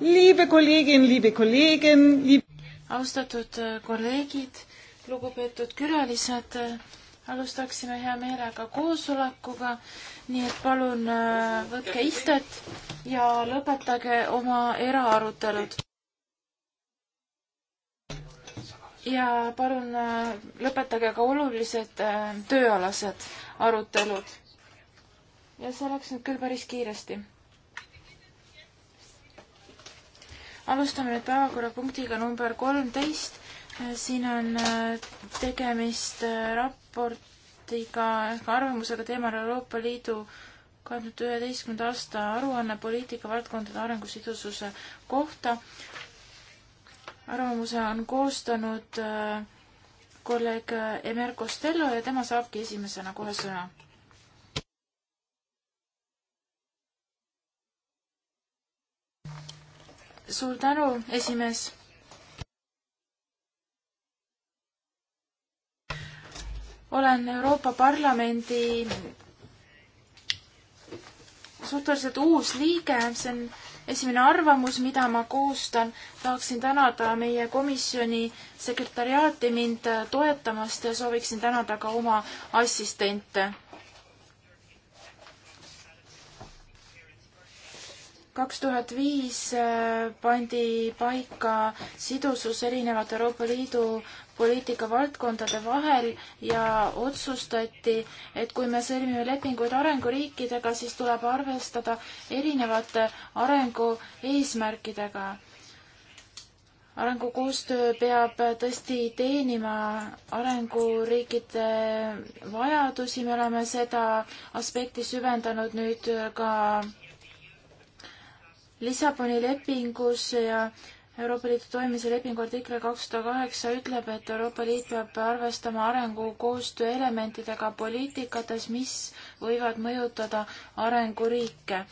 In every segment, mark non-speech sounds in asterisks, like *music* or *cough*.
liibe kolleegin, liibe kolleegin liib.... austatud äh, kolleegid, lugupeetud külalised, äh, alustaksime hea meelega koosolekuga, nii et palun äh, võtke istet ja lõpetage oma eraarutelud. ja palun lõpetage ka olulised tööalased arutelud. ja see läks nüüd küll päris kiiresti alustame nüüd päevakorrapunktiga number kolmteist. siin on äh, tegemist äh, raportiga ehk arvamusega teemal Euroopa Liidu kahe tuhande üheteistkümnenda aasta aruanne poliitika valdkondade arengusidususe kohta. arvamuse on koostanud äh, kolleeg Emer Costello ja tema saabki esimesena kohe sõna suur tänu, esimees olen Euroopa Parlamendi suhteliselt uus liige, see on esimene arvamus, mida ma koostan. tahaksin tänada meie komisjoni sekretariaati mind toetamast ja sooviksin tänada ka oma assistente. kaks tuhat viis äh, pandi paika sidusus erinevate Euroopa Liidu poliitikavaldkondade vahel ja otsustati, et kui me sõlmime lepinguid arenguriikidega, siis tuleb arvestada erinevate arengu eesmärkidega. arengukoostöö peab tõesti teenima arenguriikide vajadusi, me oleme seda aspekti süvendanud nüüd ka Lissaboni lepingus ja Euroopa Liidu toimimise lepingu artikkel kakssada kaheksa ütleb, et Euroopa Liit peab arvestama arengukoostöö elementidega poliitikates, mis võivad mõjutada arenguriike.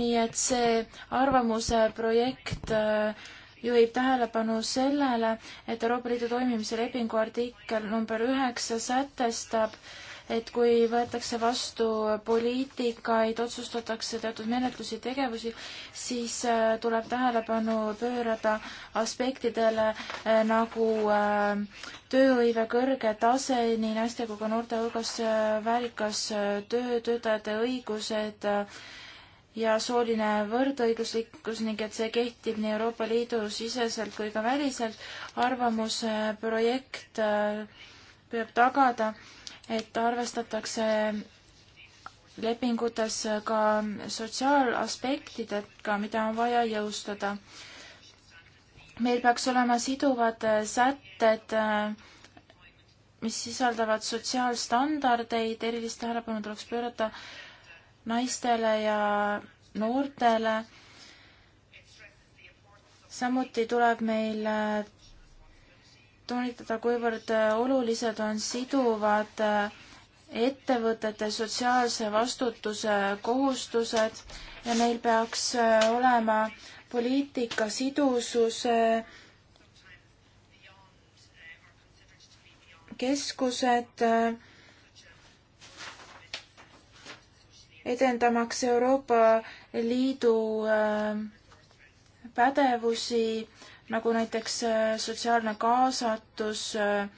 nii et see arvamuse projekt äh, juhib tähelepanu sellele, et Euroopa Liidu toimimise lepingu artikkel number üheksa sätestab, et kui võetakse vastu poliitikaid, otsustatakse teatud menetlusi, tegevusi, siis äh, tuleb tähelepanu pöörada aspektidele äh, nagu äh, tööhõive kõrge tase nii naiste kui ka noorte hulgas, väärikas töö, töötajate õigused ja sooline võrdõiguslikkus ning et see kehtib nii Euroopa Liidu siseselt kui ka väliselt. arvamusprojekt peab tagada, et arvestatakse lepingutes ka sotsiaalaspektidega, mida on vaja jõustada. meil peaks olema siduvad sätted, mis sisaldavad sotsiaalstandardeid, erilist tähelepanu tuleks pöörata naistele ja noortele. samuti tuleb meil toonitada, kuivõrd äh, olulised on siduvad äh, ettevõtete sotsiaalse vastutuse kohustused ja neil peaks äh, olema poliitika sidususe keskused edendamaks Euroopa Liidu pädevusi nagu näiteks äh, sotsiaalne kaasatus. Äh,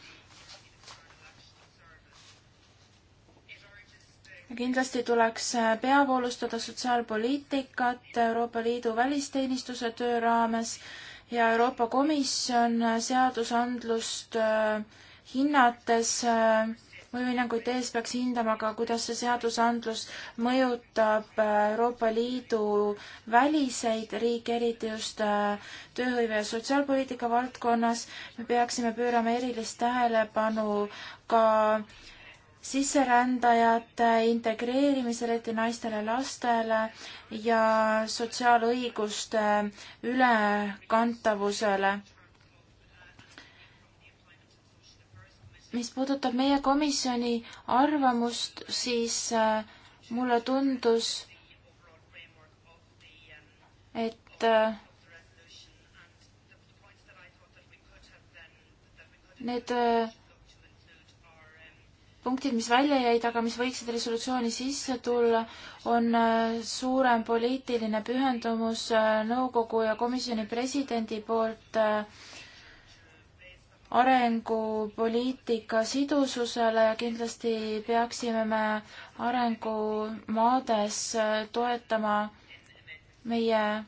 kindlasti tuleks äh, peavoolustada sotsiaalpoliitikat Euroopa Liidu välisteenistuse töö raames ja Euroopa Komisjon seadusandlust hinnates äh, mõjuhinnanguid tehes peaks hindama ka, kuidas see seadusandlus mõjutab äh, Euroopa Liidu väliseid riike, eriti just äh, tööhõive ja sotsiaalpoliitika valdkonnas. me peaksime pöörama erilist tähelepanu ka sisserändajate integreerimisele, eriti naistele, lastele ja sotsiaalõiguste ülekantavusele mis puudutab meie komisjoni arvamust, siis äh, mulle tundus, et äh, need äh, punktid, mis välja jäid, aga mis võiksid resolutsiooni sisse tulla, on suurem poliitiline pühendumus nõukogu ja komisjoni presidendi poolt äh, arengupoliitika sidususele ja kindlasti peaksime me arengumaades äh, toetama meie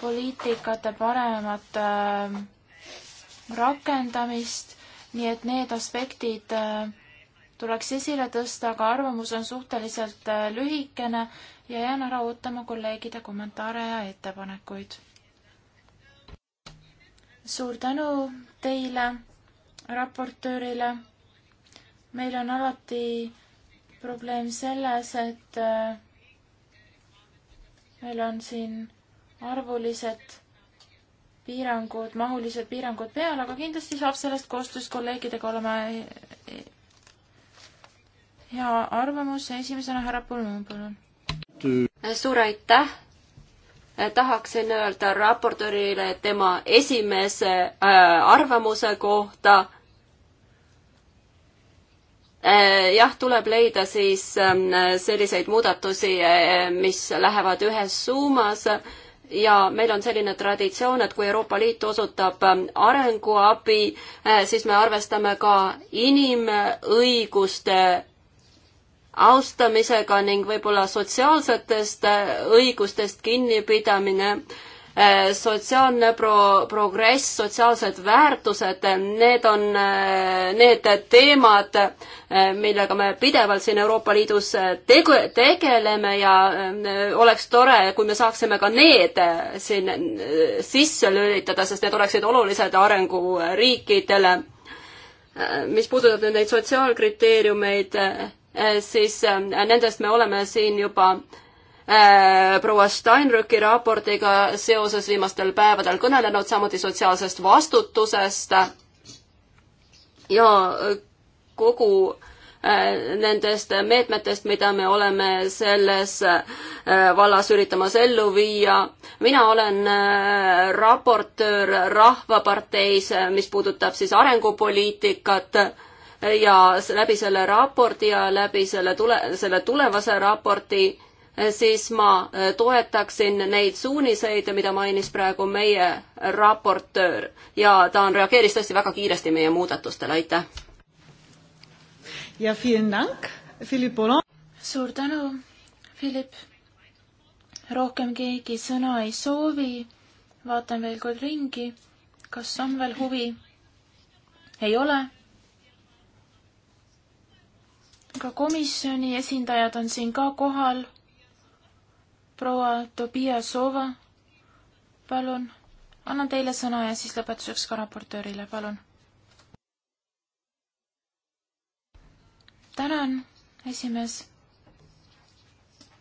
poliitikate paremat äh, rakendamist, nii et need aspektid äh, tuleks esile tõsta, aga arvamus on suhteliselt lühikene ja jään ära ootama kolleegide kommentaare ja ettepanekuid suur tänu teile, raportöörile. meil on alati probleem selles, et äh, meil on siin arvulised piirangud, mahulised piirangud peal, aga kindlasti saab sellest koostöös kolleegidega olema äh, äh, hea arvamus. esimesena härra Pulm, palun. suur aitäh tahaksin öelda raportöörile tema esimese äh, arvamuse kohta. Äh, jah, tuleb leida siis ähm, selliseid muudatusi, äh, mis lähevad ühes suunas ja meil on selline traditsioon, et kui Euroopa Liit osutab ähm, arenguabi, siis me arvestame ka inimõiguste austamisega ning võib-olla sotsiaalsetest äh, õigustest kinnipidamine, äh, sotsiaalne pro-, progress, sotsiaalsed väärtused, need on äh, need teemad, millega me pidevalt siin Euroopa Liidus tegu-, tegeleme ja oleks tore, kui me saaksime ka need siin sisse lülitada, sest need oleksid olulised arenguriikidele. mis puudutab nüüd neid sotsiaalkriteeriumeid, Eh, siis eh, nendest me oleme siin juba eh, proua Steinrücki raportiga seoses viimastel päevadel kõnelenud, samuti sotsiaalsest vastutusest ja kogu nendest meetmetest, mida me oleme selles vallas üritamas ellu viia. mina olen raportöör Rahvaparteis, mis puudutab siis arengupoliitikat ja läbi selle raporti ja läbi selle tule, selle tulevase raporti siis ma äh, toetaksin neid suuniseid, mida mainis praegu meie raportöör ja ta on, reageeris tõesti väga kiiresti meie muudatustele, aitäh. ja dank, Philipp Olan. suur tänu, Philipp. rohkem keegi sõna ei soovi. vaatan veel kord ringi, kas on veel huvi? ei ole ka komisjoni esindajad on siin ka kohal. proua Tobiasova, palun, annan teile sõna ja siis lõpetuseks ka raportöörile, palun. tänan, esimees.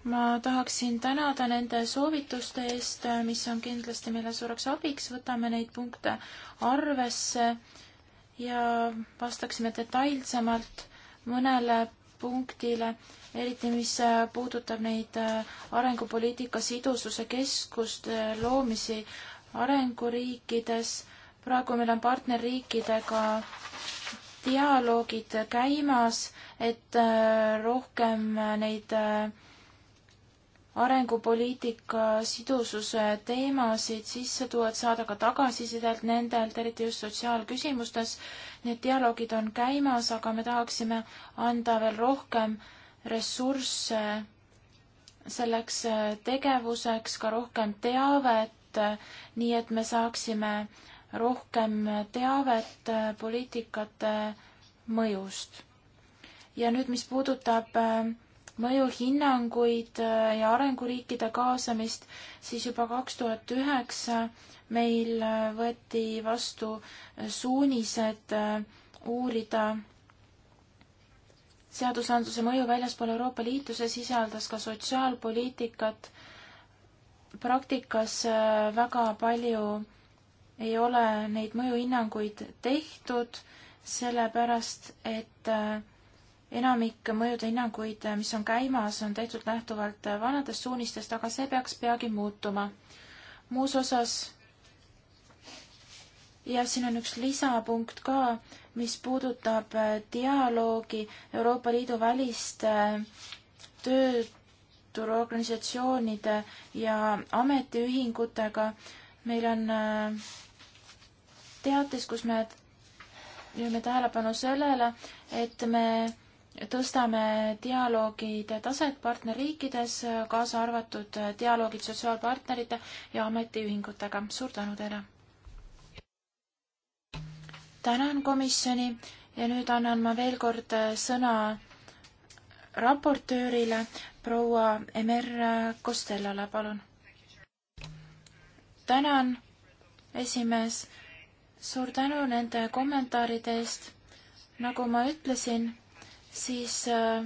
ma tahaksin tänada nende soovituste eest, mis on kindlasti meile suureks abiks, võtame neid punkte arvesse ja vastaksime detailsemalt mõnele punktile, eriti mis äh, puudutab neid äh, arengupoliitika sidususe keskuste äh, loomisi arenguriikides. praegu meil on partnerriikidega dialoogid käimas, et rohkem neid äh, arengupoliitika sidususe teemasid sisse tuua, et saada ka tagasisidet nendelt, eriti just sotsiaalküsimustes. Need dialoogid on käimas, aga me tahaksime anda veel rohkem ressursse selleks äh, tegevuseks, ka rohkem teavet, äh, nii et me saaksime rohkem teavet äh, poliitikate mõjust. ja nüüd, mis puudutab äh, mõjuhinnanguid äh, ja arenguriikide kaasamist, siis juba kaks tuhat üheksa meil äh, võeti vastu äh, suunised uurida seadusandluse mõju väljaspool Euroopa Liitu, see sisaldas ka sotsiaalpoliitikat. praktikas väga palju ei ole neid mõjuhinnanguid tehtud, sellepärast et äh, enamik mõjude hinnanguid, mis on käimas, on tehtud lähtuvalt vanadest suunistest, aga see peaks peagi muutuma. muus osas ja siin on üks lisapunkt ka, mis puudutab dialoogi Euroopa Liidu väliste äh, tööturuorganisatsioonide ja ametiühingutega. meil on äh, teatis, kus me juhime tähelepanu sellele, et me tõstame dialoogide taset partnerriikides, kaasa arvatud dialoogid sotsiaalpartnerite ja ametiühingutega. suur tänu teile! tänan komisjoni ja nüüd annan ma veel kord sõna raportöörile proua Emer Costellale, palun. tänan, esimees, suur tänu nende kommentaaride eest. nagu ma ütlesin siis äh,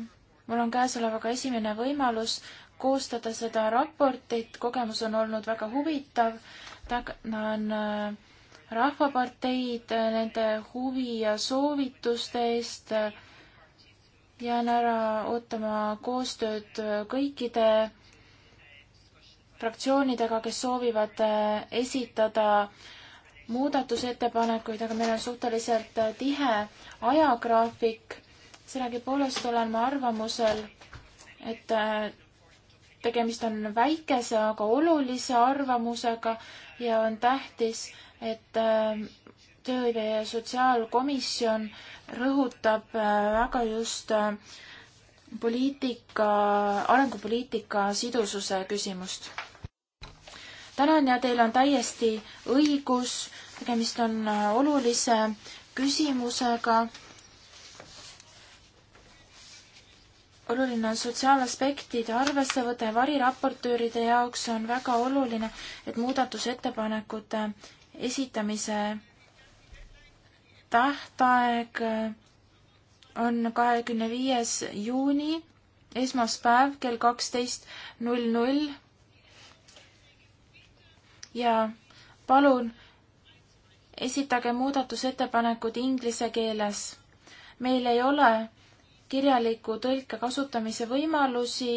mul on käesolevaga esimene võimalus koostada seda raportit, kogemus on olnud väga huvitav, tänan äh, Rahvaparteid äh, nende huvi ja soovituste eest, jään ära ootama koostööd kõikide fraktsioonidega, kes soovivad esitada muudatusettepanekuid, aga meil on suhteliselt tihe ajagraafik sellegipoolest olen ma arvamusel, et äh, tegemist on väikese, aga olulise arvamusega ja on tähtis, et äh, tööle ja sotsiaalkomisjon rõhutab äh, väga just poliitika, arengupoliitika sidususe küsimust. tänan ja teil on täiesti õigus, tegemist on olulise küsimusega oluline on sotsiaalaspektide arvessevõte variraportööride jaoks on väga oluline, et muudatusettepanekute esitamise tähtaeg on kahekümne viies juuni, esmaspäev kell kaksteist null null. ja palun esitage muudatusettepanekud inglise keeles. meil ei ole kirjaliku tõlke kasutamise võimalusi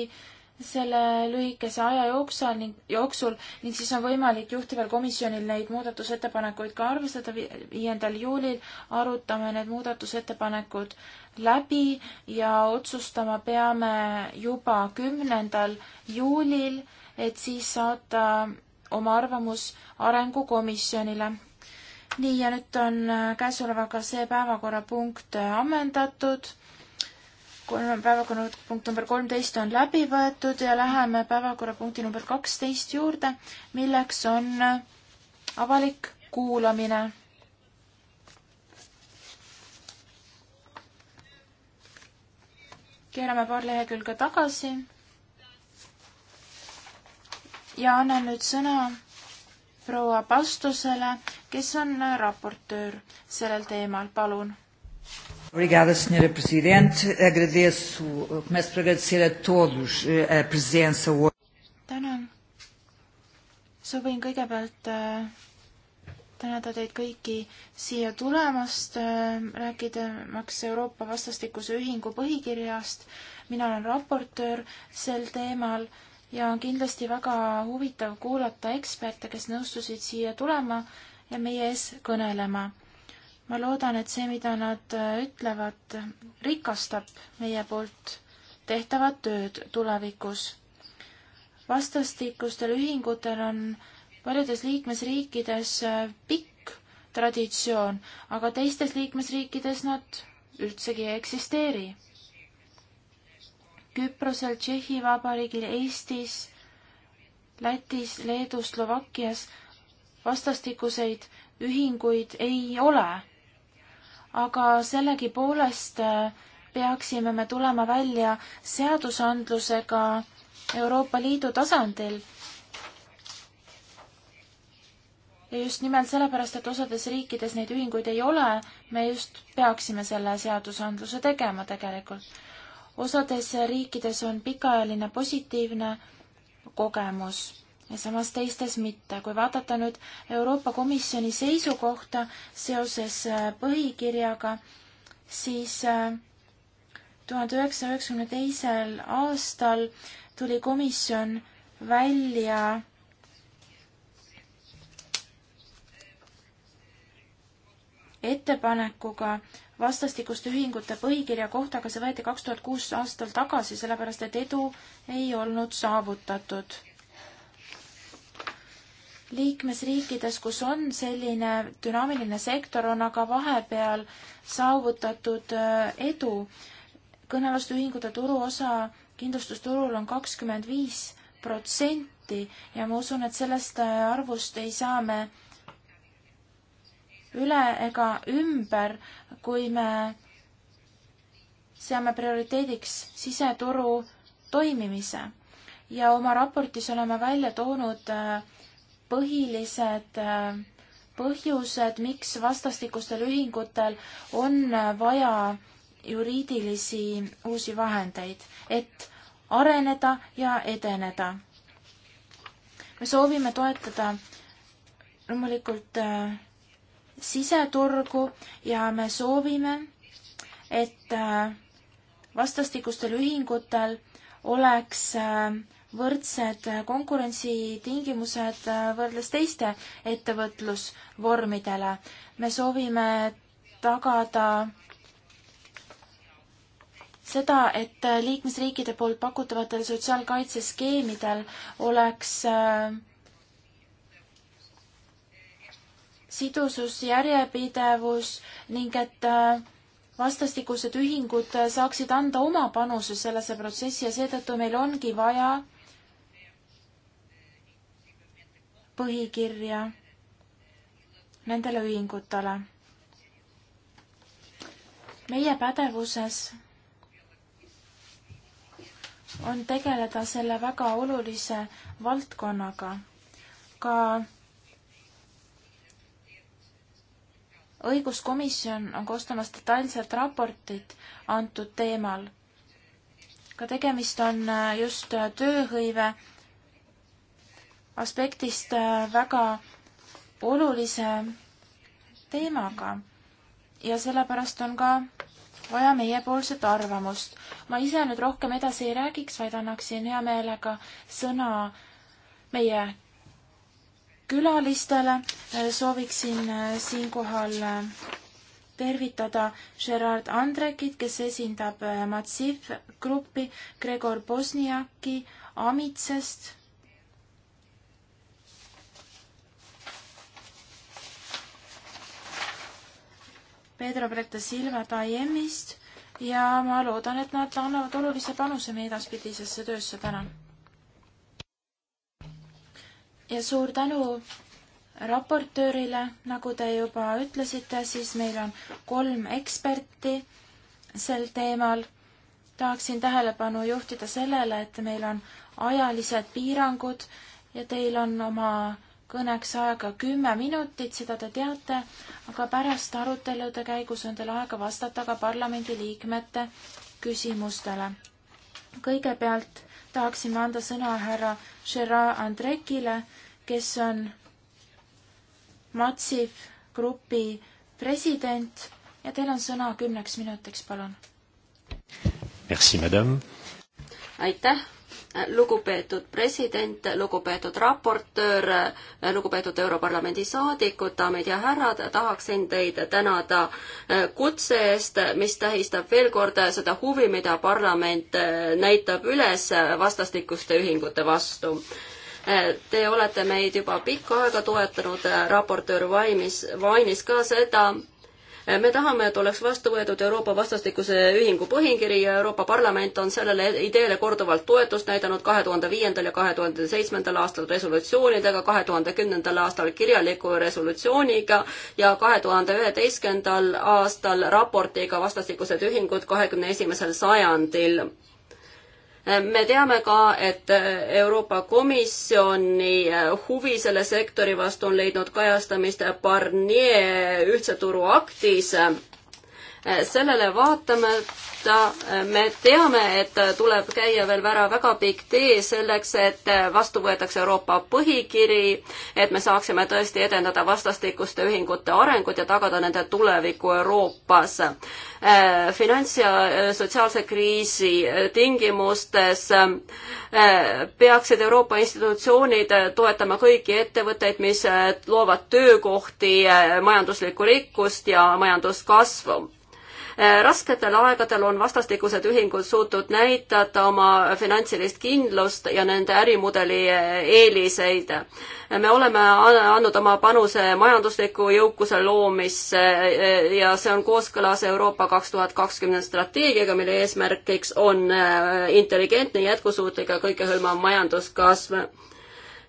selle lühikese aja jooksul ning, jooksul ning siis on võimalik juhtival komisjonil neid muudatusettepanekuid ka arvestada. viiendal juulil arutame need muudatusettepanekud läbi ja otsustama peame juba kümnendal juulil, et siis saata oma arvamus arengukomisjonile. nii, ja nüüd on äh, käesolevaga see päevakorrapunkt äh, ammendatud kolm päevakorrapunkt number kolmteist on läbi võetud ja läheme päevakorrapunkti number kaksteist juurde, milleks on äh, avalik kuulamine. keerame paar lehekülge tagasi ja annan nüüd sõna proua Pastusele, kes on äh, raportöör sellel teemal, palun Obrigada, Senhora Presidente. Agradeço, eh, começo por agradecer a todos eh, a presença hoje. Tänan. Soovin kõigepealt eh, tänada teid kõiki siia tulemast, rääkidamaks Euroopa vastastikuse ühingu põhikirjast. Mina olen raportöör sel teemal ja on kindlasti väga huvitav kuulata eksperte, kes nõustusid siia tulema ja meie ees kõnelema ma loodan, et see, mida nad äh, ütlevad, rikastab meie poolt tehtavat tööd tulevikus. vastastikustel ühingutel on paljudes liikmesriikides äh, pikk traditsioon, aga teistes liikmesriikides nad üldsegi ei eksisteeri. Küprosel, Tšehhi Vabariigil, Eestis, Lätis, Leedus, Slovakkias vastastikuseid ühinguid ei ole aga sellegipoolest äh, peaksime me tulema välja seadusandlusega Euroopa Liidu tasandil. ja just nimelt sellepärast, et osades riikides neid ühinguid ei ole, me just peaksime selle seadusandluse tegema tegelikult. osades riikides on pikaajaline positiivne kogemus ja samas teistes mitte. kui vaadata nüüd Euroopa Komisjoni seisukohta seoses äh, põhikirjaga, siis äh, tuhande üheksasaja üheksakümne teisel aastal tuli komisjon välja ettepanekuga vastastikuste ühingute põhikirja kohta, aga see võeti kaks tuhat kuus aastal tagasi, sellepärast et edu ei olnud saavutatud liikmesriikides, kus on selline dünaamiline sektor, on aga vahepeal saavutatud äh, edu. kõnealuste ühingute turuosa kindlustusturul on kakskümmend viis protsenti ja ma usun, et sellest äh, arvust ei saa me üle ega ümber, kui me seame prioriteediks siseturu toimimise. ja oma raportis oleme välja toonud äh, põhilised äh, põhjused, miks vastastikustel ühingutel on äh, vaja juriidilisi uusi vahendeid, et areneda ja edeneda. me soovime toetada loomulikult äh, siseturgu ja me soovime, et äh, vastastikustel ühingutel oleks äh, võrdsed konkurentsitingimused äh, võrdles teiste ettevõtlusvormidele. me soovime tagada seda, et liikmesriikide poolt pakutavatel sotsiaalkaitseskeemidel oleks äh, sidusus, järjepidevus ning et äh, vastastikused ühingud saaksid anda oma panuse sellesse protsessi ja seetõttu meil ongi vaja põhikirja nendele ühingutele. meie pädevuses on tegeleda selle väga olulise valdkonnaga. ka õiguskomisjon on koostamas detailset raportit antud teemal. ka tegemist on äh, just äh, tööhõive aspektist äh, väga olulise teemaga ja sellepärast on ka vaja meiepoolset arvamust. ma ise nüüd rohkem edasi ei räägiks, vaid annaksin hea meelega sõna meie külalistele. Äh, sooviksin äh, siinkohal tervitada Gerard Andrekit, kes esindab Matsiv Gruppi, Gregor Bosniaki Amitsest Pedro Preta Silva Taiemist ja ma loodan, et nad annavad olulise panuse meie edaspidisesse töösse, tänan. ja suur tänu raportöörile, nagu te juba ütlesite, siis meil on kolm eksperti sel teemal. tahaksin tähelepanu juhtida sellele, et meil on ajalised piirangud ja teil on oma kõneks aega kümme minutit, seda te teate, aga pärast arutelude käigus on teil aega vastata ka parlamendiliikmete küsimustele. kõigepealt tahaksime anda sõna härra Gerard Andrekile, kes on Matsiv grupi president ja teil on sõna kümneks minutiks, palun. Merci, madame. aitäh lugupeetud president, lugupeetud raportöör, lugupeetud Europarlamendi saadikud, daamid ja härrad, tahaksin teid tänada eh, kutse eest, mis tähistab veel kord seda huvi, mida parlament eh, näitab üles vastastikuste ühingute vastu. Eh, te olete meid juba pikka aega toetanud, raportöör Vainis, mainis ka seda, me tahame, et oleks vastu võetud Euroopa vastastikuse ühingu põhikiri ja Euroopa Parlament on sellele ideele korduvalt toetust näidanud kahe tuhande viiendal ja kahe tuhande seitsmendal aastal resolutsioonidega, kahe tuhande kümnendal aastal kirjaliku resolutsiooniga ja kahe tuhande üheteistkümnendal aastal raportiga vastastikused ühingud kahekümne esimesel sajandil me teame ka, et Euroopa Komisjoni huvi selle sektori vastu on leidnud kajastamist Barnier ühtse turu aktis Eh, sellele vaatamata eh, me teame, et eh, tuleb käia veel ära väga pikk tee selleks, et vastu võetakse Euroopa põhikiri, et me saaksime tõesti edendada vastastikuste ühingute arengut ja tagada nende tuleviku Euroopas. finants- ja sotsiaalse kriisi tingimustes peaksid Euroopa institutsioonid toetama kõiki ettevõtteid, mis loovad töökohti, majanduslikku rikkust ja majanduskasvu Äh, rasketel aegadel on vastastikused ühingud suutnud näitada oma finantsilist kindlust ja nende ärimudeli äh, eeliseid. me oleme andnud oma panuse majandusliku jõukuse loomisse äh, ja see on kooskõlas Euroopa kaks tuhat kakskümmend strateegiaga, mille eesmärgiks on intelligentne, jätkusuutlik ja kõikehõlmav majanduskasv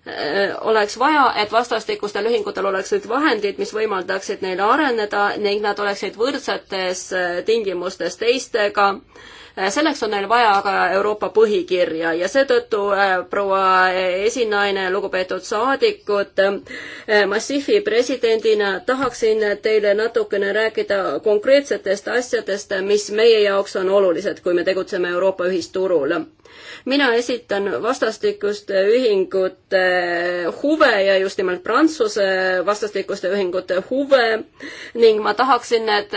Äh, oleks vaja, et vastastikustel ühingutel oleksid vahendid, mis võimaldaksid neil areneda ning nad oleksid võrdsetes äh, tingimustes teistega äh, Äh, selleks on neil vaja ka Euroopa põhikirja ja seetõttu äh, proua esinaine, lugupeetud saadikud, äh, Massifi presidendina tahaksin teile natukene rääkida konkreetsetest asjadest, mis meie jaoks on olulised, kui me tegutseme Euroopa ühisturul mina esitan vastastikuste ühingute huve ja just nimelt Prantsuse vastastikuste ühingute huve ning ma tahaksin, et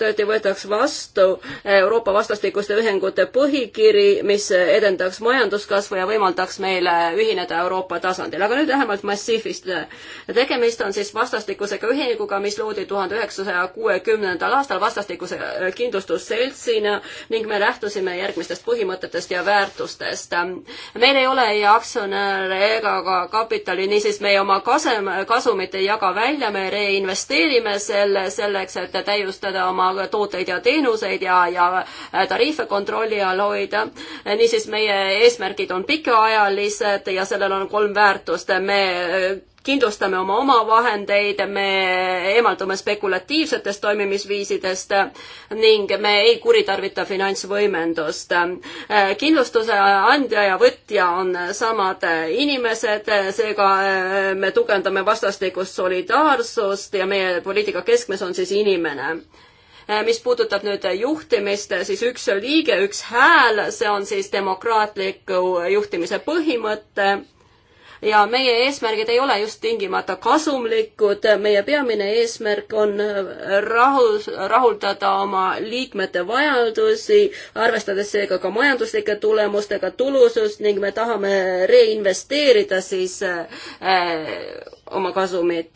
tõesti võetaks vastu Euroopa vastastikuste ühingute Ametiühingute põhikiri, mis edendaks majanduskasvu ja võimaldaks meile ühineda Euroopa tasandil. aga nüüd lähemalt massiivist. tegemist on siis vastastikusega ühinguga, mis loodi tuhande üheksasaja kuuekümnendal aastal vastastikuse kindlustusseltsina ning me lähtusime järgmistest põhimõtetest ja väärtustest. meil ei ole ei aktsionäre ega ka kapitali, niisiis me oma kasem, kasumit ei jaga välja, me reinvesteerime selle selleks, et täiustada oma tooteid ja teenuseid ja, ja tariife kontrolli all hoida. niisiis, meie eesmärgid on pikaajalised ja sellel on kolm väärtust. me äh, kindlustame oma omavahendeid, me eemaldume spekulatiivsetest toimimisviisidest ning me ei kuritarvita finantsvõimendust. Äh, kindlustuse andja ja võtja on samad inimesed, seega äh, me tugevdame vastastikust solidaarsust ja meie poliitika keskmes on siis inimene Äh, mis puudutab nüüd juhtimist, siis üks liige, üks hääl, see on siis demokraatliku juhtimise põhimõte ja meie eesmärgid ei ole just tingimata kasumlikud, meie peamine eesmärk on rahus, rahuldada oma liikmete vajadusi, arvestades seega ka majanduslike tulemustega tulusust ning me tahame reinvesteerida siis äh, oma kasumit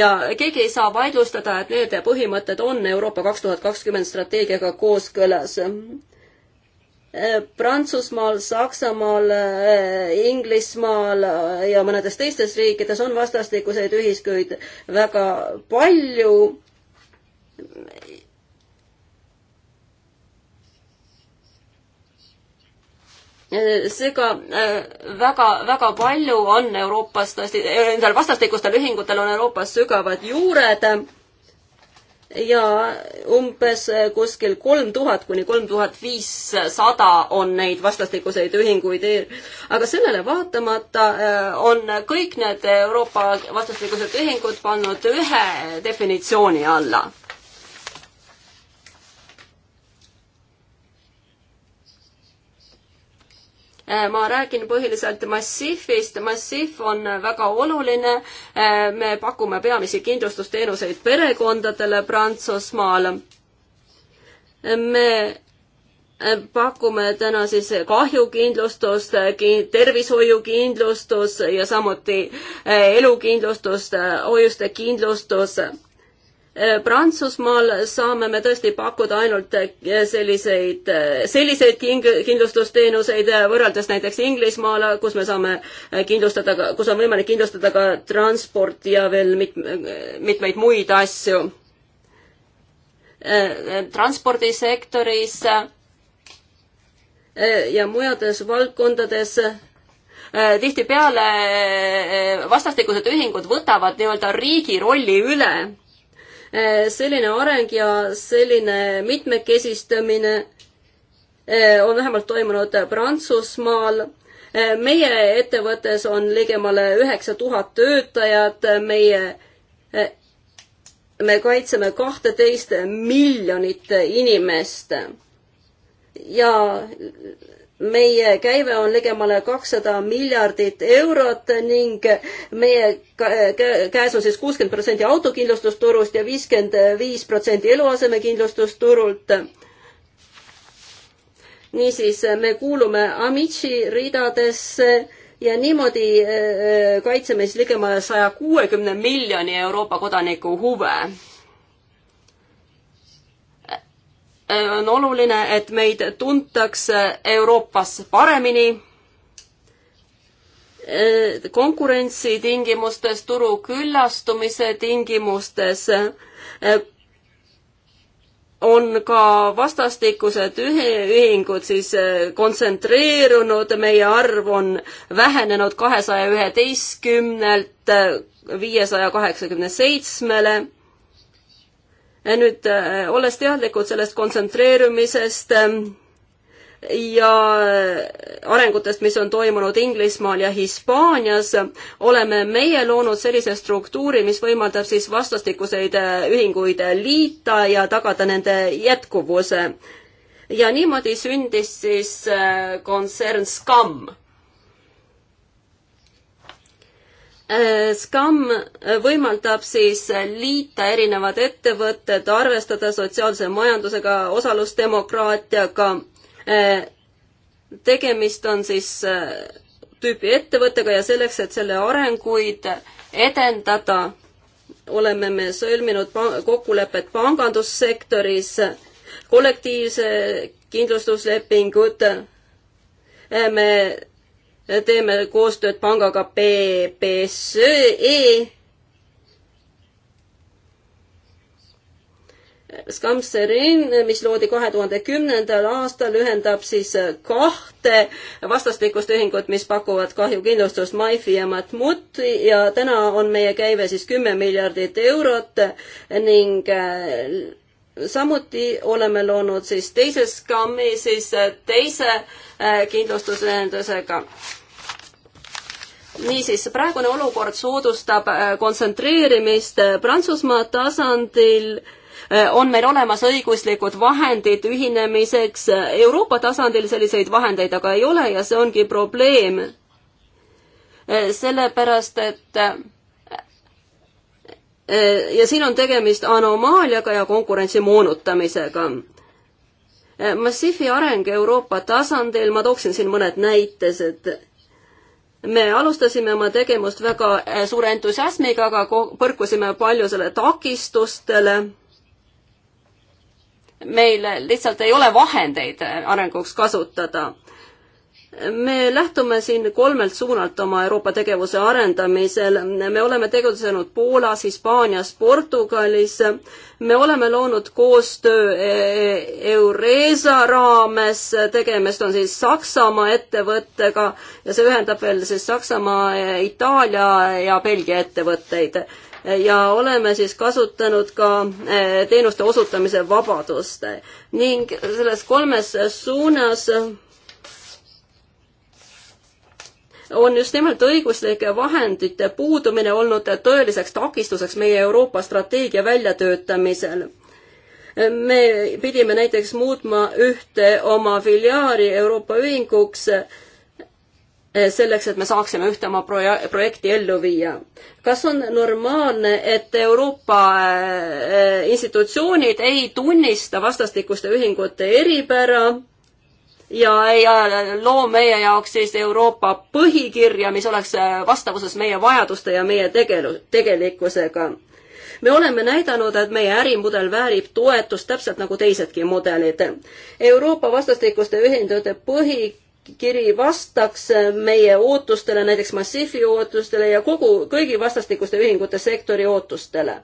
ja keegi ei saa vaidlustada, et need põhimõtted on Euroopa kaks tuhat kakskümmend strateegiaga kooskõlas Äh, Prantsusmaal, Saksamaal, äh, Inglismaal äh, ja mõnedes teistes riikides on vastastikuseid ühiskuid väga palju. seega väga-väga palju on Euroopas tõesti, nendel vastastikustel ühingutel on Euroopas sügavad juured ja umbes eh, kuskil kolm tuhat kuni kolm tuhat viissada on neid vastastikuseid ühinguid. aga sellele vaatamata eh, on kõik need Euroopa vastastikused ühingud pannud ühe definitsiooni alla. Äh, ma räägin põhiliselt Massifist, Massif on väga oluline, äh, me pakume peamisi kindlustusteenuseid perekondadele Prantsusmaal. me äh, pakume täna siis kahjukindlustust, tervishoiukindlustus ja samuti elukindlustust, hoiuste kindlustus Äh, Prantsusmaal saame me tõesti pakkuda ainult äh, selliseid, äh, selliseid king-, kindlustusteenuseid võrreldes näiteks Inglismaal, kus me saame kindlustada, kus on võimalik kindlustada ka transporti ja veel mit-, mitmeid muid asju. transpordisektoris ja mujades valdkondades tihtipeale vastastikused ühingud võtavad nii-öelda riigi rolli üle Eh, selline areng ja selline mitmekesistamine eh, on vähemalt toimunud Prantsusmaal. Eh, meie ettevõttes on ligemale üheksa tuhat töötajat, meie, me kaitseme kahteteist miljonit inimest ja meie käive on ligemale kakssada miljardit eurot ning meie käes on siis kuuskümmend protsenti autokindlustusturust ja viiskümmend viis protsenti eluasemekindlustusturult. niisiis, me kuulume Amici ridadesse ja niimoodi äh, äh, kaitseme siis ligemale saja kuuekümne miljoni Euroopa kodaniku huve on oluline, et meid tuntakse Euroopas paremini konkurentsi tingimustes, turu küllastumise tingimustes eh, on ka vastastikused ühingud siis eh, kontsentreerunud, meie arv on vähenenud kahesaja üheteistkümnelt eh, viiesaja kaheksakümne seitsmele Eh, nüüd eh, olles teadlikud sellest kontsentreerumisest eh, ja arengutest, mis on toimunud Inglismaal ja Hispaanias, oleme meie loonud sellise struktuuri, mis võimaldab siis vastastikuseid ühinguid liita ja tagada nende jätkuvuse. ja niimoodi sündis siis kontsern Scam Äh, SCAM äh, võimaldab siis äh, liita erinevad ettevõtted, arvestada sotsiaalse majandusega, osalusdemokraatiaga. tegemist on siis tüüpi ettevõttega ja selleks, et selle arenguid edendada, oleme me sõlminud kokkulepet pangandussektoris, kollektiivse kindlustuslepingud, me teeme koostööd pangaga BBSE. Skamserin, mis loodi kahe tuhande kümnendal aastal, ühendab siis kahte vastastikust ühingut, mis pakuvad kahjukindlustust Maifi ja Matmut ja täna on meie käive siis kümme miljardit eurot ning äh, samuti oleme loonud siis teise skammi siis teise äh, kindlustusühendusega niisiis, praegune olukord soodustab äh, kontsentreerimist äh, Prantsusmaa tasandil äh, on meil olemas õiguslikud vahendid ühinemiseks, Euroopa tasandil selliseid vahendeid aga ei ole ja see ongi probleem. sellepärast, et ja siin on tegemist anomaaliaga ja konkurentsi moonutamisega. massiivi areng Euroopa tasandil, ma tooksin siin mõned näites, et me alustasime oma tegevust väga äh, suure entusiasmiga, aga põrkusime paljusele takistustele. meil lihtsalt ei ole vahendeid äh, arenguks kasutada me lähtume siin kolmelt suunalt oma Euroopa tegevuse arendamisel. me oleme tegutsenud Poolas, Hispaanias, Portugalis. me oleme loonud koostöö e- e- Euresa raames, tegemist on siis Saksamaa ettevõttega ja see ühendab veel siis Saksamaa, Itaalia ja Belgia ettevõtteid ja oleme siis kasutanud ka e, teenuste osutamise vabadust ning selles kolmes suunas on just nimelt õiguslike vahendite puudumine olnud tõeliseks takistuseks meie Euroopa strateegia väljatöötamisel me pidime näiteks muutma ühte oma filiaali Euroopa Ühinguks eh, selleks, et me saaksime ühte oma proja-, projekti ellu viia. kas on normaalne, et Euroopa eh, institutsioonid ei tunnista vastastikuste ühingute eripära ja ei äh, loo meie jaoks sellist Euroopa põhikirja, mis oleks äh, vastavuses meie vajaduste ja meie tegelu-, tegelikkusega. me oleme näidanud, et meie ärimudel väärib toetust täpselt nagu teisedki mudelid. Euroopa vastastikuste ühindade põhi kiri vastaks äh, meie ootustele, näiteks Massifi ootustele ja kogu, kõigi vastastikuste ühingute sektori ootustele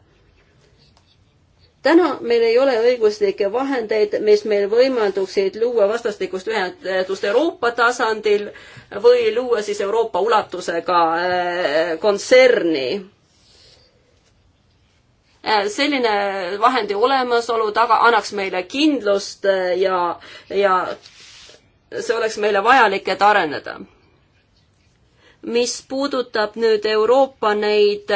täna meil ei ole õiguslikke vahendeid, mis meil võimalduksid luua vastastikust ühendust Euroopa tasandil või luua siis Euroopa ulatusega äh, kontserni. Äh, selline vahendi olemasolu taga annaks meile kindlust äh, ja, ja see oleks meile vajalik, et areneda mis puudutab nüüd Euroopa neid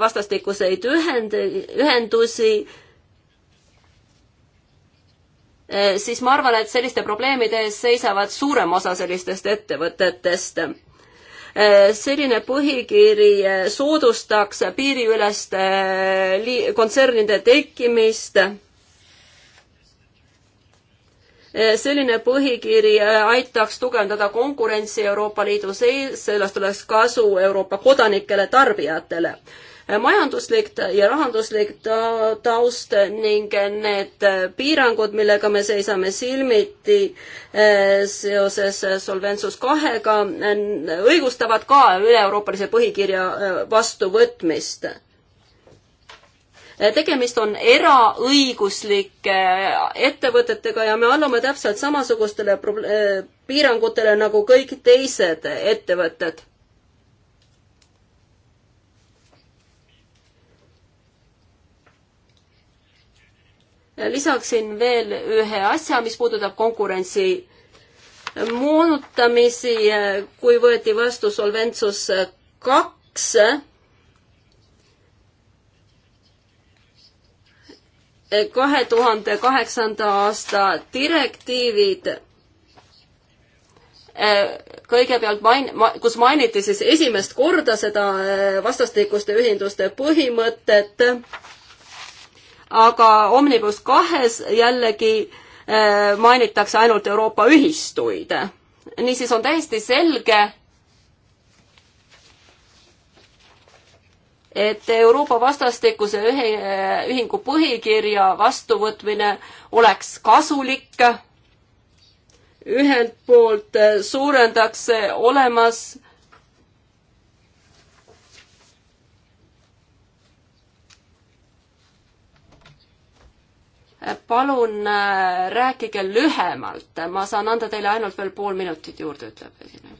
vastastikuseid ühend-, ühendusi, Eh, siis ma arvan, et selliste probleemide ees seisavad suurem osa sellistest ettevõtetest. Eh, selline põhikiri eh, soodustaks piiriüleste kontsernide tekkimist selline põhikiri aitaks tugevdada konkurentsi Euroopa Liidu sees, sellest oleks kasu Euroopa kodanikele, tarbijatele majanduslik ja rahanduslik ta taust ning need piirangud, millega me seisame silmiti eh, seoses Solventsus kahega, õigustavad ka üle-euroopalise põhikirja eh, vastuvõtmist eh, tegemist on eraõiguslike ettevõtetega ja me allume täpselt samasugustele piirangutele nagu kõik teised ettevõtted lisaksin veel ühe asja, mis puudutab konkurentsi moonutamisi, kui võeti vastu Solventsus kaks, kahe tuhande kaheksanda aasta direktiivid, kõigepealt main-, kus mainiti siis esimest korda seda eh, vastastikuste ühenduste põhimõtet, aga Omnibus kahes jällegi äh, mainitakse ainult Euroopa ühistuid. niisiis on täiesti selge, et Euroopa vastastikuse ühe, äh, ühingu põhikirja vastuvõtmine oleks kasulik. ühelt poolt äh, suurendaks olemas palun äh, rääkige lühemalt, ma saan anda teile ainult veel pool minutit juurde, ütleb esineja.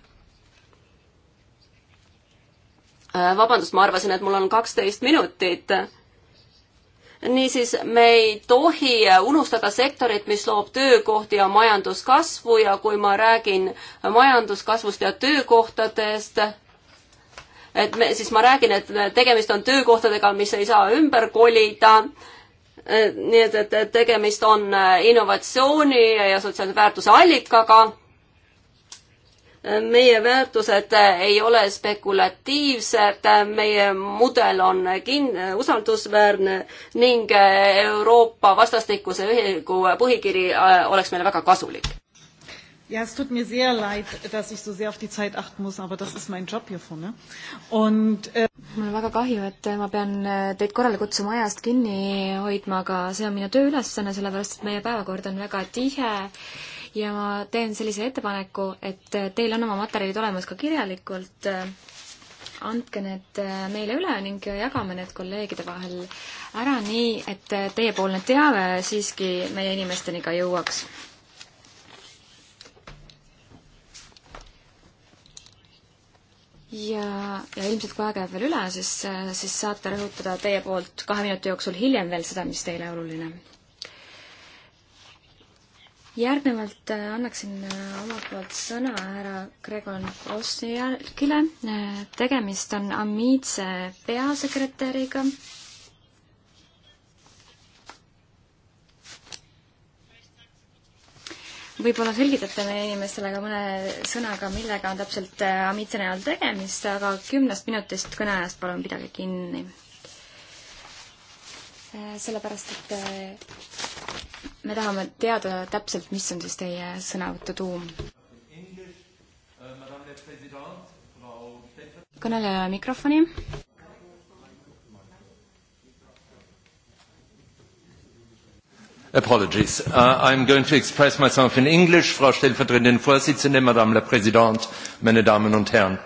Äh, vabandust, ma arvasin, et mul on kaksteist minutit. niisiis, me ei tohi äh, unustada sektorit, mis loob töökohti ja majanduskasvu ja kui ma räägin majanduskasvust ja töökohtadest, et me, siis ma räägin, et tegemist on töökohtadega, mis ei saa ümber kolida Äh, nii et, et, et tegemist on äh, innovatsiooni ja sotsiaalse väärtuse allikaga. Äh, meie väärtused ei ole spekulatiivsed, meie mudel on kin-, usaldusväärne ning Euroopa vastastikuse ühingu põhikiri oleks meile väga kasulik. Ja, es tut mir sehr leid, dass ich so sehr auf die Zeit achten muss, aber das ist mein Job hier vorne. Und äh... mul on väga kahju, et ma pean äh, teid korrale kutsuma ajast kinni hoidma, aga see on minu tööülesanne, sellepärast et meie päevakord on väga tihe ja ma teen sellise ettepaneku, et äh, teil on oma materjalid olemas ka kirjalikult. andke need äh, meile üle ning jagame need kolleegide vahel ära nii, et teiepoolne teave siiski meie inimesteni ka jõuaks ja, ja ilmselt kui aega jääb veel üle, siis, siis saate rõhutada teie poolt kahe minuti jooksul hiljem veel seda, mis teile oluline. järgnevalt äh, annaksin äh, omalt poolt sõna härra Gregor Osniakile. Äh, tegemist on Amiitse peasekretäriga võib-olla selgitate meie inimestele ka mõne sõnaga, millega on täpselt äh, Amitse näol tegemist, aga kümnest minutist kõneajast palun pidage kinni. Äh, sellepärast, et äh, me tahame teada täpselt, mis on siis teie sõnavõtu tuum. kõnelejale mikrofoni. Apologies. Uh, I'm going to express myself in English. Frau stellvertretende Vorsitzende, Madame la Présidente, meine Damen und Herren.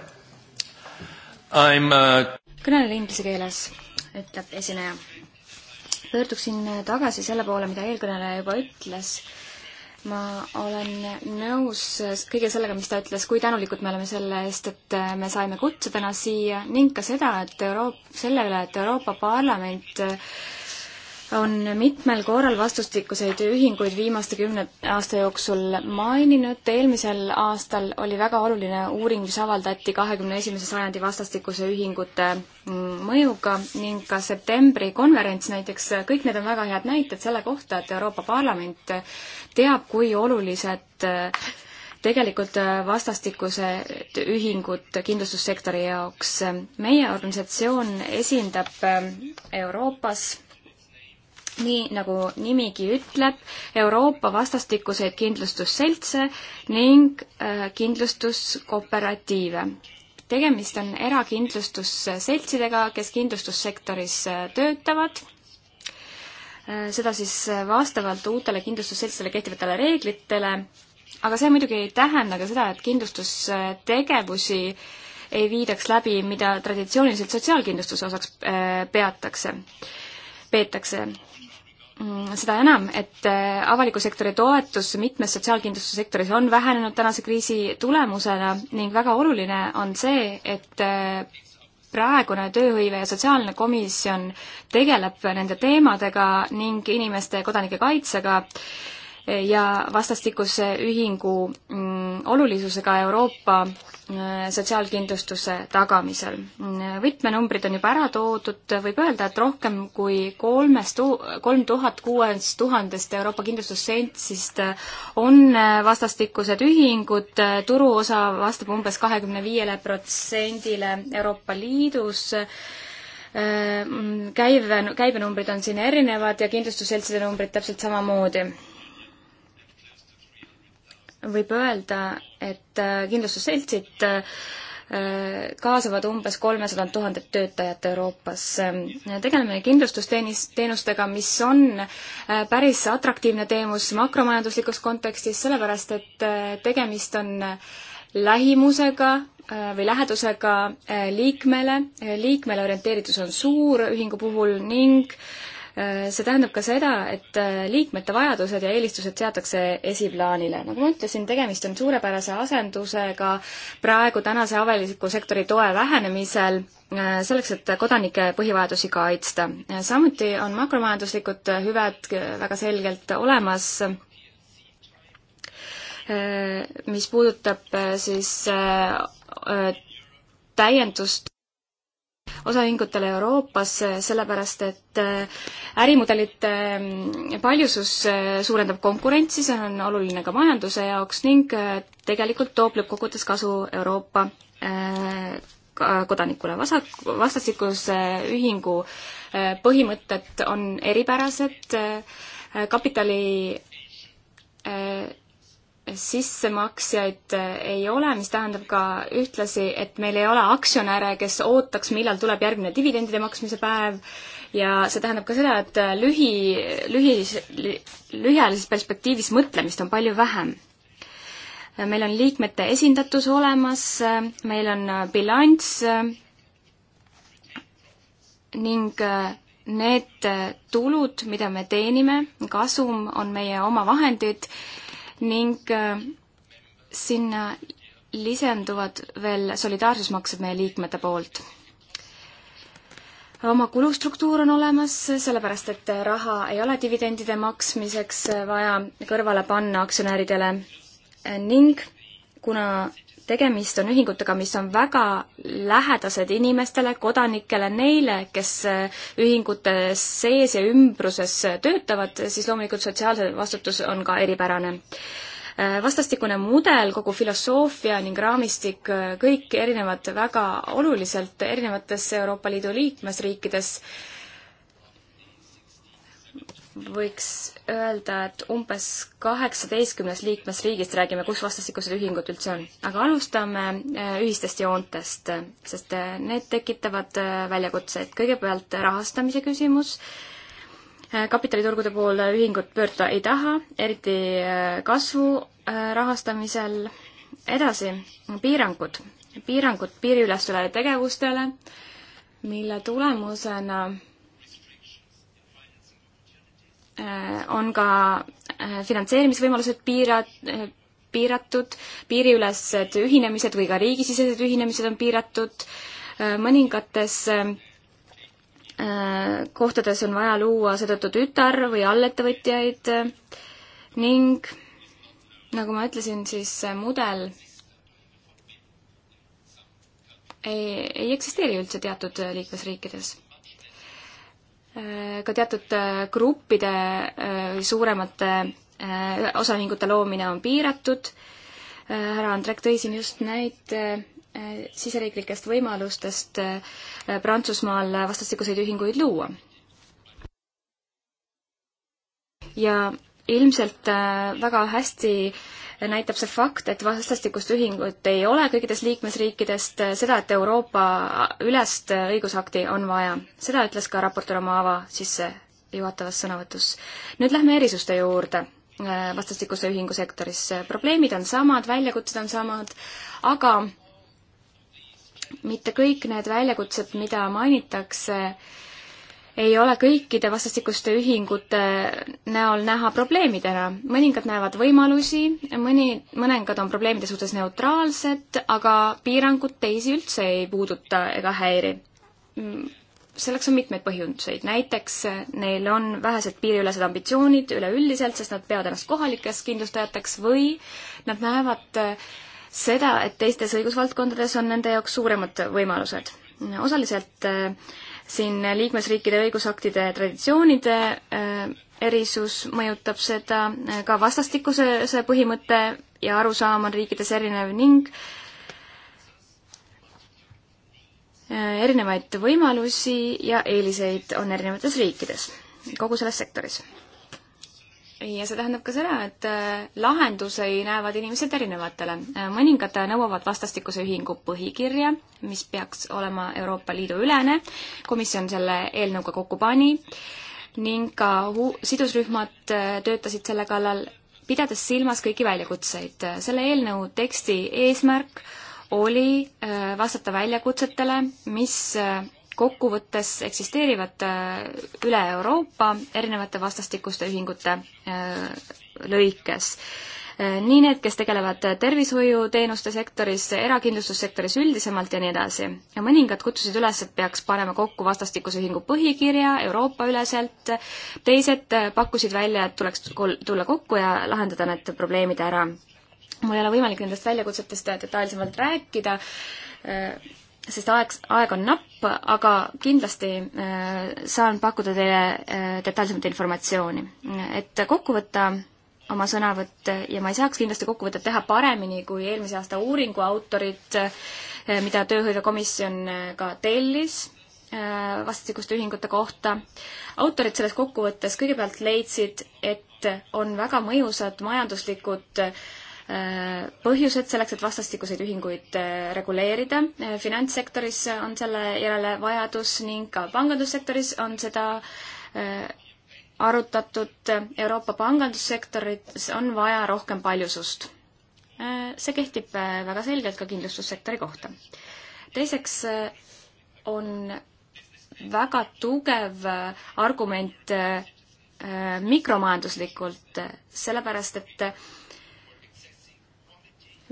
I'm uh... kõnelen inglise keeles, ütleb esineja. pöörduksin tagasi selle poole, mida eelkõneleja juba ütles ma olen nõus kõige sellega, mis ta ütles, kui tänulikud me oleme selle eest, et me saime kutse täna siia ning ka seda, et Euroop-, selle üle, et Euroopa Parlament äh, on mitmel korral vastustikuseid ühinguid viimaste kümne aasta jooksul maininud. eelmisel aastal oli väga oluline uuring, mis avaldati kahekümne esimese sajandi vastastikuse ühingute mm, mõjuga ning ka septembri konverents näiteks, kõik need on väga head näited selle kohta, et Euroopa Parlament teab, kui olulised tegelikult vastastikused ühingud kindlustussektori jaoks. meie organisatsioon esindab mm, Euroopas nii nagu nimigi ütleb, Euroopa vastastikuseid kindlustusseltse ning äh, kindlustuskooperatiive. tegemist on erakindlustusseltsidega, kes kindlustussektoris äh, töötavad, äh, seda siis vastavalt uutele kindlustusseltsidele kehtivatele reeglitele, aga see muidugi ei tähenda ka seda, et kindlustustegevusi ei viidaks läbi, mida traditsiooniliselt sotsiaalkindlustuse osaks peatakse, peetakse Mm, seda enam, et äh, avaliku sektori toetus mitmes sotsiaalkindlustussektoris on vähenenud tänase kriisi tulemusena ning väga oluline on see, et äh, praegune tööhõive ja sotsiaalne komisjon tegeleb nende teemadega ning inimeste ja kodanike kaitsega ja vastastikuse ühingu mm, olulisusega Euroopa mm, sotsiaalkindlustuse tagamisel. Mm, võtmenumbrid on juba ära toodud, võib öelda, et rohkem kui kolmest, kolm tuhat kuuest tuhandest Euroopa kindlustusseltsist äh, on äh, vastastikused ühingud, äh, turuosa vastab umbes kahekümne viiele protsendile Euroopa Liidus käive, käibenumbrid on siin erinevad ja kindlustusseltside numbrid täpselt samamoodi võib öelda, et äh, kindlustusseltsid äh, kaasavad umbes kolmesadat tuhandet töötajat Euroopas. tegeleme kindlustusteenustega, mis on äh, päris atraktiivne teenus makromajanduslikus kontekstis, sellepärast et tegemist on lähimusega või lähedusega liikmele, liikmele orienteeritus on suur ühingu puhul ning äh, see tähendab ka seda, et äh, liikmete vajadused ja eelistused seatakse esiplaanile. nagu ma ütlesin, tegemist on suurepärase asendusega praegu tänase avaliku sektori toe vähenemisel, äh, selleks, et kodanike põhivajadusi kaitsta. Äh, samuti on makromajanduslikud hüved väga selgelt olemas mis puudutab siis täiendust osaühingutele Euroopas, sellepärast et äh, ärimudelite mm, paljusus äh, suurendab konkurentsi, see on oluline ka majanduse jaoks ning äh, tegelikult toob lõppkokkuvõttes kasu Euroopa kodanikule. Vasak, vastastikuse ühingu põhimõtted on eripärased, kapitali sissemaksjaid äh, ei ole, mis tähendab ka ühtlasi, et meil ei ole aktsionäre, kes ootaks, millal tuleb järgmine dividendide maksmise päev ja see tähendab ka seda, et äh, lühi, lühi, lühiajalises perspektiivis mõtlemist on palju vähem. Äh, meil on liikmete esindatus olemas, meil on bilanss ning need tulud, mida me teenime, kasum on meie omavahendid ning äh, sinna lisanduvad veel solidaarsusmaksed meie liikmete poolt. oma kulustruktuur on olemas, sellepärast et raha ei ole dividendide maksmiseks vaja kõrvale panna aktsionäridele ning kuna tegemist on ühingutega, mis on väga lähedased inimestele, kodanikele, neile, kes äh, ühingute sees ja ümbruses äh, töötavad, siis loomulikult sotsiaalse vastutus on ka eripärane äh, vastastikune mudel, kogu filosoofia ning raamistik, kõik erinevad väga oluliselt erinevates Euroopa Liidu liikmesriikides võiks öelda, et umbes kaheksateistkümnes liikmesriigist räägime, kus vastastikused ühingud üldse on. aga alustame äh, ühistest joontest, äh, sest äh, need tekitavad väljakutseid. kõigepealt rahastamise küsimus, kapitaliturgude poole ühingud pöörduda ei taha, eriti kasvu rahastamisel. edasi, piirangud, piirangud piiriülestele tegevustele, mille tulemusena Äh, on ka äh, finantseerimisvõimalused piira-, äh, piiratud, piiriülesed ühinemised või ka riigisisesed ühinemised on piiratud, mõningates kohtades on vaja luua seetõttu tütar- või allettevõtjaid ning nagu ma ütlesin, siis mudel ei, ei eksisteeri üldse teatud liikmesriikides ka teatud äh, gruppide äh, suuremate äh, osaühingute loomine on piiratud. härra Andrek tõi siin just näite siseriiklikest võimalustest Prantsusmaal vastastikuseid ühinguid luua. ja ilmselt väga hästi äh, näitab see fakt, et vastastikust ühingut ei ole kõikidest liikmesriikidest, seda, et Euroopa ülest õigusakti on vaja. seda ütles ka raportöör oma avasissejuhatavas sõnavõtus. nüüd lähme erisuste juurde äh, vastastikuse ühingu sektoris. probleemid on samad, väljakutsed on samad, aga mitte kõik need väljakutsed, mida mainitakse, ei ole kõikide vastastikuste ühingute näol näha probleemidena. mõningad näevad võimalusi, mõni, mõningad on probleemide suhtes neutraalsed, aga piirangud teisi üldse ei puuduta ega häiri. Mm, selleks on mitmeid põhjuseid, näiteks neil on vähesed piiriülesed ambitsioonid üleüldiselt, sest nad peavad ennast kohalikeks kindlustajateks või nad näevad eh, seda, et teistes õigusvaldkondades on nende jaoks suuremad võimalused. osaliselt äh, siin liikmesriikide õigusaktide traditsioonide äh, erisus mõjutab seda, äh, ka vastastikuse see põhimõte ja arusaam on riikides erinev ning äh, erinevaid võimalusi ja eeliseid on erinevates riikides, kogu selles sektoris ja see tähendab ka seda, et äh, lahendusi näevad inimesed erinevatele. Äh, mõningad äh, nõuavad vastastikuse ühingu põhikirja, mis peaks olema Euroopa Liidu ülene, komisjon selle eelnõuga kokku pani, ning ka hu-, sidusrühmad töötasid selle kallal, pidades silmas kõiki väljakutseid. selle eelnõu teksti eesmärk oli vastata väljakutsetele, mis kokkuvõttes eksisteerivad äh, üle Euroopa erinevate vastastikuste ühingute äh, lõikes. Äh, nii need, kes tegelevad tervishoiuteenuste sektoris, erakindlustussektoris üldisemalt ja nii edasi. ja mõningad kutsusid üles, et peaks panema kokku vastastikuse ühingu põhikirja Euroopa-üleselt, teised pakkusid välja, et tuleks tulla kokku ja lahendada need probleemid ära. mul ei ole võimalik nendest väljakutsetest detailsemalt rääkida, sest aeg, aeg on napp, aga kindlasti äh, saan pakkuda teile äh, detailsemat informatsiooni. et kokku võtta oma sõnavõtt ja ma ei saaks kindlasti kokkuvõtet teha paremini kui eelmise aasta uuringu autorid, äh, mida Tööhõivekomisjon ka tellis vastastikuste ühingute kohta. autorid selles kokkuvõttes kõigepealt leidsid, et on väga mõjusad majanduslikud äh, põhjused selleks, et vastastikuseid ühinguid äh, reguleerida. Äh, finantssektoris on selle järele vajadus ning ka pangandussektoris on seda äh, arutatud. Euroopa pangandussektoris on vaja rohkem paljusust. see kehtib väga selgelt ka kindlustussektori kohta. teiseks on väga tugev argument mikromajanduslikult, sellepärast et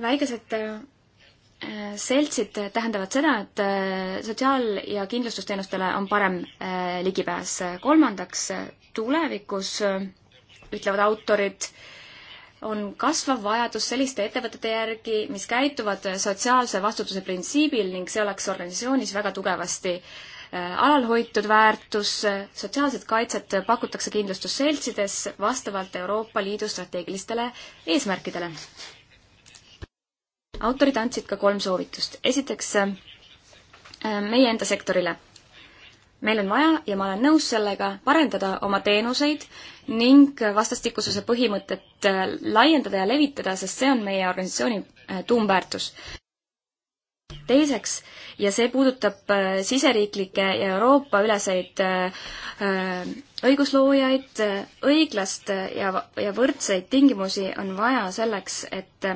väikesed äh, seltsid tähendavad seda, et äh, sotsiaal- ja kindlustusteenustele on parem äh, ligipääs. kolmandaks, tulevikus, ütlevad autorid, on kasvav vajadus selliste ettevõtete järgi, mis käituvad sotsiaalse vastutuse printsiibil ning see oleks organisatsioonis väga tugevasti alalhoitud väärtus, sotsiaalset kaitset pakutakse kindlustusseltsides vastavalt Euroopa Liidu strateegilistele eesmärkidele autorid andsid ka kolm soovitust. esiteks äh, meie enda sektorile. meil on vaja ja ma olen nõus sellega parendada oma teenuseid ning vastastikususe põhimõtet äh, laiendada ja levitada, sest see on meie organisatsiooni äh, tuumväärtus teiseks, ja see puudutab äh, siseriiklikke ja Euroopa üleseid äh, äh, õigusloojaid, õiglast ja, ja võrdseid tingimusi on vaja selleks, et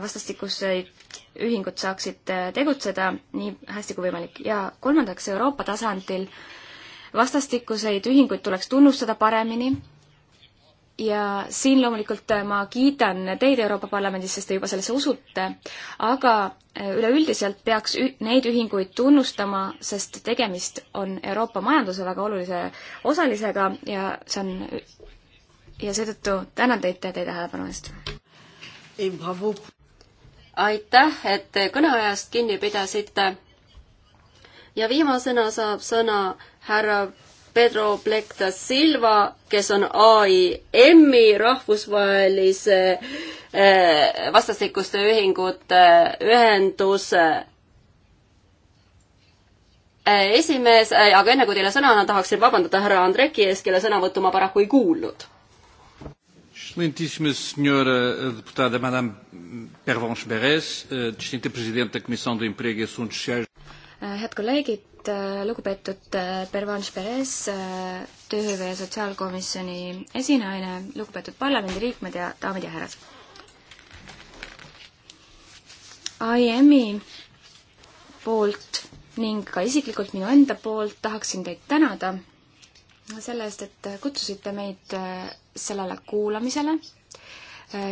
vastastikused ühingud saaksid tegutseda nii hästi kui võimalik ja kolmandaks, Euroopa tasandil vastastikuseid ühinguid tuleks tunnustada paremini ja siin loomulikult äh, ma kiidan teid Euroopa Parlamendis, sest te juba sellesse usute, aga äh, üleüldiselt peaks neid ühinguid tunnustama, sest tegemist on Euroopa majanduse väga olulise osalisega ja see on, ja seetõttu tänan teid teie tähelepanu eest. aitäh, et te kõneajast kinni pidasite. ja viimasena saab sõna härra Pedro Plekta Silva, kes on AIM-i rahvusvahelise eh, vastastikuste ühingute eh, ühenduse eh, esimees, aga enne kui teile sõna annan, tahaksin vabandada härra Andreki ees, kelle sõnavõttu ma paraku ei kuulnud. Excelentíssima senhora deputada Madame Pervenche Beres, distinta presidente da Comissão do Emprego e Assuntos Sociais. Äh, head kolleegid, äh, lugupeetud äh, Pervanš Perez, tööhõive ja sotsiaalkomisjoni esinaine, lugupeetud parlamendiliikmed ja daamid ja härrad. IM-i poolt ning ka isiklikult minu enda poolt tahaksin teid tänada selle eest, et kutsusite meid sellele kuulamisele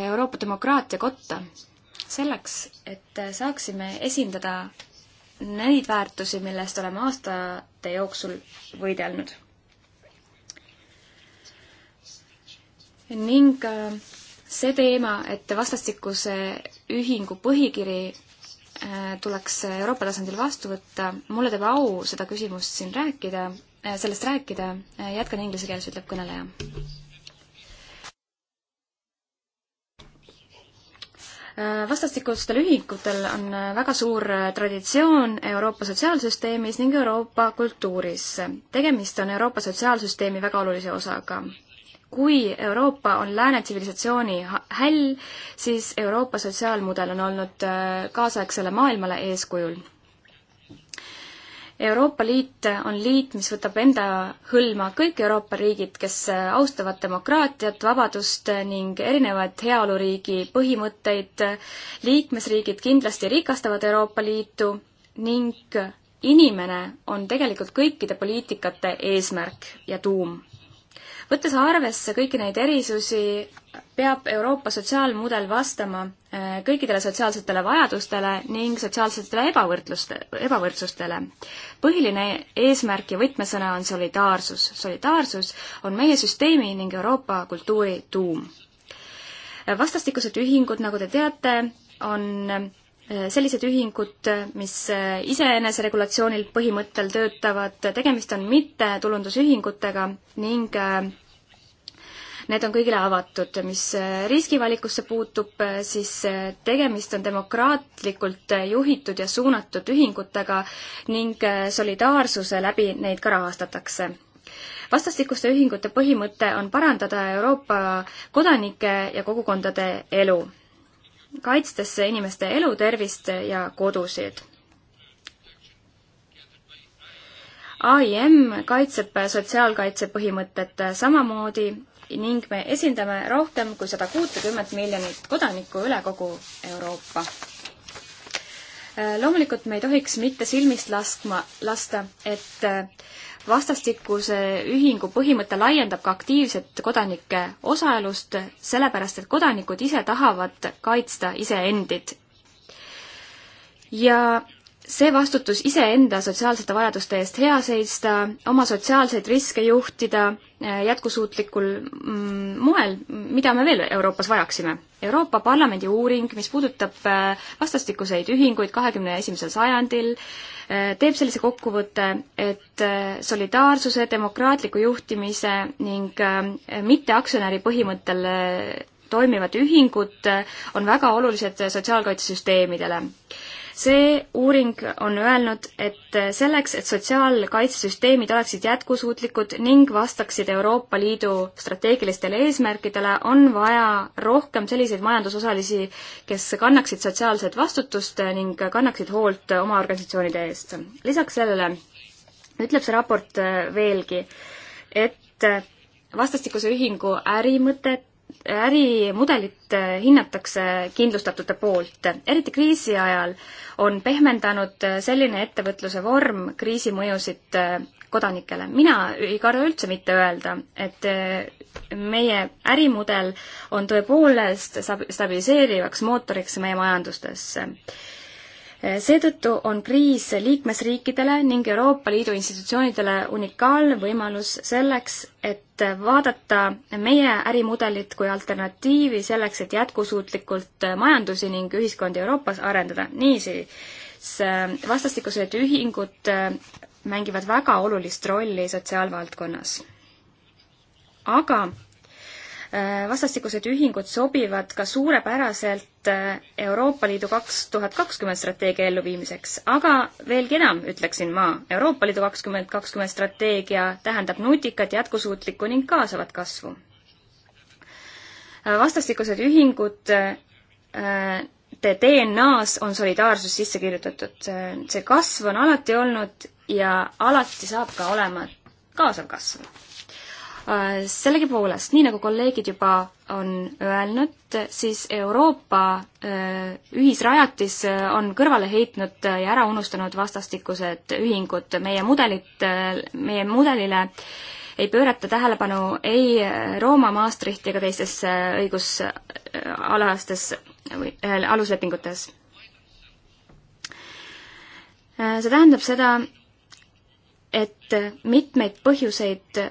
Euroopa demokraatia kotta selleks, et saaksime esindada neid väärtusi, millest oleme aastate jooksul võidelnud. ning äh, see teema, et vastastikuse ühingu põhikiri äh, tuleks Euroopa tasandil vastu võtta, mulle teeb au seda küsimust siin rääkida, äh, sellest rääkida, jätkan inglise keeles, ütleb kõneleja. vastastikustel ühikutel on väga suur traditsioon Euroopa sotsiaalsüsteemis ning Euroopa kultuuris. tegemist on Euroopa sotsiaalsüsteemi väga olulise osaga. kui Euroopa on lääne tsivilisatsiooni häll, siis Euroopa sotsiaalmudel on olnud äh, kaasaegsele maailmale eeskujul Euroopa Liit on liit, mis võtab enda hõlma kõik Euroopa riigid, kes austavad demokraatiat, vabadust ning erinevaid heaoluriigi põhimõtteid. liikmesriigid kindlasti rikastavad Euroopa Liitu ning inimene on tegelikult kõikide poliitikate eesmärk ja tuum võttes arvesse kõiki neid erisusi, peab Euroopa sotsiaalmudel vastama äh, kõikidele sotsiaalsetele vajadustele ning sotsiaalsetele ebavõrdluste, ebavõrdsustele. põhiline eesmärk ja võtmesõna on solidaarsus. solidaarsus on meie süsteemi ning Euroopa kultuuri tuum. vastastikused ühingud, nagu te teate, on Äh, sellised ühingud, äh, mis äh, iseeneseregulatsioonil põhimõttel töötavad, tegemist on mittetulundusühingutega ning need on kõigile avatud. mis riskivalikusse puutub, siis tegemist on demokraatlikult juhitud ja suunatud ühingutega ning solidaarsuse läbi neid ka rahastatakse vastastikuste ühingute põhimõte on parandada Euroopa kodanike ja kogukondade elu kaitstes inimeste elutervist ja kodusid. AIM kaitseb sotsiaalkaitse põhimõtet samamoodi ning me esindame rohkem kui sada kuutekümmet miljonit kodanikku üle kogu Euroopa loomulikult me ei tohiks mitte silmist laskma, lasta, et vastastikuse ühingu põhimõte laiendab ka aktiivset kodanike osalust, sellepärast et kodanikud ise tahavad kaitsta iseendid. ja see vastutus iseenda sotsiaalsete vajaduste eest hea seista, oma sotsiaalseid riske juhtida eh, jätkusuutlikul mm, moel, mida me veel Euroopas vajaksime. Euroopa Parlamendi uuring, mis puudutab eh, vastastikuseid ühinguid kahekümne esimesel sajandil, teeb sellise kokkuvõtte, et äh, solidaarsuse, demokraatliku juhtimise ning äh, mitteaktsionäri põhimõttel äh, toimivad ühingud on väga olulised sotsiaalkaitsesüsteemidele see uuring on öelnud, et selleks, et sotsiaalkaitsesüsteemid oleksid jätkusuutlikud ning vastaksid Euroopa Liidu strateegilistele eesmärkidele, on vaja rohkem selliseid majandusosalisi, kes kannaksid sotsiaalset vastutust ning kannaksid hoolt oma organisatsioonide eest. lisaks sellele ütleb see raport veelgi, et vastastikuse ühingu ärimõtet ärimudelit äh, hinnatakse kindlustatute poolt. eriti kriisi ajal on pehmendanud äh, selline ettevõtluse vorm kriisi mõjusid äh, kodanikele. mina ei karda üldse mitte öelda, et meie ärimudel on tõepoolest stabiliseerivaks mootoriks meie majandustesse seetõttu on kriis liikmesriikidele ning Euroopa Liidu institutsioonidele unikaalne võimalus selleks, et vaadata meie ärimudelit kui alternatiivi selleks, et jätkusuutlikult majandusi ning ühiskondi Euroopas arendada. niisiis, vastastikused ühingud mängivad väga olulist rolli sotsiaalvaldkonnas. aga Äh, vastastikused ühingud sobivad ka suurepäraselt äh, Euroopa Liidu kaks tuhat kakskümmend strateegia elluviimiseks. aga veelgi enam, ütleksin ma, Euroopa Liidu kakskümmend kakskümmend strateegia tähendab nutikat, jätkusuutlikku ning kaasavat kasvu. Äh, vastastikused ühingud DNA-s on solidaarsus sisse kirjutatud. see kasv on alati olnud ja alati saab ka olema kaasav kasv Äh, sellegipoolest, nii nagu kolleegid juba on öelnud, siis Euroopa äh, ühisrajatis äh, on kõrvale heitnud ja ära unustanud vastastikused ühingud. meie mudelit, meie mudelile ei pöörata tähelepanu ei Rooma, Maastrichti ega teistes õigusalastes või aluslepingutes. see tähendab seda, et mitmeid põhjuseid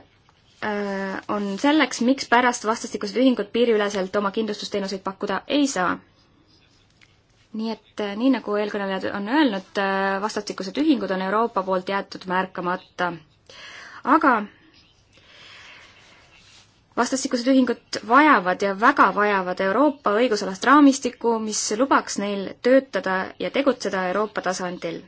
Äh, on selleks, mikspärast vastastikused ühingud piiriüleselt oma kindlustusteenuseid pakkuda ei saa. nii et äh, nii, nagu eelkõnelejad on öelnud, äh, vastastikused ühingud on Euroopa poolt jäetud märkamata. aga vastastikused ühingud vajavad ja väga vajavad Euroopa õigusalast raamistikku, mis lubaks neil töötada ja tegutseda Euroopa tasandil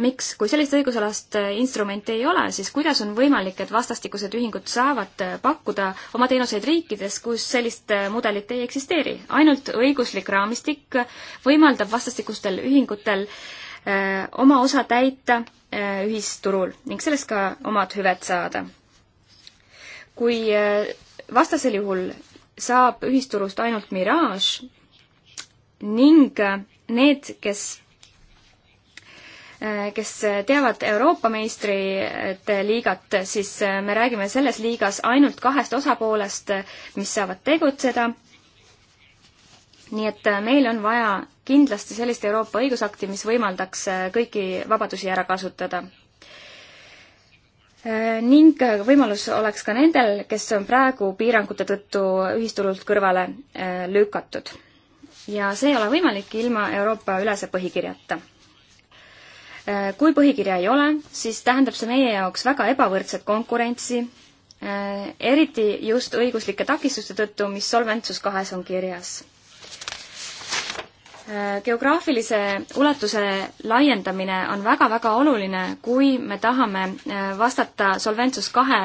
miks, kui sellist õigusalast äh, instrumenti ei ole, siis kuidas on võimalik, et vastastikused ühingud saavad äh, pakkuda oma teenuseid riikides, kus sellist äh, mudelit ei eksisteeri? ainult õiguslik raamistik võimaldab vastastikustel ühingutel öö, oma osa täita öö, ühisturul ning sellest ka omad hüved saada. kui öö, vastasel juhul saab ühisturust ainult Mirage ning need, kes Äh, kes teavad Euroopa meistrite liigat, siis äh, me räägime selles liigas ainult kahest osapoolest, äh, mis saavad tegutseda. nii et meil on vaja kindlasti sellist Euroopa õigusakti, mis võimaldaks kõiki vabadusi ära kasutada ning võimalus oleks ka nendel, kes on praegu piirangute tõttu ühisturult kõrvale lükatud. ja see ei ole võimalik ilma Euroopa ülese põhikirjata. Äh, kui põhikirja ei ole, siis tähendab see meie jaoks väga ebavõrdset konkurentsi, äh, eriti just õiguslike takistuste tõttu, mis Solventsus kahes on kirjas. Äh, geograafilise ulatuse laiendamine on väga-väga oluline, kui me tahame vastata Solventsus kahe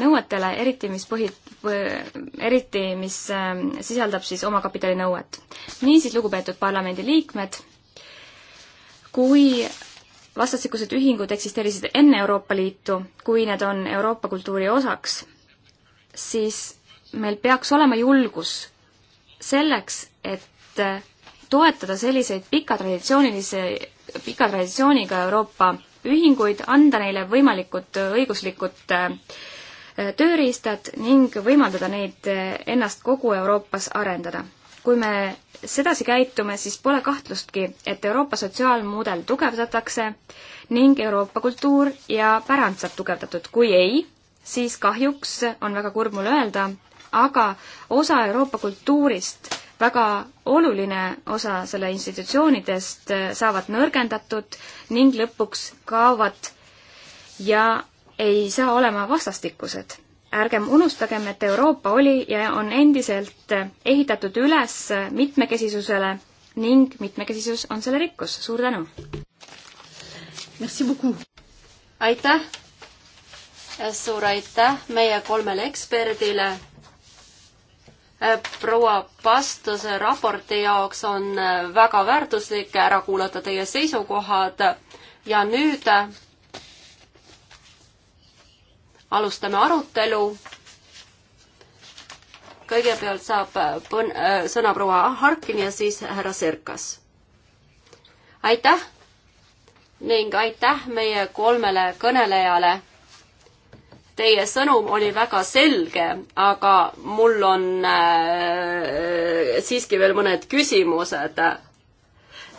nõuetele, eriti mis põhi, eriti mis sisaldab siis omakapitali nõuet. niisiis, lugupeetud parlamendiliikmed, kui vastastikused ühingud eksisteerisid enne Euroopa Liitu, kui need on Euroopa kultuuri osaks, siis meil peaks olema julgus selleks, et toetada selliseid pika traditsioonilise, pika traditsiooniga Euroopa ühinguid, anda neile võimalikud õiguslikud äh, tööriistad ning võimaldada neid äh, ennast kogu Euroopas arendada kui me sedasi käitume, siis pole kahtlustki, et Euroopa sotsiaalmudel tugevdatakse ning Euroopa kultuur ja pärand saab tugevdatud. kui ei, siis kahjuks on väga kurb mul öelda, aga osa Euroopa kultuurist, väga oluline osa selle institutsioonidest eh, saavad nõrgendatud ning lõpuks kaovad ja ei saa olema vastastikused ärgem unustagem, et Euroopa oli ja on endiselt ehitatud üles mitmekesisusele ning mitmekesisus on selle rikkus. suur tänu! aitäh! suur aitäh meie kolmele eksperdile. proua Pastuse raporti jaoks on väga väärtuslik ära kuulata teie seisukohad ja nüüd alustame arutelu. kõigepealt saab põn-, äh, sõna proua Harkin ja siis härra Serkas. aitäh ning aitäh meie kolmele kõnelejale. Teie sõnum oli väga selge, aga mul on äh, siiski veel mõned küsimused äh,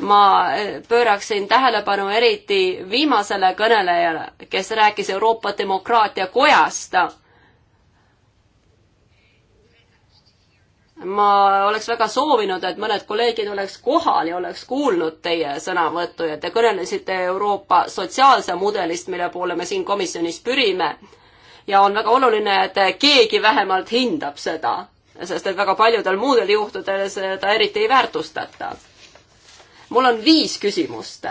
ma pööraksin tähelepanu eriti viimasele kõnelejale, kes rääkis Euroopa Demokraatia Kojast. ma oleks väga soovinud, et mõned kolleegid oleks kohal ja oleks kuulnud teie sõnavõttu ja te kõnelesite Euroopa sotsiaalse mudelist, mille poole me siin komisjonis pürime. ja on väga oluline, et keegi vähemalt hindab seda, sest et väga paljudel muudel juhtudel seda eriti ei väärtustata mul on viis küsimust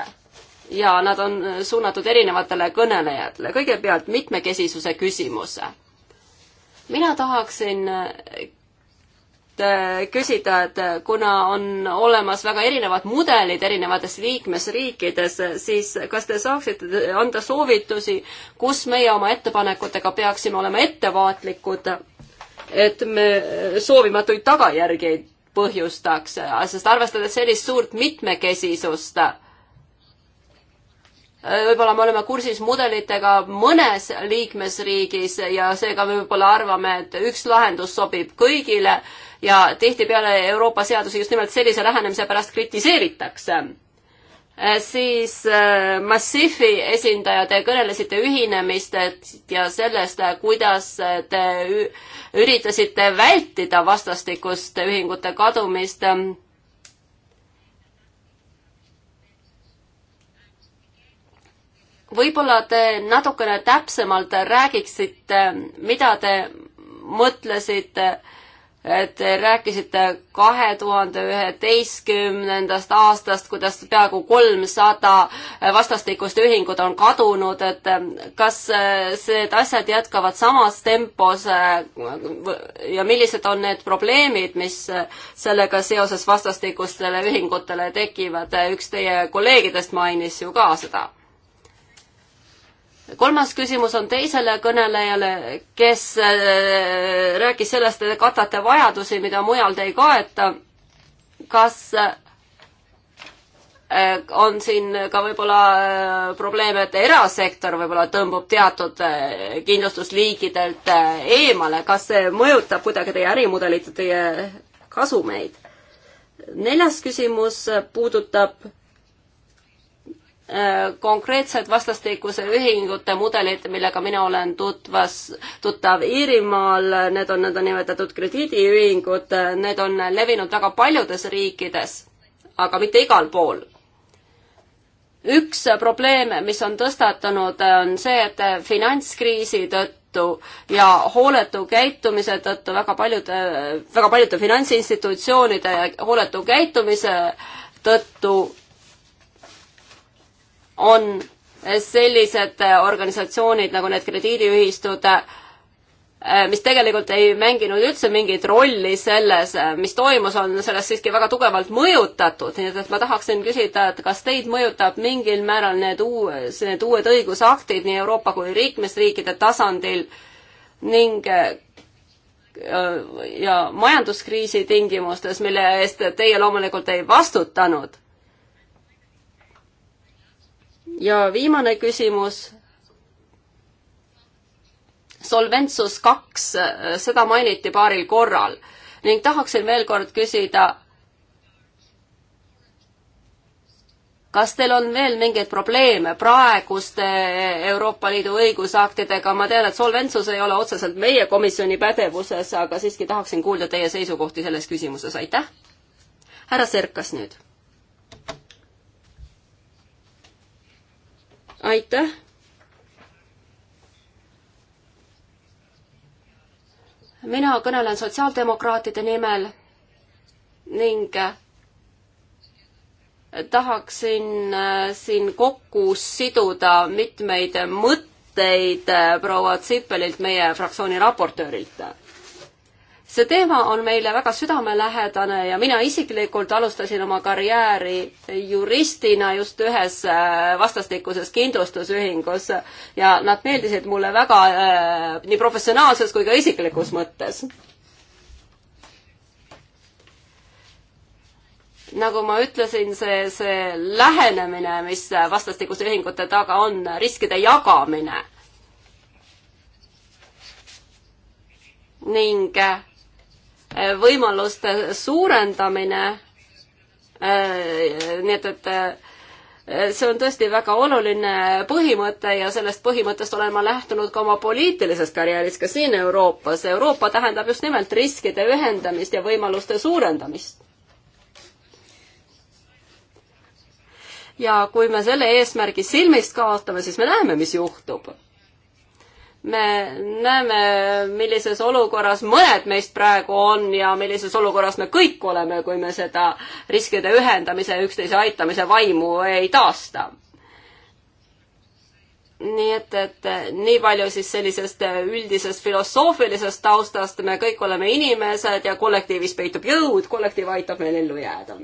ja nad on äh, suunatud erinevatele kõnelejatele. kõigepealt mitmekesisuse küsimus. mina tahaksin äh, äh, küsida, et kuna on olemas väga erinevad mudelid erinevates liikmesriikides, siis kas te saaksite anda soovitusi, kus meie oma ettepanekutega peaksime olema ettevaatlikud, et me soovimatuid tagajärgi ei põhjustaks, sest arvestades sellist suurt mitmekesisust, võib-olla me oleme kursis mudelitega mõnes liikmesriigis ja seega me võib-olla arvame, et üks lahendus sobib kõigile ja tihtipeale Euroopa seadusi just nimelt sellise lähenemise pärast kritiseeritakse. siis äh, Massifi esindaja, te kõnelesite ühinemistest ja sellest, kuidas te üritasite vältida vastastikust ühingute kadumist. võib-olla te natukene täpsemalt räägiksite, mida te mõtlesite äh, Te rääkisite kahe tuhande üheteistkümnendast aastast, kuidas peaaegu kolmsada vastastikust ühingut on kadunud, et kas need asjad jätkavad samas tempos äh, ja millised on need probleemid, mis sellega seoses vastastikustele ühingutele tekivad? üks teie kolleegidest mainis ju ka seda kolmas küsimus on teisele kõnelejale, kes äh, rääkis sellest, et te katate vajadusi, mida mujal te ei kaeta. kas äh, on siin ka võib-olla äh, probleem, et erasektor võib-olla tõmbub teatud kindlustusliigidelt eemale, kas see mõjutab kuidagi teie ärimudelit, teie kasumeid? neljas küsimus puudutab Äh, konkreetsed vastastikuse ühingute mudelid, millega mina olen tutvas, tuttav Iirimaal, need on nõndanimetatud krediidiühingud, need on levinud väga paljudes riikides, aga mitte igal pool. üks probleem, mis on tõstatunud, on see, et finantskriisi tõttu ja hooletu käitumise tõttu väga paljude, väga paljude finantsinstitutsioonide hooletu käitumise tõttu on sellised äh, organisatsioonid nagu need krediidiühistud, äh, mis tegelikult ei mänginud üldse mingit rolli selles, äh, mis toimus, on sellest siiski väga tugevalt mõjutatud, nii et, et ma tahaksin küsida, et kas teid mõjutab mingil määral need uus, need uued õigusaktid nii Euroopa kui liikmesriikide tasandil ning ja majanduskriisi tingimustes, mille eest teie loomulikult ei vastutanud ja viimane küsimus. Solventsus kaks, seda mainiti paaril korral ning tahaksin veel kord küsida, kas teil on veel mingeid probleeme praeguste Euroopa Liidu õigusaktidega, ma tean, et solventsus ei ole otseselt meie komisjoni pädevuses, aga siiski tahaksin kuulda teie seisukohti selles küsimuses, aitäh. härra Serkas nüüd aitäh. mina kõnelen sotsiaaldemokraatide nimel ning äh, tahaksin äh, siin kokku siduda mitmeid mõtteid äh, proua Tsipelilt, meie fraktsiooni raportöörilt see teema on meile väga südamelähedane ja mina isiklikult alustasin oma karjääri juristina just ühes äh, vastastikuses kindlustusühingus ja nad meeldisid mulle väga äh, nii professionaalses kui ka isiklikus mõttes. nagu ma ütlesin, see, see lähenemine, mis vastastikuse ühingute taga on, riskide jagamine ning äh, Eh, võimaluste suurendamine. Eh, nii et, et eh, see on tõesti väga oluline põhimõte ja sellest põhimõttest olen ma lähtunud ka oma poliitilises karjääris ka siin Euroopas. Euroopa tähendab just nimelt riskide ühendamist ja võimaluste suurendamist. ja kui me selle eesmärgi silmist kaotame, siis me näeme, mis juhtub me näeme, millises olukorras mõned meist praegu on ja millises olukorras me kõik oleme, kui me seda riskide ühendamise ja üksteise aitamise vaimu ei taasta. nii et, et nii palju siis sellisest üldisest filosoofilisest taustast, me kõik oleme inimesed ja kollektiivis peitub jõud, kollektiiv aitab meil ellu jääda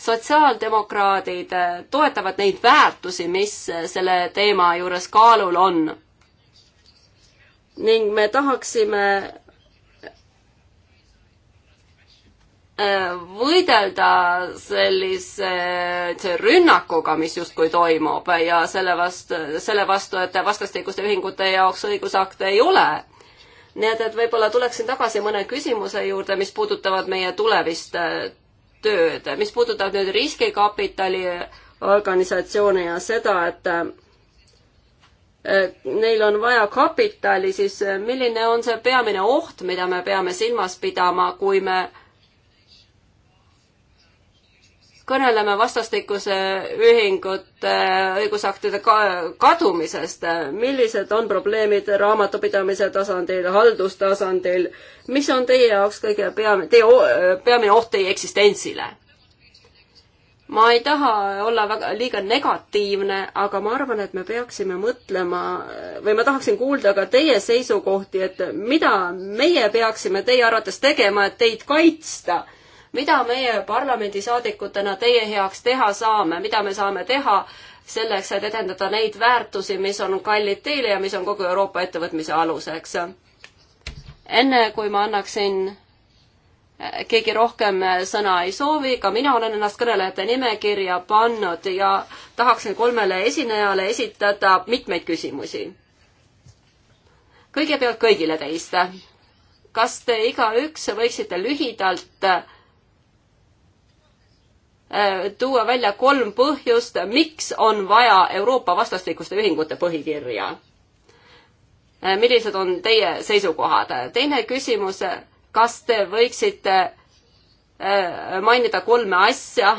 sotsiaaldemokraadid eh, toetavad neid väärtusi, mis eh, selle teema juures kaalul on. ning me tahaksime eh, võidelda sellise rünnakuga, mis justkui toimub ja selle vastu, selle vastu, et vastastikuste ühingute jaoks õigusakte ei ole. nii et, et võib-olla tuleksin tagasi mõne küsimuse juurde, mis puudutavad meie tulevist tööd, mis puudutab nüüd riskikapitali organisatsioone ja seda, et neil on vaja kapitali, siis milline on see peamine oht, mida me peame silmas pidama, kui me kõneleme vastastikuse ühingute õigusaktide kadumisest, millised on probleemid raamatupidamise tasandil, haldustasandil, mis on teie jaoks kõige peamine, teie peamine oht teie eksistentsile? ma ei taha olla väga, liiga negatiivne, aga ma arvan, et me peaksime mõtlema või ma tahaksin kuulda ka teie seisukohti, et mida meie peaksime teie arvates tegema, et teid kaitsta mida meie parlamendisaadikutena teie heaks teha saame, mida me saame teha selleks, et edendada neid väärtusi, mis on kallid teile ja mis on kogu Euroopa ettevõtmise aluseks. enne kui ma annaksin äh, keegi rohkem äh, sõna ei soovi, ka mina olen ennast kõnelejate nimekirja pannud ja tahaksin kolmele esinejale esitada mitmeid küsimusi. kõigepealt kõigile teist. kas te igaüks võiksite lühidalt äh, Äh, tuua välja kolm põhjust, miks on vaja Euroopa vastastikuste ühingute põhikirja. Äh, millised on teie seisukohad? teine küsimus, kas te võiksite äh, mainida kolme asja,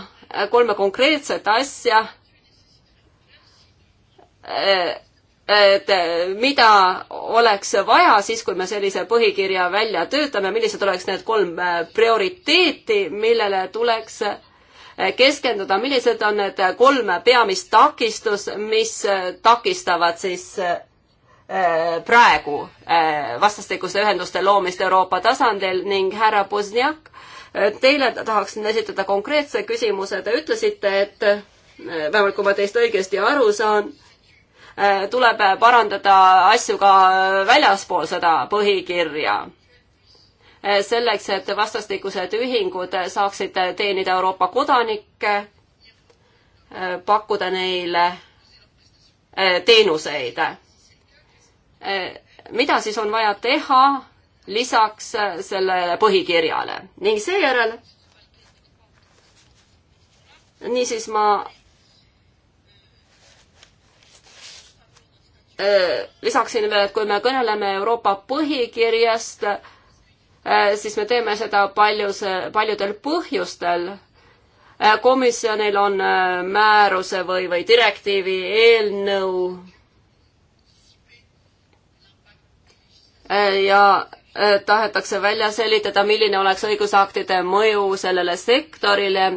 kolme konkreetset asja, et mida oleks vaja siis, kui me sellise põhikirja välja töötame, millised oleks need kolm prioriteeti, millele tuleks äh, keskenduda, millised on need kolm peamist takistus, mis takistavad siis äh, praegu äh, vastastikuste ühenduste loomist Euroopa tasandil ning härra Bosniak, äh, teile tahaksin esitada konkreetse küsimuse, te ütlesite, et vähemalt kui ma teist õigesti aru saan, tuleb parandada asju ka väljaspool seda põhikirja Eh, selleks, et vastastikused ühingud saaksid teenida Euroopa kodanikke, eh, pakkuda neile eh, teenuseid. mida siis on vaja teha lisaks sellele põhikirjale ning seejärel niisiis ma lisaksin veel, et kui me kõneleme Euroopa põhikirjast, Äh, siis me teeme seda paljus, paljudel põhjustel. Äh, komisjonil on äh, määruse või, või direktiivi eelnõu. ja tahetakse välja selgitada, milline oleks õigusaktide mõju sellele sektorile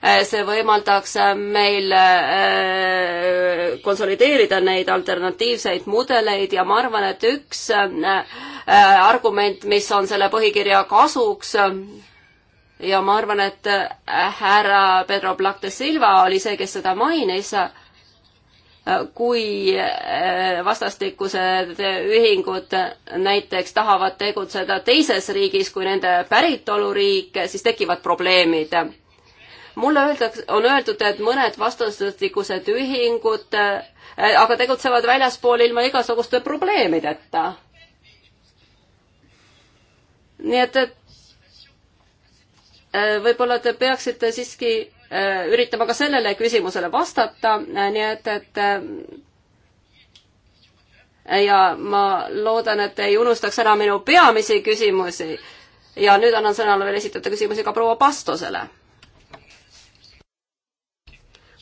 Eh, see võimaldaks eh, meil eh, konsolideerida neid alternatiivseid mudeleid ja ma arvan, et üks argument, mis on selle põhikirja kasuks, ja ma arvan, et härra Pedro Black de Silva oli see, kes seda mainis, kui vastastikused ühingud näiteks tahavad tegutseda teises riigis kui nende päritoluriik, siis tekivad probleemid mulle öeldakse, on öeldud, et mõned vastastikused ühingud äh, aga tegutsevad väljaspool ilma igasuguste probleemideta. nii et, et äh, võib-olla te peaksite siiski äh, üritama ka sellele küsimusele vastata, nii et, et ja ma loodan, et ei unustaks ära minu peamisi küsimusi. ja nüüd annan sõna veel esitada küsimusi ka proua Pastosele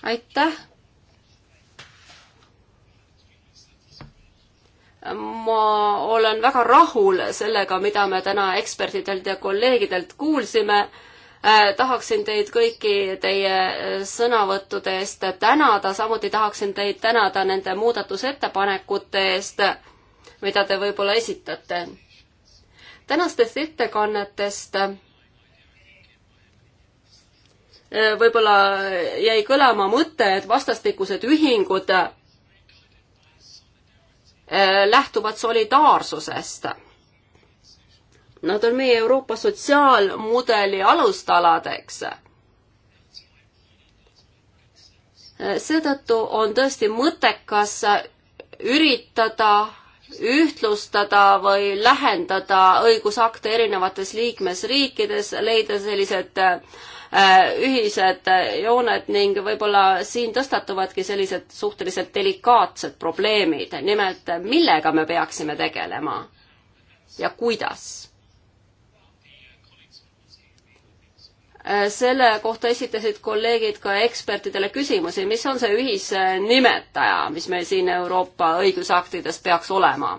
aitäh. ma olen väga rahul sellega, mida me täna ekspertidelt ja kolleegidelt kuulsime äh, tahaksin teid kõiki teie äh, sõnavõttude eest tänada, samuti tahaksin teid tänada nende muudatusettepanekute eest, mida te võib-olla esitate. tänastest ettekannetest Äh, võib-olla jäi kõlama mõte, et vastastikused ühingud äh, lähtuvad solidaarsusest. Nad on meie Euroopa sotsiaalmudeli alustaladeks äh, seetõttu on tõesti mõttekas üritada ühtlustada või lähendada õigusakte erinevates liikmesriikides, leida sellised Äh, ühised jooned ning võib-olla siin tõstatuvadki sellised suhteliselt delikaatsed probleemid, nimelt millega me peaksime tegelema ja kuidas äh, selle kohta esitasid kolleegid ka ekspertidele küsimusi, mis on see ühisnimetaja, mis meil siin Euroopa õigusaktides peaks olema.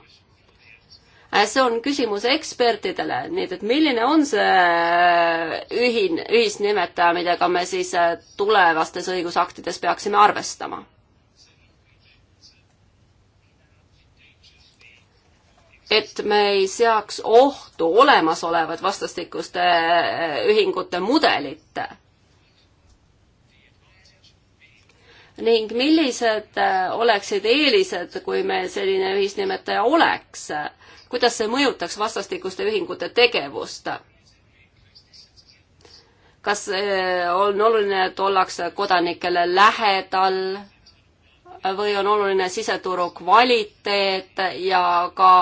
Äh, see on küsimus ekspertidele, nii et, et milline on see äh, ühin-, ühisnimetaja, millega me siis äh, tulevastes õigusaktides peaksime arvestama? et me ei seaks ohtu olemasolevat vastastikuste ühingute mudelit ning millised oleksid eelised, kui meil selline ühisnimetaja oleks? kuidas see mõjutaks vastastikuste ühingute tegevust? kas eh, on oluline, et ollakse kodanikele lähedal või on oluline siseturu kvaliteet ja ka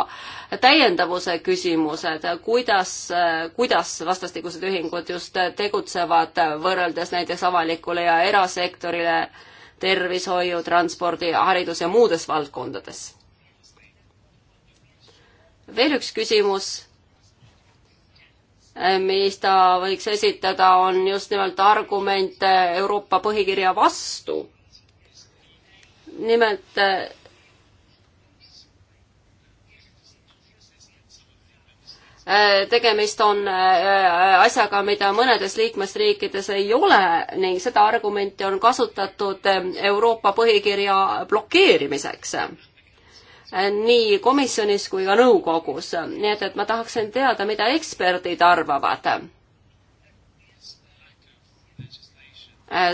täiendavuse küsimused, kuidas, eh, kuidas vastastikused ühingud just tegutsevad võrreldes näiteks avalikule ja erasektorile tervishoiu, transpordi, haridus ja muudes valdkondades? veel üks küsimus, eh, mis ta võiks esitada, on just nimelt argument eh, Euroopa põhikirja vastu. nimelt eh, tegemist on asjaga, mida mõnedes liikmesriikides ei ole ning seda argumenti on kasutatud Euroopa põhikirja blokeerimiseks Äh, nii komisjonis kui ka nõukogus. nii et, et ma tahaksin teada, mida eksperdid arvavad. Äh,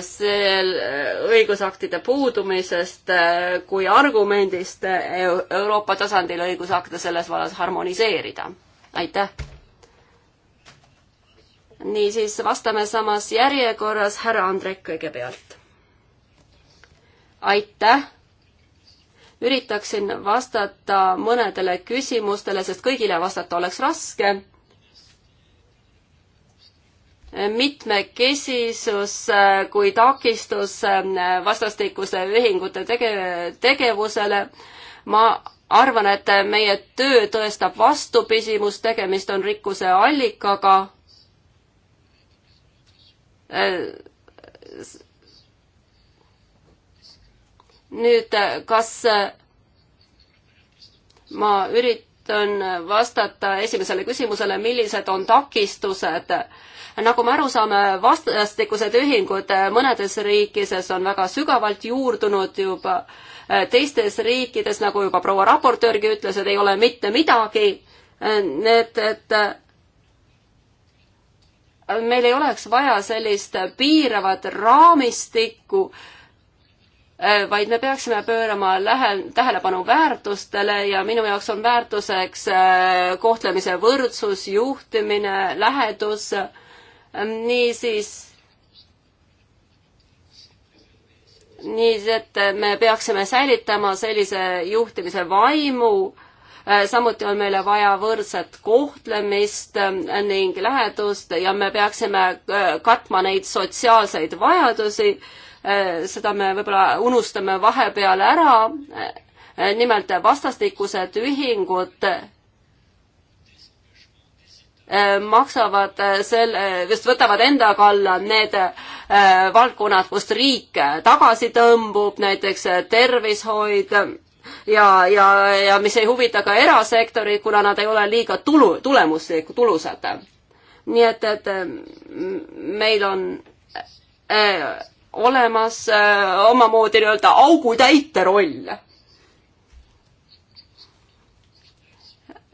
sel äh, õigusaktide puudumisest kui argumendist Euroopa tasandil õigusakte selles vallas harmoniseerida. aitäh! niisiis, vastame samas järjekorras, härra Andrek kõigepealt. aitäh! üritaksin vastata mõnedele küsimustele, sest kõigile vastata oleks raske. mitmekesisus kui takistus vastastikuse ühingute tege-, tegevusele. ma arvan, et meie töö tõestab vastupisimust, tegemist on rikkuse allikaga nüüd, kas äh, ma üritan vastata esimesele küsimusele, millised on takistused? nagu me aru saame, vastastikused ühingud mõnedes riikides on väga sügavalt juurdunud juba, teistes riikides, nagu juba proua raportöörgi ütles, et ei ole mitte midagi. Need, et meil ei oleks vaja sellist piiravat raamistikku, Äh, vaid me peaksime pöörama lähe-, tähelepanu väärtustele ja minu jaoks on väärtuseks äh, kohtlemise võrdsus, juhtimine, lähedus, niisiis äh, nii et me peaksime säilitama sellise juhtimise vaimu, samuti on meile vaja võrdset kohtlemist ning lähedust ja me peaksime katma neid sotsiaalseid vajadusi Äh, seda me võib-olla unustame vahepeal ära. Äh, nimelt vastastikused ühingud äh, maksavad selle, just võtavad enda kalla need valdkonnad, kust riik tagasi tõmbub, näiteks tervishoid ja, ja, ja mis ei huvita ka erasektorit, kuna nad ei ole liiga tulu, tulemuslikud, tulusad. nii et, et meil on olemas äh, omamoodi nii-öelda augutäite roll.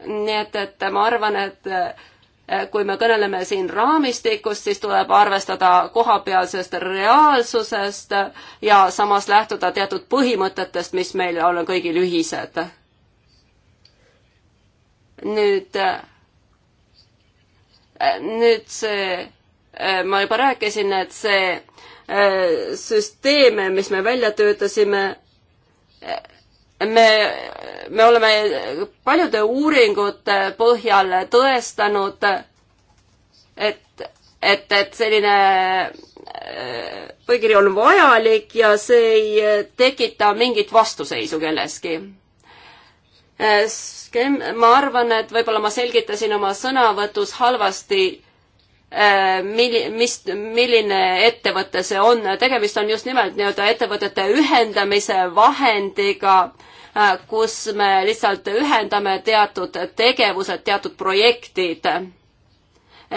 nii et, et ma arvan, et äh, kui me kõneleme siin raamistikust, siis tuleb arvestada kohapealsest reaalsusest ja samas lähtuda teatud põhimõtetest, mis meil on kõigil ühised. nüüd äh,, nüüd see, äh, ma juba rääkisin, et see süsteeme, mis me välja töötasime, me, me oleme paljude uuringute põhjal tõestanud, et, et, et selline äh, põhikiri on vajalik ja see ei tekita mingit vastuseisu kelleski. Äh, ma arvan, et võib-olla ma selgitasin oma sõnavõtus halvasti Äh, milli-, mis, milline ettevõte see on, tegemist on just nimelt nii-öelda ettevõtete ühendamise vahendiga, äh, kus me lihtsalt ühendame teatud tegevused, teatud projektid.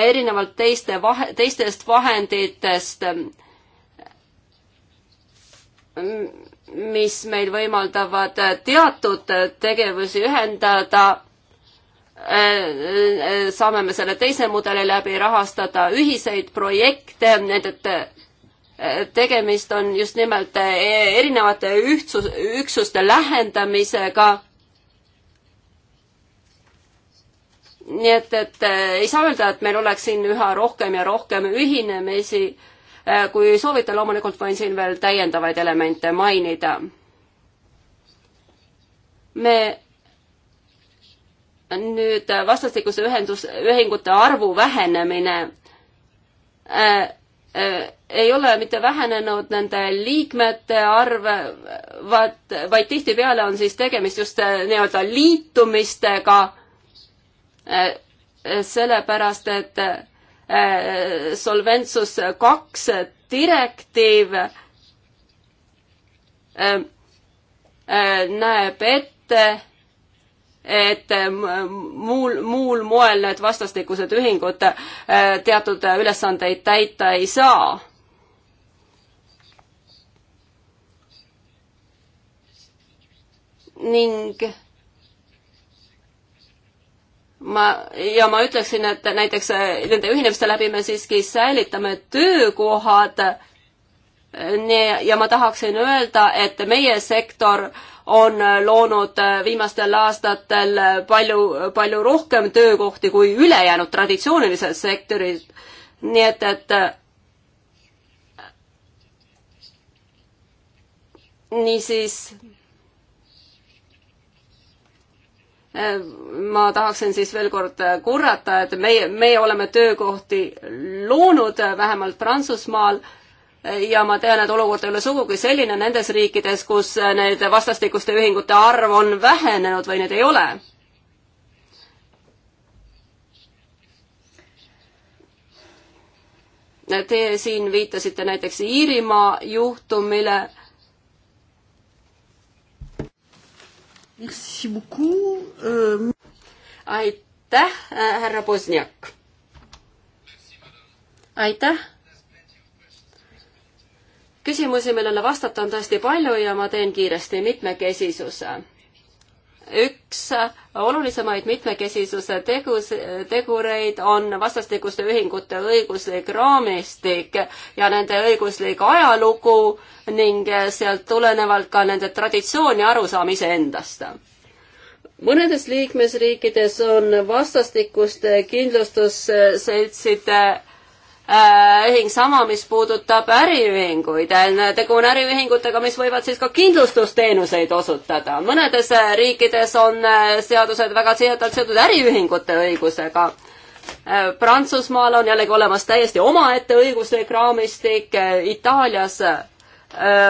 erinevalt teiste vahe, teistest vahenditest, mis meil võimaldavad teatud tegevusi ühendada Äh, äh, saame me selle teise mudeli läbi rahastada ühiseid projekte, need, et äh, tegemist on just nimelt erinevate ühtsus, üksuste lähendamisega. nii et, et ei saa öelda, et meil oleks siin üha rohkem ja rohkem ühinemisi. kui soovite, loomulikult võin siin veel täiendavaid elemente mainida. me nüüd vastastikuse ühendus, ühingute arvu vähenemine äh, äh, ei ole mitte vähenenud nende liikmete arv, vaid, vaid tihtipeale on siis tegemist just äh, nii-öelda liitumistega äh,, sellepärast et äh, Solventsus kaks direktiiv äh, näeb ette et äh, muul, muul moel need vastastikused ühingud äh, teatud äh, ülesandeid täita ei saa. ning ma, ja ma ütleksin, et näiteks nende ühinemiste läbi me siiski säilitame töökohad. ja ma tahaksin öelda, et meie sektor äh, on loonud viimastel aastatel palju, palju rohkem töökohti kui ülejäänud traditsioonilised sektorid. nii et, et niisiis ma tahaksin siis veel kord korrata, et meie, meie oleme töökohti loonud, vähemalt Prantsusmaal ja ma tean, et olukord ei ole sugugi selline nendes riikides, kus need vastastikuste ühingute arv on vähenenud või neid ei ole. Te siin viitasite näiteks Iirimaa juhtumile. Euh, aitäh, äh, härra Bosniak. aitäh küsimusi, millele vastata on tõesti palju ja ma teen kiiresti mitmekesisuse. üks olulisemaid mitmekesisuse tegus, tegureid on vastastikuste ühingute õiguslik raamistik ja nende õiguslik ajalugu ning sealt tulenevalt ka nende traditsioon ja arusaam iseendast mõnedes liikmesriikides on vastastikuste kindlustusseltside Äh, ühing sama, mis puudutab äriühinguid. Äh, tegu on äriühingutega, mis võivad siis ka kindlustusteenuseid osutada. mõnedes äh, riikides on seadused väga tihedalt seotud äriühingute õigusega. Prantsusmaal on jällegi olemas täiesti omaette õiguslik raamistik, Itaalias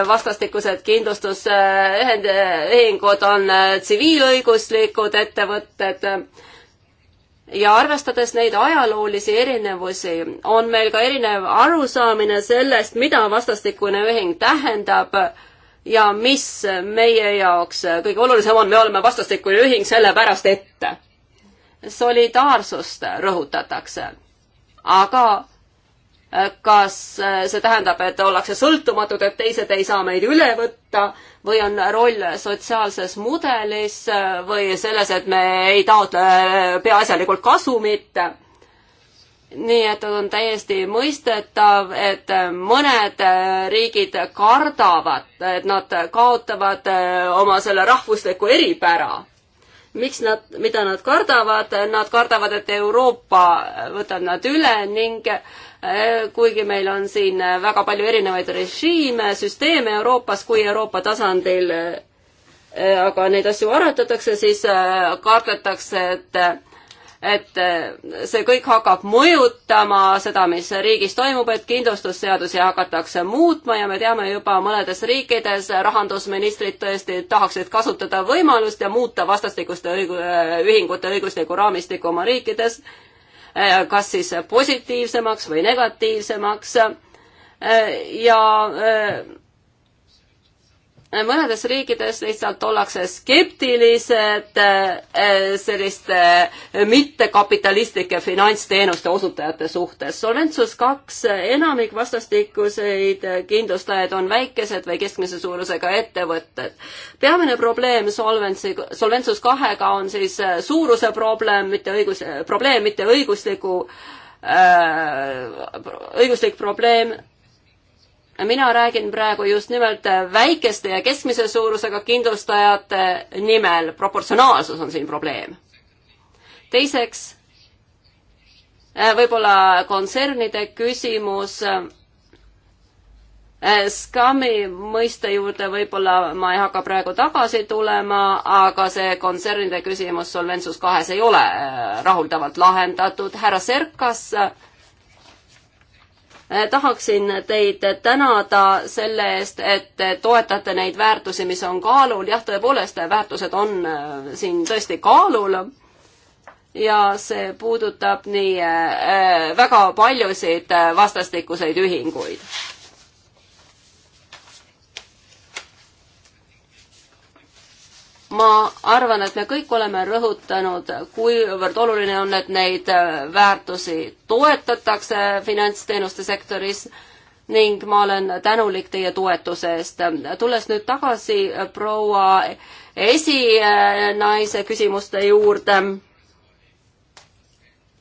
vastastikused kindlustusühingud on tsiviilõiguslikud ettevõtted et ja arvestades neid ajaloolisi erinevusi, on meil ka erinev arusaamine sellest, mida vastastikune ühing tähendab ja mis meie jaoks kõige olulisem on, me oleme vastastikune ühing sellepärast, et solidaarsust rõhutatakse. aga kas eh, see tähendab, et ollakse sõltumatud, et teised ei saa meid üle võtta või on roll sotsiaalses mudelis eh, või selles, et me ei taotle eh, peaasjalikult kasumit. nii et on täiesti mõistetav, et mõned riigid kardavad, et nad kaotavad oma selle rahvusliku eripära miks nad, mida nad kardavad, nad kardavad, et Euroopa võtab nad üle ning Äh, kuigi meil on siin äh, väga palju erinevaid režiime, süsteeme Euroopas kui Euroopa tasandil, äh, aga neid asju arutatakse, siis kardetakse, et et see kõik hakkab mõjutama seda, mis riigis toimub, et kindlustusseadusi hakatakse muutma ja me teame juba mõnedes riikides rahandusministrid tõesti tahaksid kasutada võimalust ja muuta vastastikuste õigu-, ühingute õiguslikku raamistikku oma riikides Äh, kas siis positiivsemaks või negatiivsemaks äh, ja äh, mõnedes riikides lihtsalt ollakse skeptilised eh, selliste eh, mittekapitalistlike finantsteenuste osutajate suhtes. Solventsus kaks, enamik vastastikuseid kindlustajaid on väikesed või keskmise suurusega ettevõtted. peamine probleem Solventsi, Solventsus kahega on siis eh, suuruse probleem, mitte õigus, probleem, mitte õigusliku äh, õiguslik probleem mina räägin praegu just nimelt äh, väikeste ja keskmise suurusega kindlustajate nimel, proportsionaalsus on siin probleem. teiseks, äh, võib-olla kontsernide küsimus äh, Skami mõiste juurde võib-olla ma ei hakka praegu tagasi tulema, aga see kontsernide küsimus Solventsus kahes ei ole rahuldavalt lahendatud. härra Serkas äh, Äh, tahaksin teid tänada selle eest, et te toetate neid väärtusi, mis on kaalul, jah, tõepoolest, väärtused on äh, siin tõesti kaalul ja see puudutab nii äh, väga paljusid vastastikuseid ühinguid ma arvan, et me kõik oleme rõhutanud, kuivõrd oluline on, et neid äh, väärtusi toetatakse finantsteenuste sektoris ning ma olen tänulik teie toetuse eest. tulles nüüd tagasi äh, proua esinaise küsimuste juurde.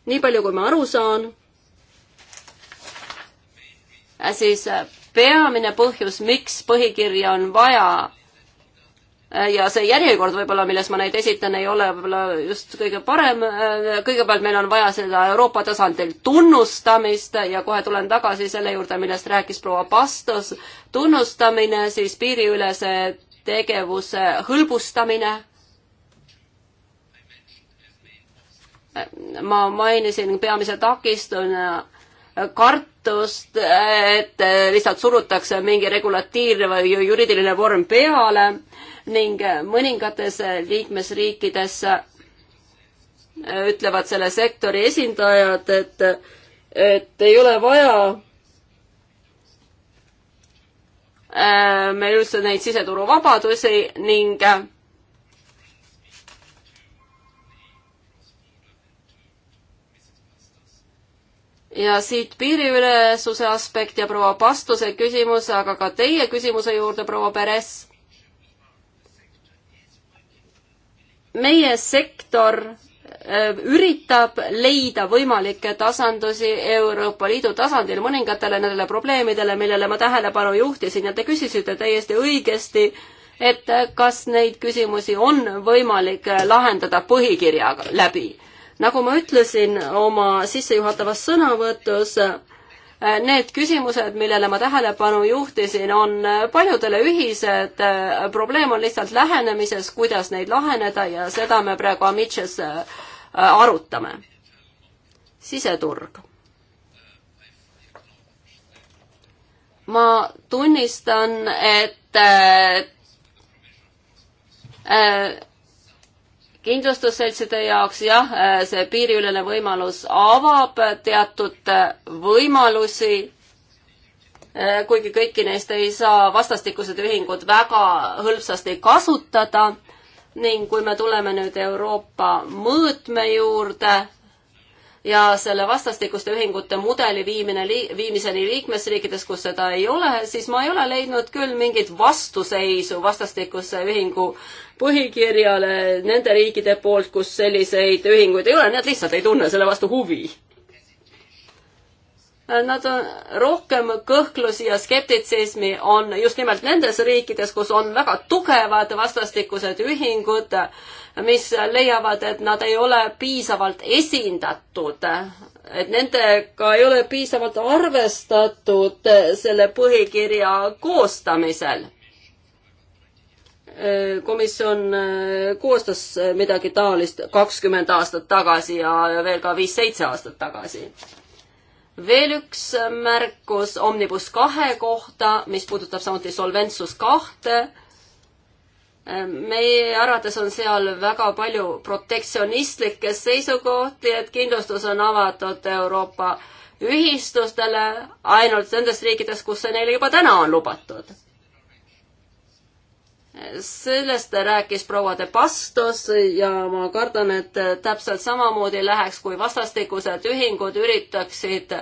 nii palju, kui ma aru saan, äh, siis peamine põhjus, miks põhikirja on vaja Äh, ja see järjekord võib-olla, milles ma neid esitan, ei ole võib-olla just kõige parem. Äh, kõigepealt meil on vaja seda Euroopa tasandil tunnustamist ja kohe tulen tagasi selle juurde, millest rääkis proua Pastos. tunnustamine, siis piiriülese tegevuse hõlbustamine. Äh, ma mainisin peamise takistuna kartust, et lihtsalt surutakse mingi regulatiivne või juriidiline vorm peale ning mõningates liikmesriikides ütlevad selle sektori esindajad, et, et ei ole vaja äh, meil üldse neid siseturuvabadusi ning ja siit piiriülesuse aspekt ja proua Pastuse küsimus, aga ka teie küsimuse juurde, proua Peres. meie sektor äh, üritab leida võimalikke tasandusi Euroopa Liidu tasandil mõningatele nendele probleemidele, millele ma tähelepanu juhtisin ja te küsisite täiesti õigesti, et kas neid küsimusi on võimalik lahendada põhikirja läbi nagu ma ütlesin oma sissejuhatavas sõnavõtus, need küsimused, millele ma tähelepanu juhtisin, on paljudele ühised. probleem on lihtsalt lähenemises, kuidas neid laheneda ja seda me praegu Amitšes äh, arutame. siseturg. ma tunnistan, et äh, äh kindlustusseltside jaoks jah, äh, see piiriülene võimalus avab teatud äh, võimalusi, äh, kuigi kõiki neist ei saa vastastikused ühingud väga hõlpsasti kasutada ning kui me tuleme nüüd Euroopa mõõtme juurde, ja selle vastastikuste ühingute mudeli viimine lii,, viimiseni liikmesriikides, kus seda ei ole, siis ma ei ole leidnud küll mingit vastuseisu vastastikuse ühingu põhikirjale nende riikide poolt, kus selliseid ühinguid ei ole, nad lihtsalt ei tunne selle vastu huvi. Nad on rohkem kõhklusi ja skeptitsismi on just nimelt nendes riikides, kus on väga tugevad vastastikused ühingud, mis leiavad, et nad ei ole piisavalt esindatud et nendega ei ole piisavalt arvestatud selle põhikirja koostamisel komisjon äh, koostas äh, midagi taolist kakskümmend aastat tagasi ja veel ka viis-seitse aastat tagasi. veel üks äh, märkus Omnibus kahe kohta, mis puudutab samuti Solventsus kahte. meie arvates on seal väga palju protektsionistlikke seisukohti, et kindlustus on avatud Euroopa ühistustele ainult nendes riikides, kus see neile juba täna on lubatud sellest rääkis proua de Bastos ja ma kardan, et täpselt samamoodi läheks, kui vastastikused ühingud üritaksid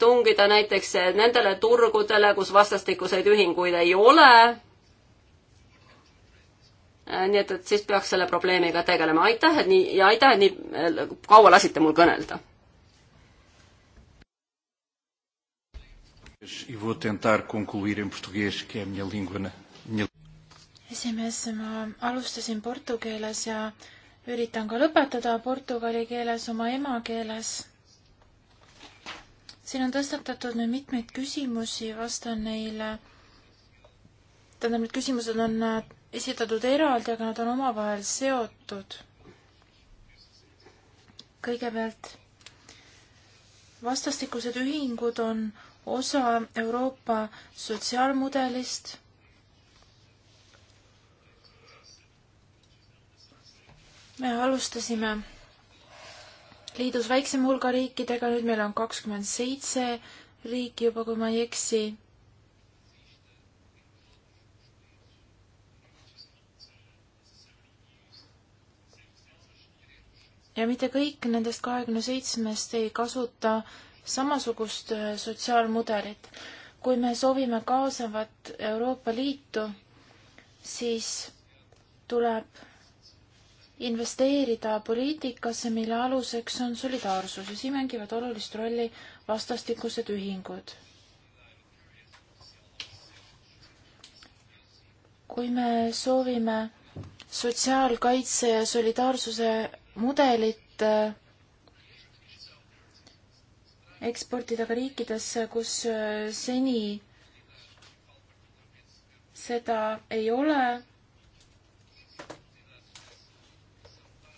tungida näiteks nendele turgudele, kus vastastikuseid ühinguid ei ole. nii et, et siis peaks selle probleemiga tegelema. aitäh, et nii ja aitäh, et nii kaua lasite mul kõnelda E vou tentar concluir em português, que é minha língua. Minha... esimees, ma alustasin portukeeles ja üritan ka lõpetada portugali keeles oma emakeeles. siin on tõstatatud nüüd mitmeid küsimusi, vastan neile. tähendab, need küsimused on äh, esitatud eraldi, aga nad on omavahel seotud. kõigepealt vastastikused ühingud on osa Euroopa sotsiaalmudelist. me alustasime liidus väiksema hulga riikidega, nüüd meil on kakskümmend seitse riiki juba, kui ma ei eksi ja mitte kõik nendest kahekümne seitsmest ei kasuta samasugust äh, sotsiaalmudelit. kui me soovime kaasavat Euroopa Liitu, siis tuleb investeerida poliitikasse, mille aluseks on solidaarsus ja siin mängivad olulist rolli vastastikused ühingud. kui me soovime sotsiaalkaitse ja solidaarsuse mudelit äh, eksportida ka riikidesse, kus äh, seni seda ei ole,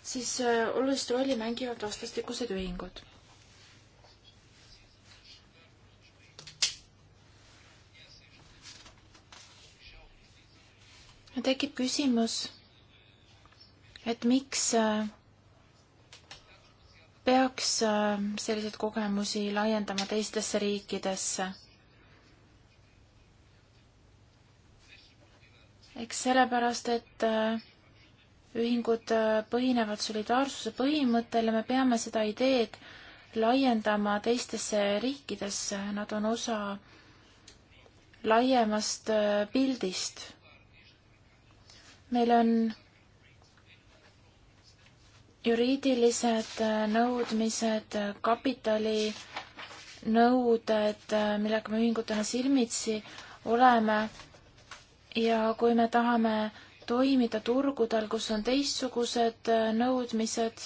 siis äh, olulist rolli mängivad vastastikused ühingud. tekib küsimus, et miks äh, peaks äh, selliseid kogemusi laiendama teistesse riikidesse. eks sellepärast, et äh, ühingud äh, põhinevad solidaarsuse põhimõttel ja me peame seda ideed laiendama teistesse riikidesse, nad on osa laiemast pildist. meil on juriidilised äh, nõudmised, äh, kapitalinõuded, äh, millega me ühingutena silmitsi oleme ja kui me tahame toimida turgudel, kus on teistsugused nõudmised,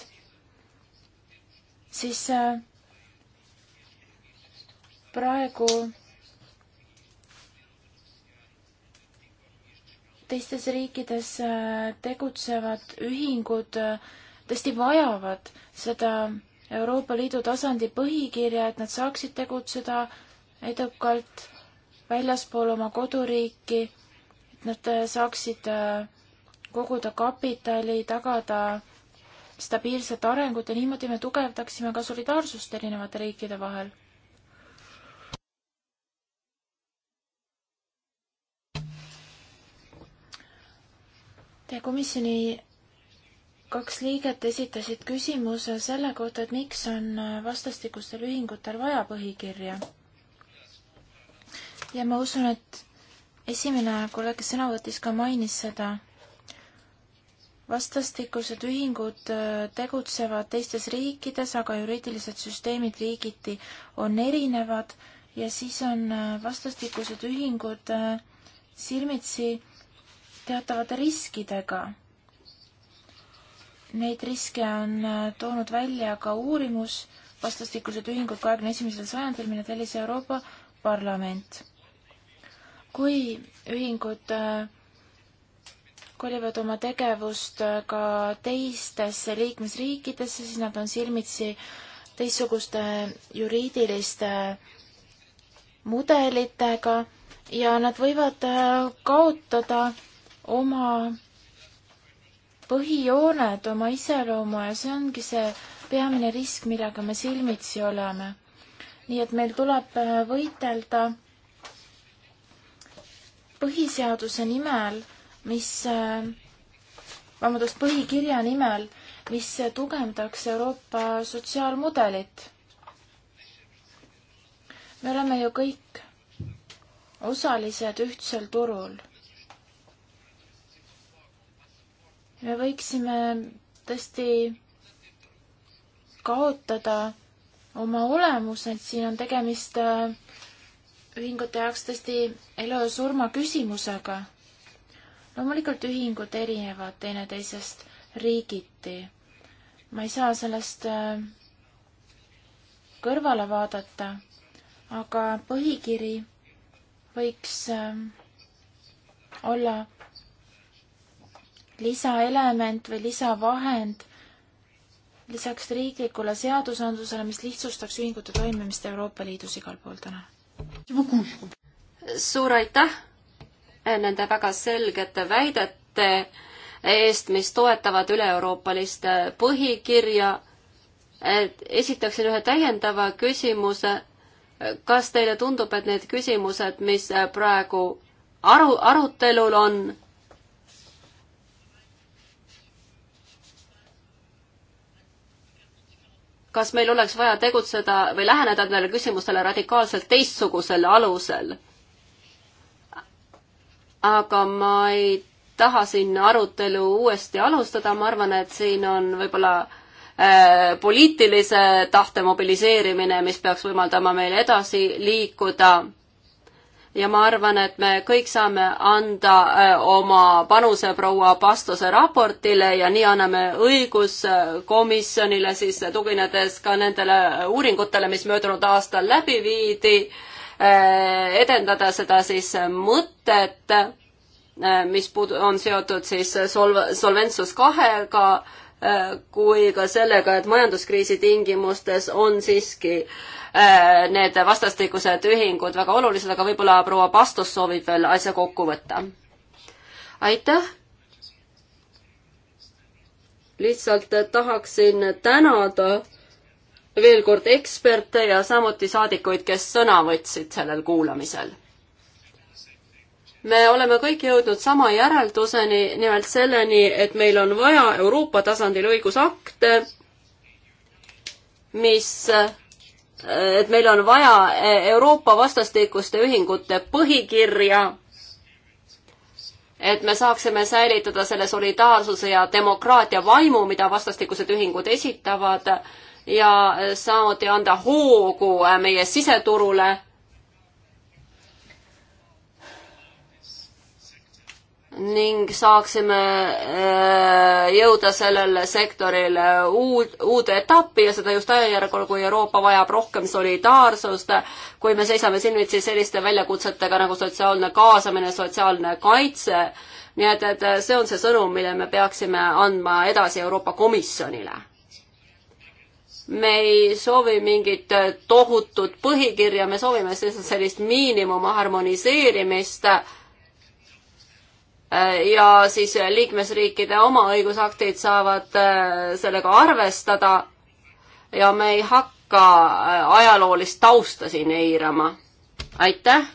siis praegu teistes riikides tegutsevad ühingud tõesti vajavad seda Euroopa Liidu tasandi põhikirja, et nad saaksid tegutseda edukalt väljaspool oma koduriiki, et nad äh, saaksid äh, koguda kapitali, tagada stabiilset arengut ja niimoodi me tugevdaksime ka solidaarsust erinevate riikide vahel. Teie komisjoni kaks liiget esitasid küsimuse selle kohta, et miks on vastastikustel ühingutel vaja põhikirja. ja ma usun, et esimene kolleeg, kes sõna võttis, ka mainis seda. vastastikused ühingud äh, tegutsevad teistes riikides, aga juriidilised süsteemid riigiti on erinevad ja siis on äh, vastastikused ühingud äh, silmitsi teatavate riskidega Neid riske on äh, toonud välja ka uurimus vastastikused ühingud kahekümne esimesel sajandil, mille tellis Euroopa Parlament. kui ühingud äh, kolivad oma tegevust äh, ka teistesse liikmesriikidesse, siis nad on silmitsi teistsuguste juriidiliste mudelitega ja nad võivad kaotada oma põhijooned oma iseloomu ja see ongi see peamine risk, millega me silmitsi oleme. nii et meil tuleb äh, võidelda põhiseaduse nimel, mis, äh, vabandust, põhikirja nimel, mis tugevdaks Euroopa sotsiaalmudelit. me oleme ju kõik osalised ühtsel turul me võiksime tõesti kaotada oma olemuse, et siin on tegemist äh, ühingute jaoks tõesti elu ja surma küsimusega. loomulikult ühingud erinevad teineteisest riigiti. ma ei saa sellest äh, kõrvale vaadata, aga põhikiri võiks äh, olla lisaelement või lisavahend lisaks riiklikule seadusandlusele, mis lihtsustaks ühingute toimimist Euroopa Liidus igal pool täna? suur aitäh nende väga selgete väidete eest, mis toetavad üle-euroopalist põhikirja. esitaksin ühe täiendava küsimuse. kas teile tundub, et need küsimused, mis praegu aru, arutelul on, kas meil oleks vaja tegutseda või läheneda nendele küsimustele radikaalselt teistsugusel alusel. aga ma ei taha siin arutelu uuesti alustada, ma arvan, et siin on võib-olla äh, poliitilise tahte mobiliseerimine, mis peaks võimaldama meil edasi liikuda ja ma arvan, et me kõik saame anda äh, oma panuse proua Pastose raportile ja nii anname õiguskomisjonile äh, siis tuginedes ka nendele uuringutele, mis möödunud aastal läbi viidi, äh, edendada seda siis mõtet, mis puud-, on seotud siis solv-, solventsus kahega, kui ka sellega, et majanduskriisi tingimustes on siiski äh, Äh, need vastastikused ühingud väga olulised, aga võib-olla proua Pastus soovib veel asja kokku võtta. aitäh! lihtsalt äh, tahaksin tänada veel kord eksperte ja samuti saadikuid, kes sõna võtsid sellel kuulamisel. me oleme kõik jõudnud sama järelduseni, nimelt selleni, et meil on vaja Euroopa tasandil õigusakte, mis äh, et meil on vaja e, Euroopa vastastikuste ühingute põhikirja, et me saaksime säilitada selle solidaarsuse ja demokraatia vaimu, mida vastastikused ühingud esitavad ja samuti anda hoogu e, meie siseturule ning saaksime äh, jõuda sellele sektorile uud, uude etappi ja seda just ajajärgul, kui Euroopa vajab rohkem solidaarsust, kui me seisame silmitsi selliste väljakutsetega nagu sotsiaalne kaasamine, sotsiaalne kaitse. nii et, et see on see sõnum, mille me peaksime andma edasi Euroopa Komisjonile me ei soovi mingit tohutut põhikirja, me soovime sellist miinimumharmoniseerimist äh, Äh, ja siis liikmesriikide oma õigusaktid saavad äh, sellega arvestada ja me ei hakka äh, ajaloolist tausta siin eirama. aitäh!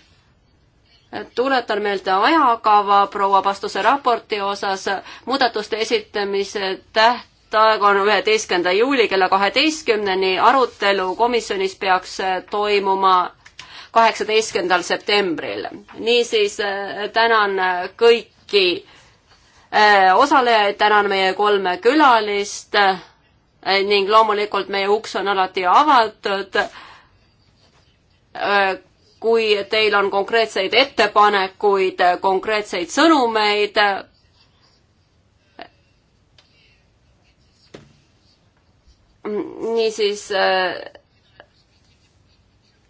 tuletan meelde ajakava proua vastuse raporti osas. muudatuste esitamise tähtaeg on üheteistkümnenda juuli kella kaheteistkümneni. arutelu komisjonis peaks toimuma kaheksateistkümnendal septembril. niisiis tänan kõiki kõiki äh, osalejaid, tänan meie kolme külalist äh, ning loomulikult meie uks on alati avatud. Äh, kui teil on konkreetseid ettepanekuid, konkreetseid sõnumeid, mm, niisiis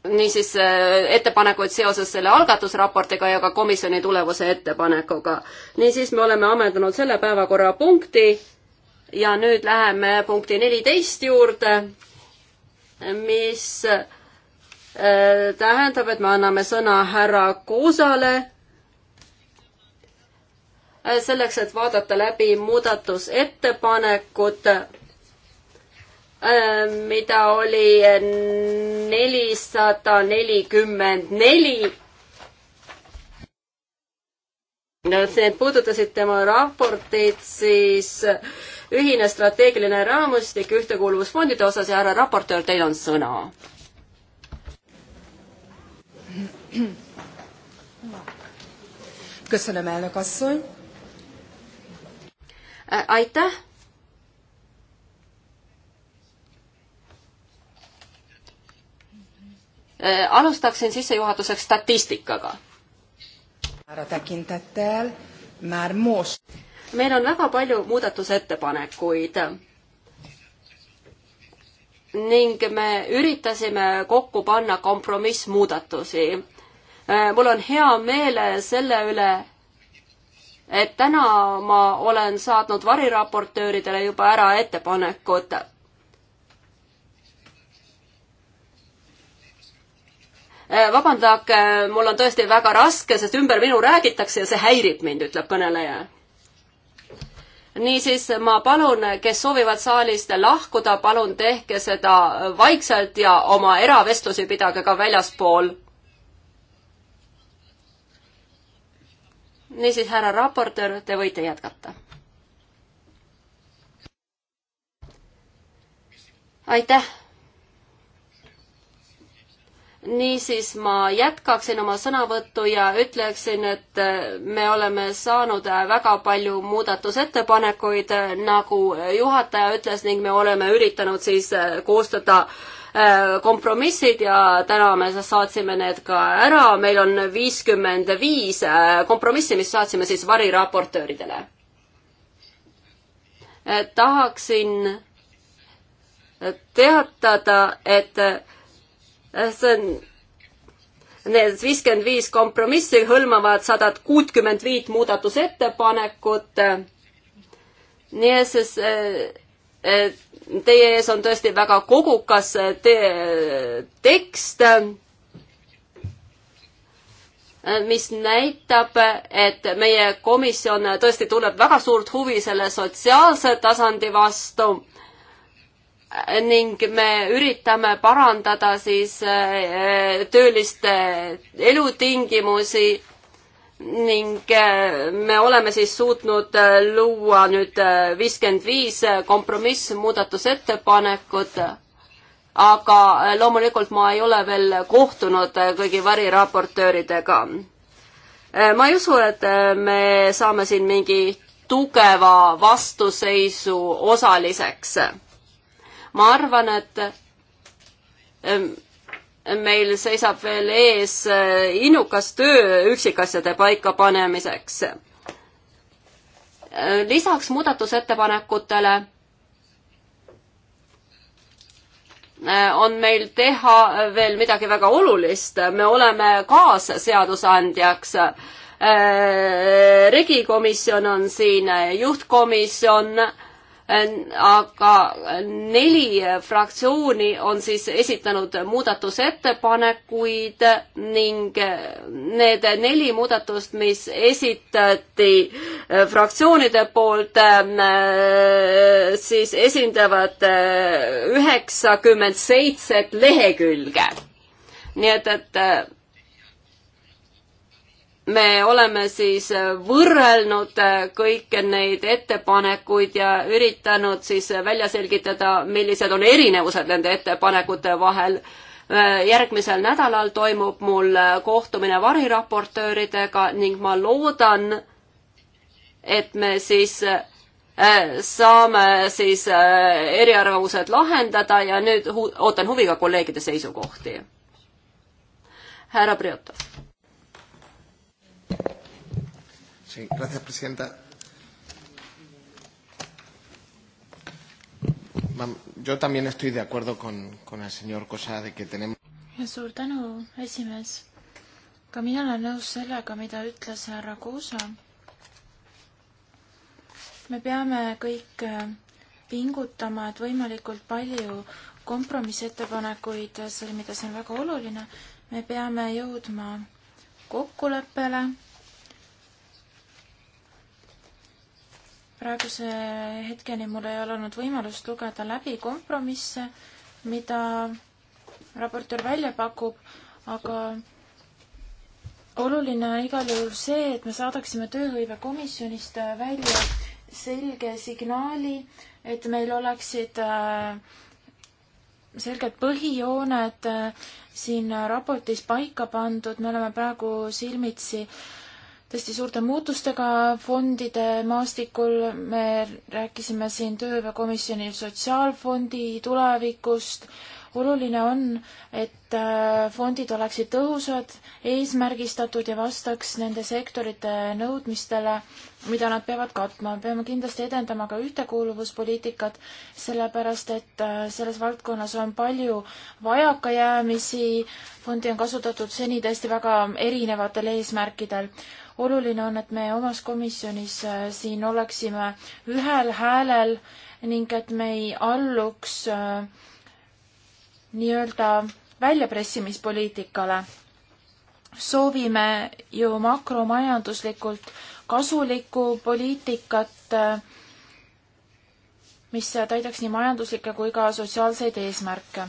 niisiis äh, ettepanekuid seoses selle algatusraportiga ja ka komisjoni tulevuse ettepanekuga. niisiis, me oleme ammendanud selle päevakorrapunkti ja nüüd läheme punkti neliteist juurde, mis äh, tähendab, et me anname sõna härra Kuusale äh, selleks, et vaadata läbi muudatusettepanekud Äh, mida oli nelisada nelikümmend neli. Need puudutasid tema raportit siis ühine strateegiline raamistik ühtekuuluvusfondide osas ja härra raportöör, teil on sõna. köszönöm, elnök asszony! Äh, aitäh! Äh, alustaksin sissejuhatuseks statistikaga. meil on väga palju muudatusettepanekuid ning me üritasime kokku panna kompromissmuudatusi. Äh, mul on hea meel selle üle, et täna ma olen saatnud variraportööridele juba ära ettepanekud Äh, vabandage, äh, mul on tõesti väga raske, sest ümber minu räägitakse ja see häirib mind, ütleb kõneleja. niisiis, ma palun, kes soovivad saalist lahkuda, palun tehke seda vaikselt ja oma eravestlusi pidage ka väljaspool. niisiis, härra raportöör, te võite jätkata. aitäh niisiis ma jätkaksin oma sõnavõttu ja ütleksin, et äh, me oleme saanud äh, väga palju muudatusettepanekuid, äh, nagu juhataja ütles ning me oleme üritanud siis koostada kompromissid ja täna me saatsime need ka ära, meil on viiskümmend viis kompromissi, mis saatsime siis variraportööridele. tahaksin teatada, et Eh, see on need viiskümmend viis kompromissi hõlmavad sadat kuutkümmend viit muudatusettepanekut. nii et siis eh, eh, teie ees on tõesti väga kogukas te tekst, mis näitab, et meie komisjon tõesti tunneb väga suurt huvi selle sotsiaalse tasandi vastu ning me üritame parandada siis äh, tööliste elutingimusi ning äh, me oleme siis suutnud äh, luua nüüd viiskümmend viis kompromissmuudatusettepanekut, aga loomulikult ma ei ole veel kohtunud kõigi variraportööridega. ma ei usu, et me saame siin mingi tugeva vastuseisu osaliseks ma arvan, et meil seisab veel ees eh, innukas töö üksikasjade paikapanemiseks. Eh, lisaks muudatusettepanekutele eh, on meil teha veel midagi väga olulist, me oleme kaasseadusandjaks. regikomisjon on siin juhtkomisjon aga neli fraktsiooni on siis esitanud muudatusettepanekuid ning need neli muudatust, mis esitati fraktsioonide poolt, ähm, äh, siis esindavad äh, üheksakümmend seitset lehekülge. nii et, et äh, me oleme siis võrrelnud kõiki neid ettepanekuid ja üritanud siis välja selgitada, millised on erinevused nende ettepanekute vahel. järgmisel nädalal toimub mul kohtumine variraportööridega ning ma loodan, et me siis äh, saame siis äh, eriarvamused lahendada ja nüüd ootan huviga kolleegide seisukohti. härra Priotov Sí, gracias, presidenta. Yo también estoy de acuerdo con, con el señor Cosa de que tenemos... suur tänu, esimees. ka mina olen nõus sellega, mida ütles härra Kuusa. me peame kõik eh, pingutama, et võimalikult palju kompromissettepanekuid sõlmida, see on väga oluline. me peame jõudma kokkuleppele praeguse hetkeni mul ei ole olnud võimalust lugeda läbi kompromisse, mida raportöör välja pakub, aga oluline on igal juhul see, et me saadaksime tööhõivekomisjonist välja selge signaali, et meil oleksid äh, selged põhijooned äh, siin raportis paika pandud, me oleme praegu silmitsi äh, tõesti suurte muutustega fondide maastikul. me rääkisime siin tööhõivekomisjoni sotsiaalfondi tulevikust. oluline on, et äh, fondid oleksid tõhusad, eesmärgistatud ja vastaks nende sektorite nõudmistele, mida nad peavad katma. peame kindlasti edendama ka ühtekuuluvuspoliitikat, sellepärast et äh, selles valdkonnas on palju vajakajäämisi. fondi on kasutatud seni tõesti väga erinevatel eesmärkidel oluline on, et me omas komisjonis äh, siin oleksime ühel häälel ning et me ei alluks äh, nii-öelda väljapressimispoliitikale. soovime ju makromajanduslikult kasulikku poliitikat, äh, mis täidaks nii majanduslikke kui ka sotsiaalseid eesmärke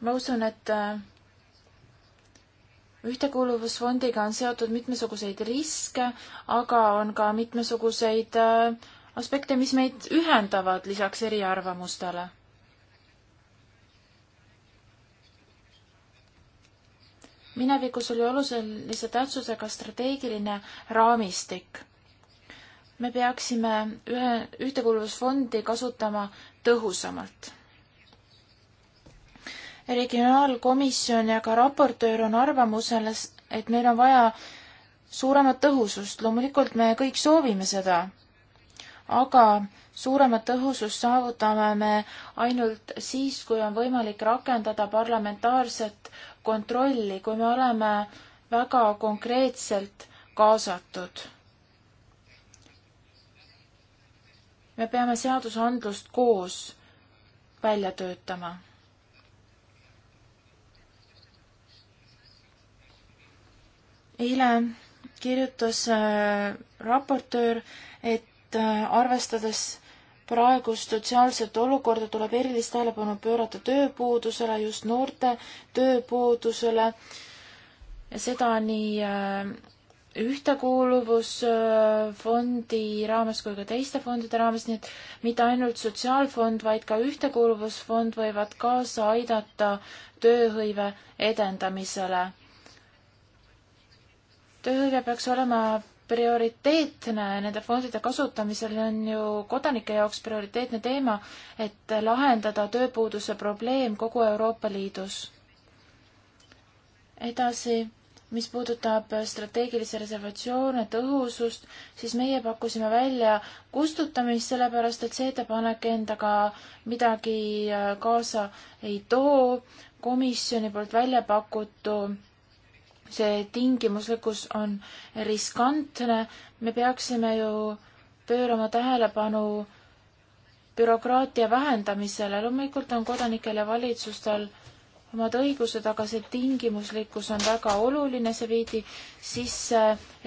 ma usun, et ühtekuuluvusfondiga on seotud mitmesuguseid riske, aga on ka mitmesuguseid äh, aspekte, mis meid ühendavad lisaks eriarvamustele. minevikus oli olulise tähtsusega strateegiline raamistik. me peaksime ühe, ühtekuuluvusfondi kasutama tõhusamalt regionaalkomisjon ja ka raportöör on arvamusel, et meil on vaja suuremat tõhusust, loomulikult me kõik soovime seda, aga suuremat tõhusust saavutame me ainult siis, kui on võimalik rakendada parlamentaarset kontrolli, kui me oleme väga konkreetselt kaasatud. me peame seadusandlust koos välja töötama eile kirjutas äh, raportöör, et äh, arvestades praegust sotsiaalset olukorda, tuleb erilist tähelepanu pöörata tööpuudusele, just noorte tööpuudusele ja seda nii äh, ühtekuuluvusfondi raames kui ka teiste fondide raames, nii et mitte ainult sotsiaalfond, vaid ka ühtekuuluvusfond võivad kaasa aidata tööhõive edendamisele tööle peaks olema prioriteetne nende fondide kasutamisel on ju kodanike jaoks prioriteetne teema, et lahendada tööpuuduse probleem kogu Euroopa Liidus. edasi, mis puudutab strateegilisi reservatsioone, tõhusust, siis meie pakkusime välja kustutamist, sellepärast et see ettepanek endaga midagi kaasa ei too. komisjoni poolt välja pakutu see tingimuslikkus on riskantne, me peaksime ju pöörama tähelepanu bürokraatia vähendamisele, loomulikult on kodanikel ja valitsustel omad õigused, aga see tingimuslikkus on väga oluline, see viidi sisse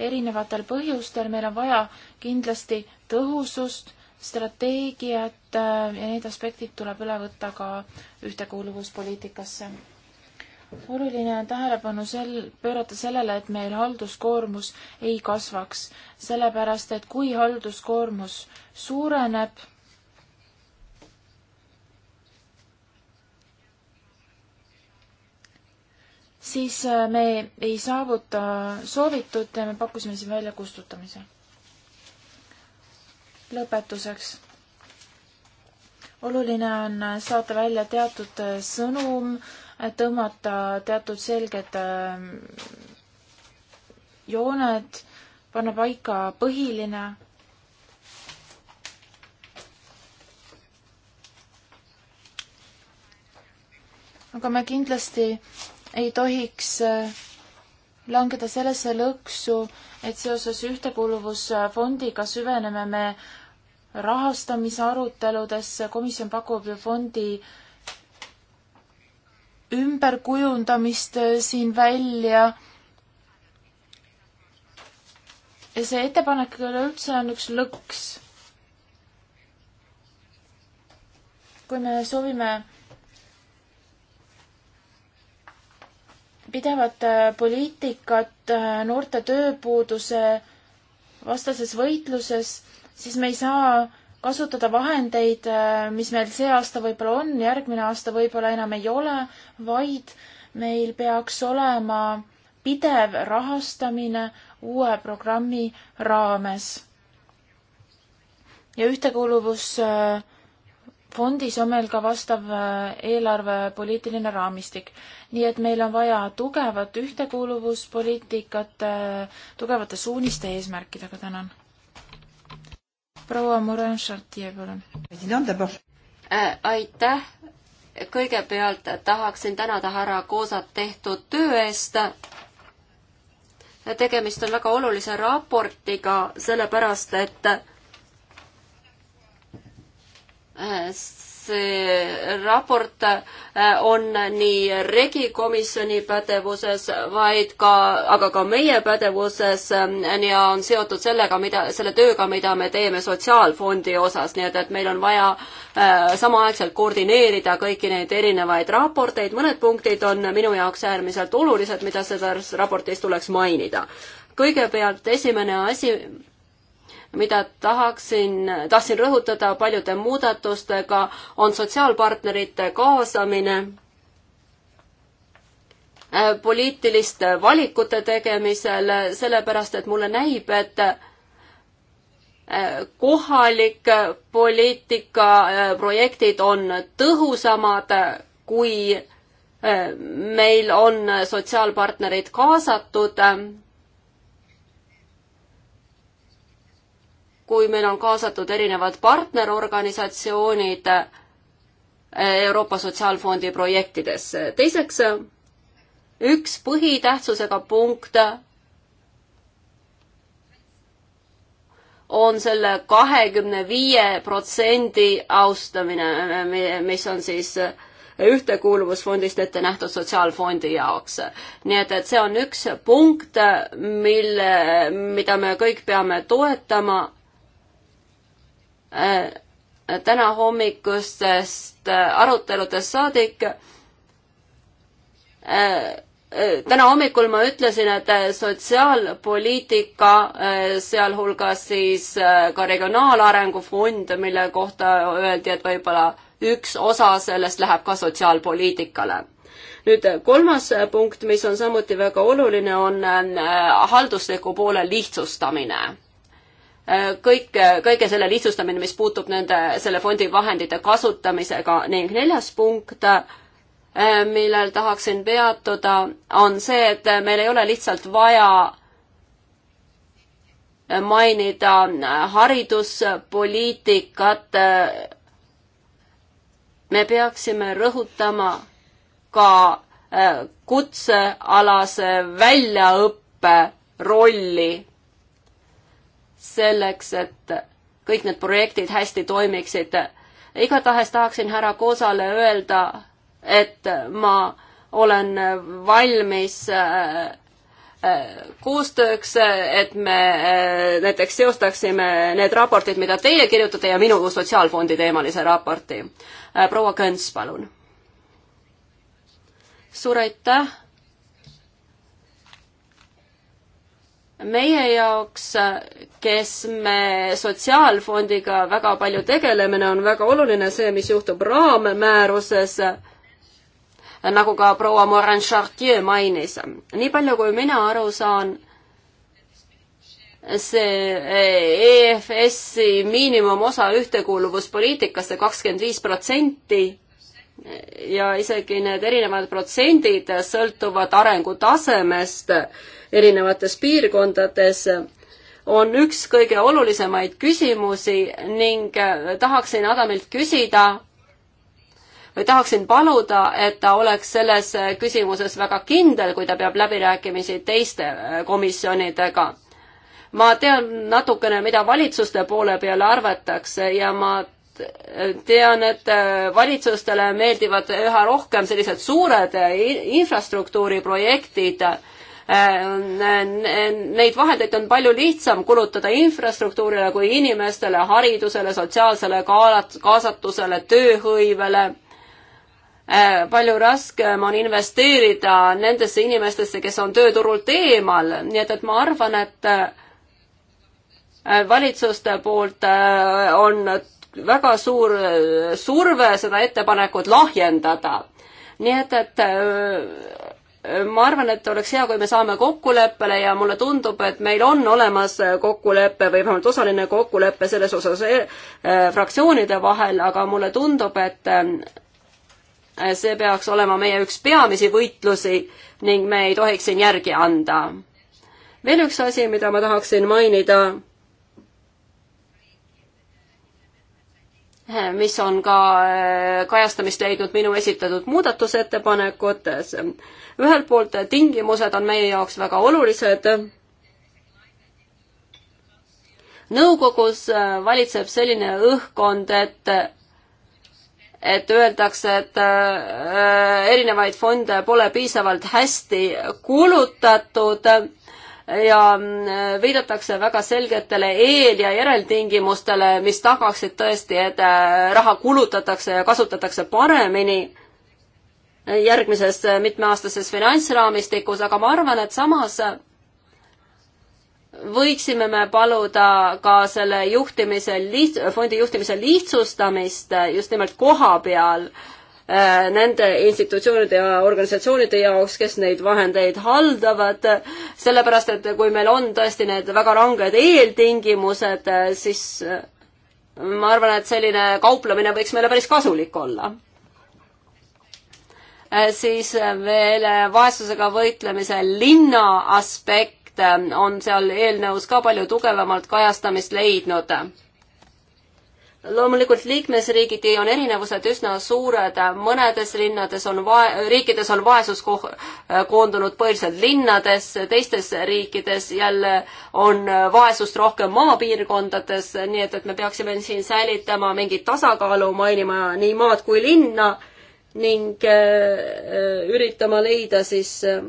erinevatel põhjustel, meil on vaja kindlasti tõhusust, strateegiat äh, ja need aspektid tuleb üle võtta ka ühtekuuluvuspoliitikasse oluline on tähelepanu sel-, pöörata sellele, et meil halduskoormus ei kasvaks, sellepärast et kui halduskoormus suureneb, siis äh, me ei saavuta soovitud ja me pakkusime siin välja kustutamise. lõpetuseks. oluline on saata välja teatud äh, sõnum äh, tõmmata teatud selged ähm, jooned, panna paika põhiline. aga me kindlasti ei tohiks äh, langeda sellesse lõksu, et seoses ühtekuuluvusfondiga süveneme me rahastamise aruteludesse, komisjon pakub ju fondi äh, ümberkujundamist äh, siin välja. ja see ettepanek üleüldse on üks lõks. kui me soovime pidevat äh, poliitikat äh, noorte tööpuuduse vastases võitluses, siis me ei saa kasutada vahendeid, äh, mis meil see aasta võib-olla on, järgmine aasta võib-olla enam ei ole, vaid meil peaks olema pidev rahastamine uue programmi raames. ja ühtekuuluvusfondis on meil ka vastav äh, eelarvepoliitiline raamistik. nii et meil on vaja tugevat ühtekuuluvuspoliitikat äh, tugevate suuniste eesmärkidega, tänan proua Morin Chartier, palun. Äh, aitäh. kõigepealt tahaksin tänada härra Koosat tehtud töö eest. tegemist on väga olulise raportiga, sellepärast et äh, see raport äh, on nii regikomisjoni pädevuses, vaid ka, aga ka meie pädevuses ähm, ja on seotud sellega, mida, selle tööga, mida me teeme Sotsiaalfondi osas, nii et, et meil on vaja äh, samaaegselt koordineerida kõiki neid erinevaid raporteid, mõned punktid on minu jaoks äärmiselt olulised, mida selles raportis tuleks mainida. kõigepealt esimene asi, mida tahaksin, tahtsin rõhutada paljude muudatustega, on sotsiaalpartnerite kaasamine, äh, poliitiliste valikute tegemisel, sellepärast et mulle näib, et äh, kohalik poliitika äh, projektid on tõhusamad, kui meil on sotsiaalpartnerid kaasatud kui meil on kaasatud erinevad partnerorganisatsioonid eh, Euroopa Sotsiaalfondi projektidesse. teiseks, üks põhitähtsusega punkt on selle kahekümne viie protsendi austamine, mis on siis ühtekuuluvusfondist ette nähtud sotsiaalfondi jaoks. nii et, et see on üks punkt, mille, mida me kõik peame toetama Äh, täna hommikustest äh, aruteludest saadik. Äh, täna hommikul ma ütlesin, et sotsiaalpoliitika, sealhulgas siis ka regionaalarengu fond, mille kohta öeldi, et võib-olla üks osa sellest läheb ka sotsiaalpoliitikale nüüd kolmas punkt, mis on samuti väga oluline, on haldusliku poole lihtsustamine kõik, kõige selle lihtsustamine, mis puutub nende, selle fondi vahendite kasutamisega ning neljas punkt, äh, millel tahaksin peatuda, on see, et meil ei ole lihtsalt vaja mainida äh, hariduspoliitikat. me peaksime rõhutama ka äh, kutsealase väljaõppe rolli selleks, et kõik need projektid hästi toimiksid. igatahes tahaksin härra Koosale öelda, et ma olen valmis äh, äh, koostööks, et me äh, näiteks seostaksime need raportid, mida teie kirjutate ja minu sotsiaalfondi teemalise raporti. proua Köns, palun. suur aitäh meie jaoks, kes me sotsiaalfondiga väga palju tegeleme, on väga oluline see, mis juhtub raammääruses, nagu ka proua Morin Chartier mainis. nii palju, kui mina aru saan, see EFS-i miinimumosa ühtekuuluvuspoliitikasse kakskümmend viis protsenti ja isegi need erinevad protsendid sõltuvad arengutasemest erinevates piirkondades, on üks kõige olulisemaid küsimusi ning äh, tahaksin Adamilt küsida või tahaksin paluda, et ta oleks selles äh, küsimuses väga kindel, kui ta peab läbirääkimisi teiste äh, komisjonidega ma tean natukene, mida valitsuste poole peale arvatakse ja ma tean, et valitsustele meeldivad üha rohkem sellised suured infrastruktuuriprojektid Äh, äh, neid vahendeid on palju lihtsam kulutada infrastruktuurile kui inimestele, haridusele, sotsiaalsele kaasatusele, tööhõivele. Äh, palju raskem on investeerida nendesse inimestesse, kes on tööturult eemal, nii et, et ma arvan, et valitsuste poolt on väga suur surve seda ettepanekut lahjendada nii et, et ma arvan, et oleks hea, kui me saame kokkuleppele ja mulle tundub, et meil on olemas kokkulepe või vähemalt osaline kokkulepe selles osas eh, eh, fraktsioonide vahel, aga mulle tundub, et eh, see peaks olema meie üks peamisi võitlusi ning me ei tohiks siin järgi anda. veel üks asi, mida ma tahaksin mainida mis on ka äh, kajastamist leidnud minu esitatud muudatusettepanekutes. ühelt poolt tingimused on meie jaoks väga olulised. nõukogus äh, valitseb selline õhkkond, et et öeldakse, et äh, erinevaid fonde pole piisavalt hästi kulutatud ja mm, viidatakse väga selgetele eel- ja järeltingimustele, mis tagaksid tõesti, et äh, raha kulutatakse ja kasutatakse paremini järgmises äh, mitmeaastases finantsraamistikus, aga ma arvan, et samas võiksime me paluda ka selle juhtimise liht-, fondi juhtimise lihtsustamist äh, just nimelt koha peal äh, Äh, nende institutsioonide ja organisatsioonide jaoks, kes neid vahendeid haldavad, sellepärast et kui meil on tõesti need väga ranged eeltingimused, äh, siis äh, ma arvan, et selline kauplemine võiks meile päris kasulik olla. siis veel vaesusega võitlemise linna aspekt on seal eelnõus ka palju tugevamalt kajastamist leidnud loomulikult liikmesriigiti on erinevused üsna suured, mõnedes linnades on vae-, riikides on vaesus ko-, koondunud põhiliselt linnadesse, teistes riikides jälle on vaesust rohkem maapiirkondades, nii et, et me peaksime siin säilitama mingit tasakaalu, mainima nii maad kui linna ning äh, üritama leida siis äh,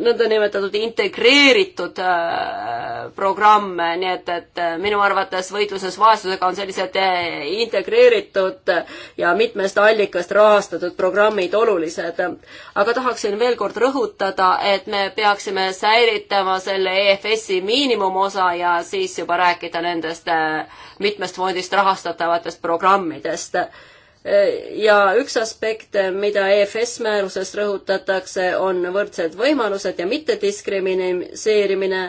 nõndanimetatud integreeritud äh, programme, nii et, et äh, minu arvates võitluses vaesusega on sellised äh, integreeritud ja mitmest allikast rahastatud programmid olulised. aga tahaksin veel kord rõhutada, et me peaksime säilitama selle EFS-i miinimumosa ja siis juba rääkida nendest mitmest fondist rahastatavatest programmidest ja üks aspekt, mida EFS määruses rõhutatakse, on võrdsed võimalused ja mittediskrimineerimine,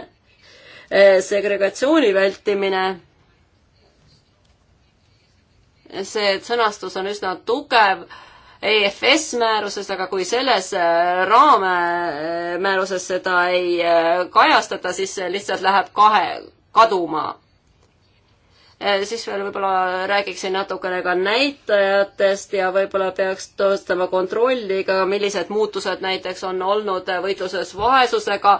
segregatsiooni vältimine. see sõnastus on üsna tugev EFS määruses, aga kui selles raame määruses seda ei kajastata, siis see lihtsalt läheb kahe, kaduma Eh, siis veel võib-olla räägiksin natukene ka näitajatest ja võib-olla peaks tõstma kontrolli ka, millised muutused näiteks on olnud eh, võitluses vaesusega.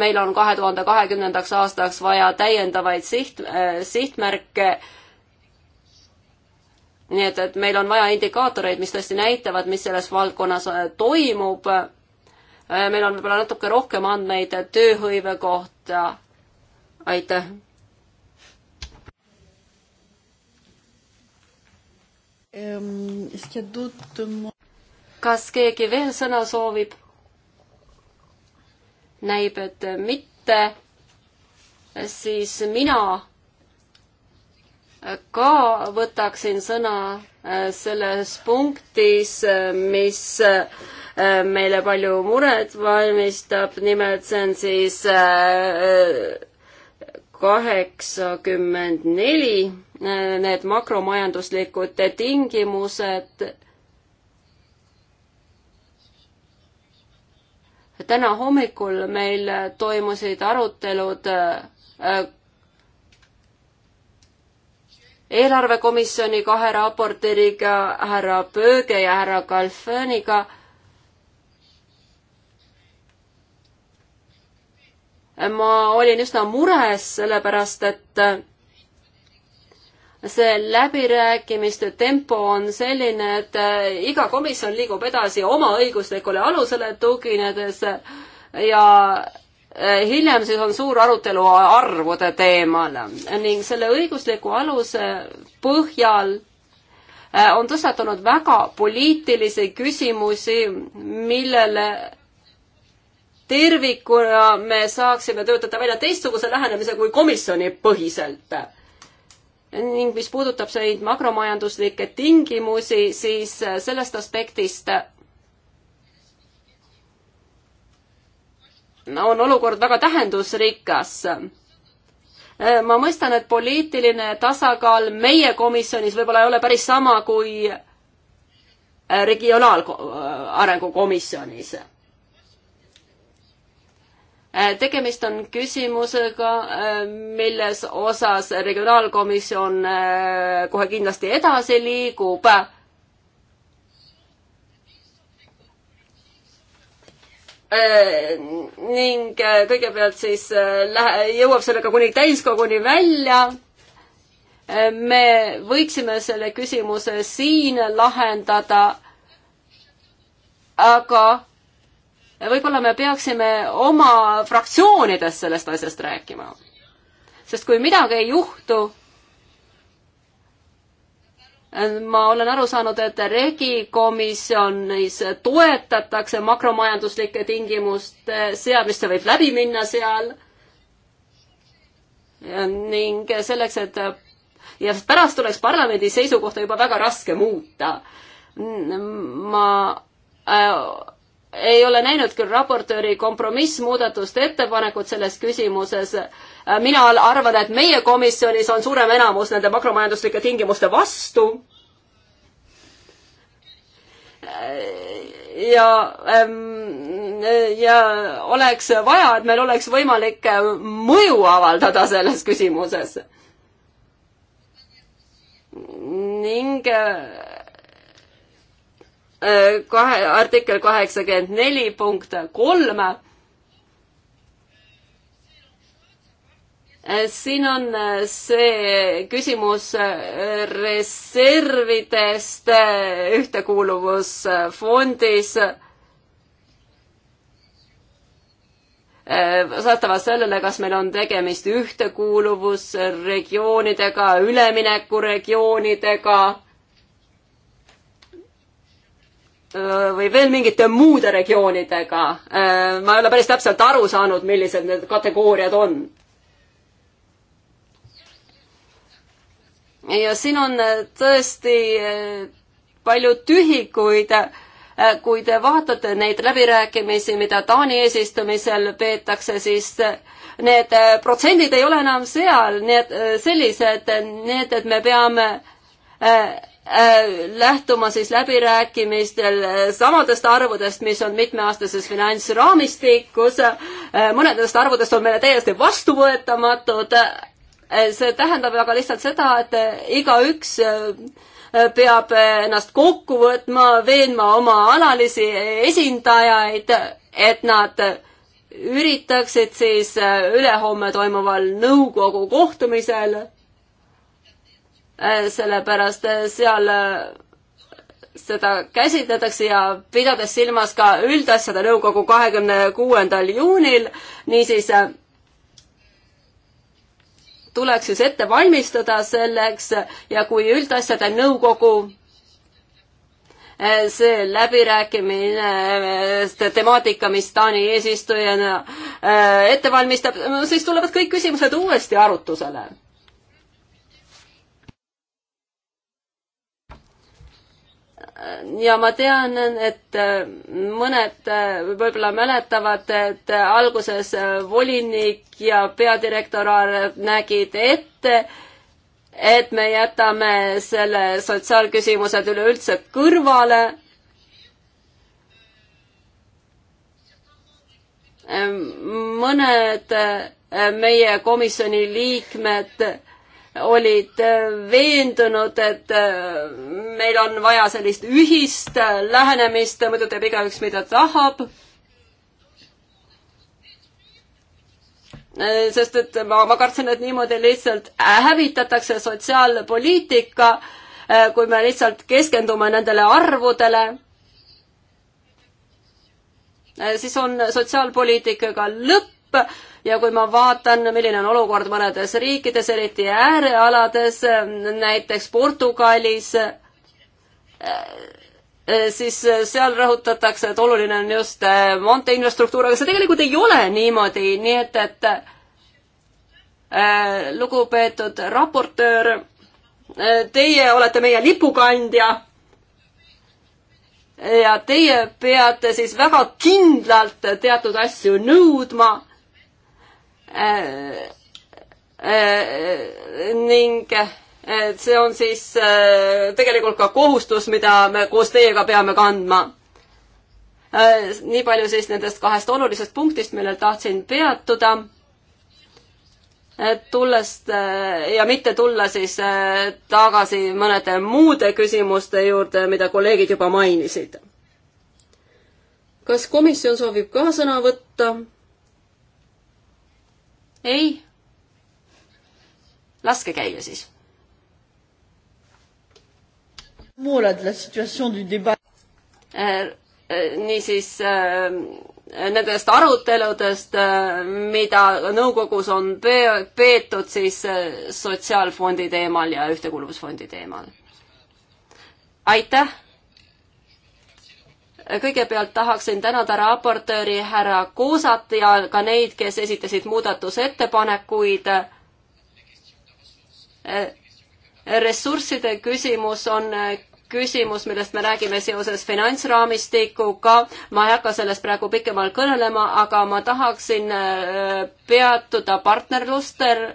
meil on kahe tuhande kahekümnendaks aastaks vaja täiendavaid siht, eh, sihtmärke. nii et, et meil on vaja indikaatoreid, mis tõesti näitavad, mis selles valdkonnas toimub. meil on võib-olla natuke rohkem andmeid tööhõive kohta. aitäh kas keegi veel sõna soovib? näib, et mitte. siis mina ka võtaksin sõna äh, selles punktis, äh, mis äh, meile palju muret valmistab, nimelt see on siis kaheksakümmend neli need makromajanduslikud tingimused. täna hommikul meil toimusid arutelud äh, eelarvekomisjoni kahe raportööriga, härra Pööge ja härra Kalföniga ma olin üsna mures, sellepärast et see läbirääkimiste tempo on selline, et äh, iga komisjon liigub edasi oma õiguslikule alusele tuginedes ja äh, hiljem siis on suur arutelu arvude teemal ning selle õigusliku aluse põhjal äh, on tõstatunud väga poliitilisi küsimusi, millele tervikuna me saaksime töötada välja teistsuguse lähenemise kui komisjoni põhiselt ning mis puudutab neid makromajanduslikke tingimusi, siis äh, sellest aspektist äh, on olukord väga tähendusrikas. Äh, ma mõistan, et poliitiline tasakaal meie komisjonis võib-olla ei ole päris sama kui regionaalarengukomisjonis Äh, tegemist on küsimusega, äh, milles osas regionaalkomisjon äh, kohe kindlasti edasi liigub. ning kõigepealt siis lähe, jõuab sellega kuni täiskoguni välja. me võiksime selle küsimuse siin lahendada, aga võib-olla me peaksime oma fraktsioonides sellest asjast rääkima. sest kui midagi ei juhtu, ma olen aru saanud, et regikomisjonis toetatakse makromajanduslike tingimuste seadmist, see võib läbi minna seal. ning selleks, et ja pärast oleks parlamendi seisukohta juba väga raske muuta. ma äh, ei ole näinud küll raportööri kompromissmuudatuste ettepanekut selles küsimuses. mina arvan, et meie komisjonis on suurem enamus nende makromajanduslike tingimuste vastu. ja, ähm, ja oleks vaja, et meil oleks võimalik mõju avaldada selles küsimuses. ning äh, Äh, kahe, artikkel kaheksakümmend neli punkt kolm. Äh, siin on äh, see küsimus reservidest ühtekuuluvusfondis vastavalt sellele, kas meil on tegemist ühtekuuluvusregioonidega, üleminekuregioonidega Äh, või veel mingite muude regioonidega. Äh, ma ei ole päris täpselt aru saanud, millised need kategooriad on. ja siin on äh, tõesti palju tühikuid, kui te vaatate neid läbirääkimisi, mida Taani eesistumisel peetakse, siis need protsendid ei ole enam seal, need sellised, need, et me peame Äh, lähtuma siis läbirääkimistel äh, samadest arvudest, mis on mitmeaastases finantsraamistikus. Äh, mõned nendest arvudest on meile täiesti vastuvõetamatud. see tähendab aga lihtsalt seda, et igaüks peab ennast kokku võtma, veenma oma analüüsi esindajaid, et nad üritaksid siis ülehomme toimuval nõukogu kohtumisel Äh, sellepärast äh, seal äh, seda käsitletakse ja pidades silmas ka üldasjade nõukogu kahekümne kuuendal juunil, niisiis tuleks siis ette valmistada selleks ja kui üldasjade nõukogu see läbirääkimine, temaatika, mis Taani eesistujana ette valmistab, siis tulevad kõik küsimused uuesti arutusele ja ma tean, et äh, mõned äh, võib-olla mäletavad, et äh, alguses volinik ja peadirektor nägid ette, et me jätame selle sotsiaalküsimused üleüldse kõrvale mõned meie komisjoni liikmed olid äh, veendunud, et äh, meil on vaja sellist ühist äh, lähenemist, muidu teeb igaüks, mida tahab. sest et ma, ma kartsin, et niimoodi lihtsalt hävitatakse sotsiaalpoliitika, kui me lihtsalt keskendume nendele arvudele siis on sotsiaalpoliitikaga lõpp napp ja kui ma vaatan, milline on olukord mõnedes riikides, eriti äärealades, näiteks Portugalis, siis seal rõhutatakse, et oluline on just eh, maantee infrastruktuur, aga see tegelikult ei ole niimoodi, nii et, et eh, lugupeetud raportöör, eh, teie olete meie lipukandja ja teie peate siis väga kindlalt teatud asju nõudma Äh, äh, ning äh, see on siis tegelikult ka kohustus, mida me koos teiega peame kandma. nii palju siis nendest kahest olulisest punktist, millel tahtsin peatuda. tulles ja mitte tulla siis tagasi mõnede muude küsimuste juurde, mida kolleegid juba mainisid. kas komisjon soovib ka sõna võtta? ei? laske käia siis. Äh, äh, niisiis äh, nendest aruteludest, mida nõukogus on peetud siis sotsiaalfondi teemal ja ühtekuuluvusfondi teemal. aitäh kõigepealt tahaksin tänada raportööri härra Kuusat ja ka neid, kes esitasid muudatusettepanekuid. ressursside küsimus on küsimus, millest me räägime seoses finantsraamistikuga. ma ei hakka sellest praegu pikemalt kõnelema, aga ma tahaksin peatuda partnerlustel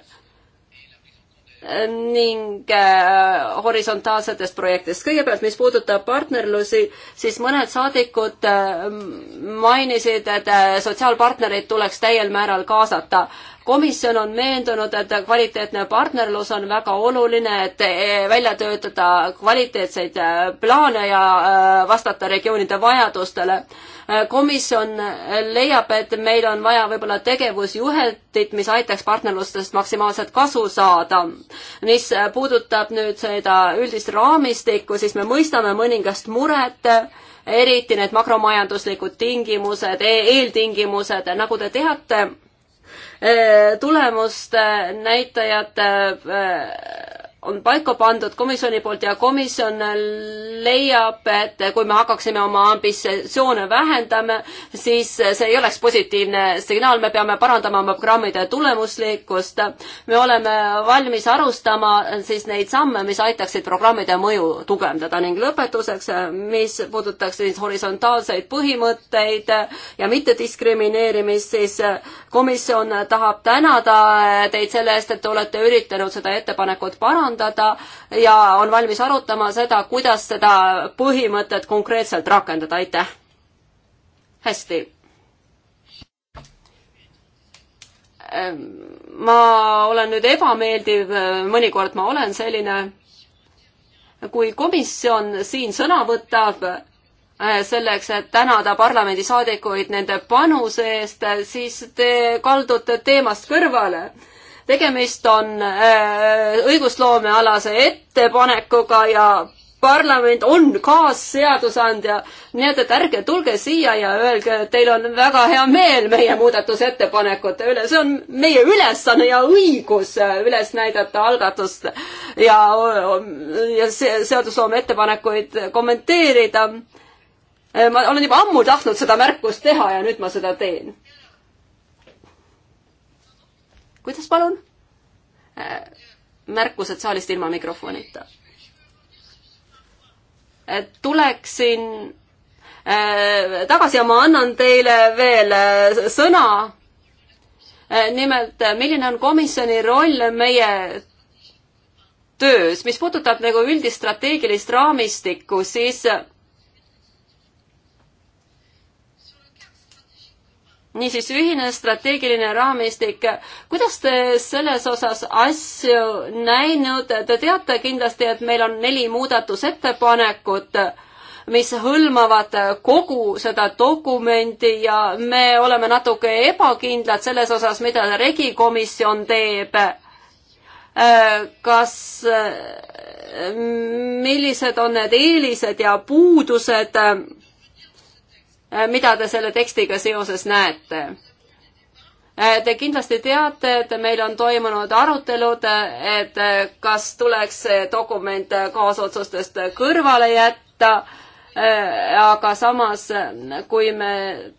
ning äh, horisontaalsetest projektidest. kõigepealt, mis puudutab partnerlusi, siis mõned saadikud äh, mainisid, et äh, sotsiaalpartnerid tuleks täiel määral kaasata komisjon on veendunud, et kvaliteetne partnerlus on väga oluline, et eh, välja töötada kvaliteetseid eh, plaane ja eh, vastata regioonide vajadustele. komisjon leiab, et meil on vaja võib-olla tegevusjuhendit, mis aitaks partnerlustest maksimaalselt kasu saada. mis puudutab nüüd seda üldist raamistikku, siis me mõistame mõningast muret eriti need makromajanduslikud tingimused e, eeltingimused, nagu te teate Äh, tulemuste näitajad äh, on paika pandud komisjoni poolt ja komisjon leiab, et kui me hakkaksime oma ambitsioone vähendama, siis see ei oleks positiivne signaal, me peame parandama oma programmide tulemuslikkust. me oleme valmis arustama siis neid samme, mis aitaksid programmide mõju tugevdada ning lõpetuseks, mis puudutaks siis horisontaalseid põhimõtteid ja mittediskrimineerimist, siis komisjon tahab tänada teid selle eest, et te olete üritanud seda ettepanekut parandada parandada ja on valmis arutama seda, kuidas seda põhimõtet konkreetselt rakendada, aitäh! hästi. Ehm, ma olen nüüd ebameeldiv, mõnikord ma olen selline, kui komisjon siin sõna võtab, eh, selleks, et tänada parlamendisaadikuid nende panuse eest, siis te kaldute teemast kõrvale tegemist on äh, õigusloomealase ettepanekuga ja parlament on kaasseadusandja, nii et, et ärge tulge siia ja öelge, et teil on väga hea meel meie muudatusettepanekute üle, see on meie ülesanne ja õigus äh, üles näidata algatust ja, ja seadusloome ettepanekuid kommenteerida. Äh, ma olen juba ammu tahtnud seda märkust teha ja nüüd ma seda teen kuidas, palun? Äh, märkused saalist ilma mikrofonita. Äh, tuleksin äh, tagasi ja ma annan teile veel sõna. nimelt, milline on komisjoni roll meie töös, mis puudutab nagu üldist strateegilist raamistikku, siis niisiis ühine strateegiline raamistik, kuidas te selles osas asju näinud, te teate kindlasti, et meil on neli muudatusettepanekut, mis hõlmavad kogu seda dokumendi ja me oleme natuke ebakindlad selles osas, mida regikomisjon teeb. kas, millised on need eelised ja puudused Äh, mida te selle tekstiga seoses näete? Äh, te kindlasti teate, et meil on toimunud arutelud, et äh, kas tuleks see dokument kaasotsustest kõrvale jätta, aga samas, kui me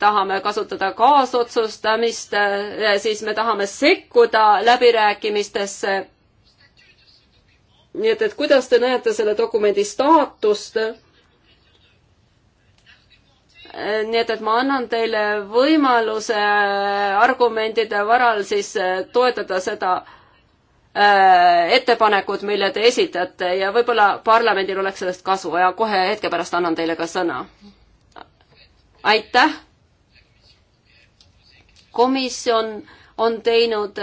tahame kasutada kaasotsustamist, siis me tahame sekkuda läbirääkimistesse. nii et, et kuidas te näete selle dokumendi staatust? nii et, et ma annan teile võimaluse äh, argumentide varal siis äh, toetada seda äh, ettepanekut, mille te esitate ja võib-olla parlamendil oleks sellest kasu ja kohe hetke pärast annan teile ka sõna. aitäh. komisjon on teinud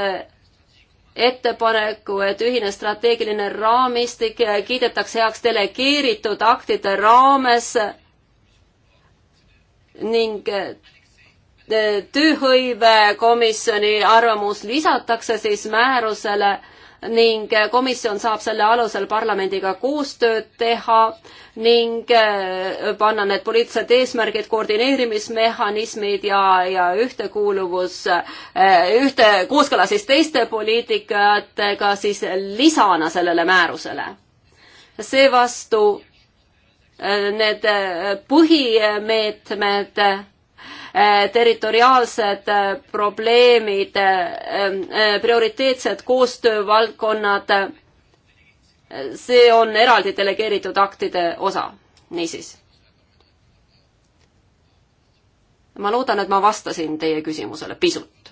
ettepaneku, et ühine strateegiline raamistik kiidetakse heaks delegeeritud aktide raames ning eh, tööhõivekomisjoni arvamus lisatakse siis määrusele ning eh, komisjon saab selle alusel parlamendiga koostööd teha ning eh, panna need poliitilised eesmärgid, koordineerimismehhanismid ja, ja ühtekuuluvus, ühte, kooskõla siis teiste poliitikatega siis lisana sellele määrusele. seevastu need äh, põhimeetmed, äh, territoriaalsed äh, probleemid, prioriteetsed koostöövaldkonnad, see on eraldi delegeeritud aktide osa, niisiis. ma loodan, et ma vastasin teie küsimusele pisut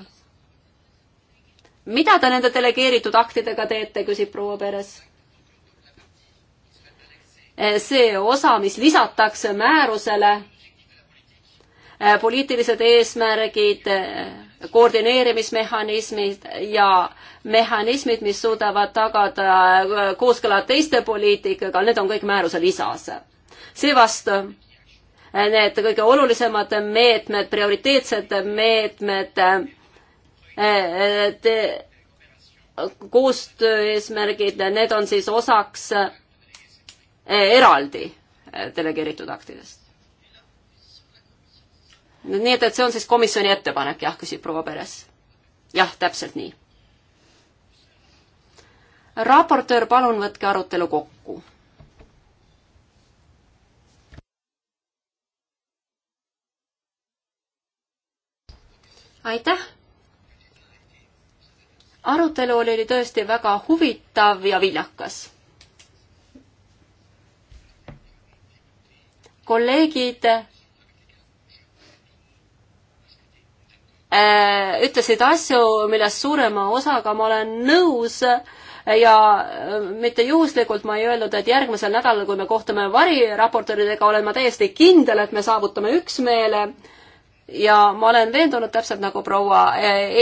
mida te nende delegeeritud aktidega teete, küsib proua Peres. Eh, see osa, mis lisatakse määrusele, eh, poliitilised eesmärgid, eh, koordineerimismehhanismid ja mehhanismid, mis suudavad tagada kooskõla teiste poliitikaga, need on kõik määruse lisas. seevastu need kõige olulisemad meetmed, prioriteetsed meetmed te, koostöö eesmärgid, need on siis osaks Eh, eraldi eh, delegeeritud aktidest. nii et, et see on siis komisjoni ettepanek, jah, küsib proua Peres. jah, täpselt nii. raportöör, palun võtke arutelu kokku. aitäh! arutelu oli tõesti väga huvitav ja viljakas kolleegid äh, ütlesid asju, millest suurema osaga ma olen nõus äh, ja äh, mitte juhuslikult ma ei öelnud, et järgmisel nädalal, kui me kohtume variraportööridega, olen ma täiesti kindel, et me saavutame üksmeele ja ma olen veendunud, täpselt nagu proua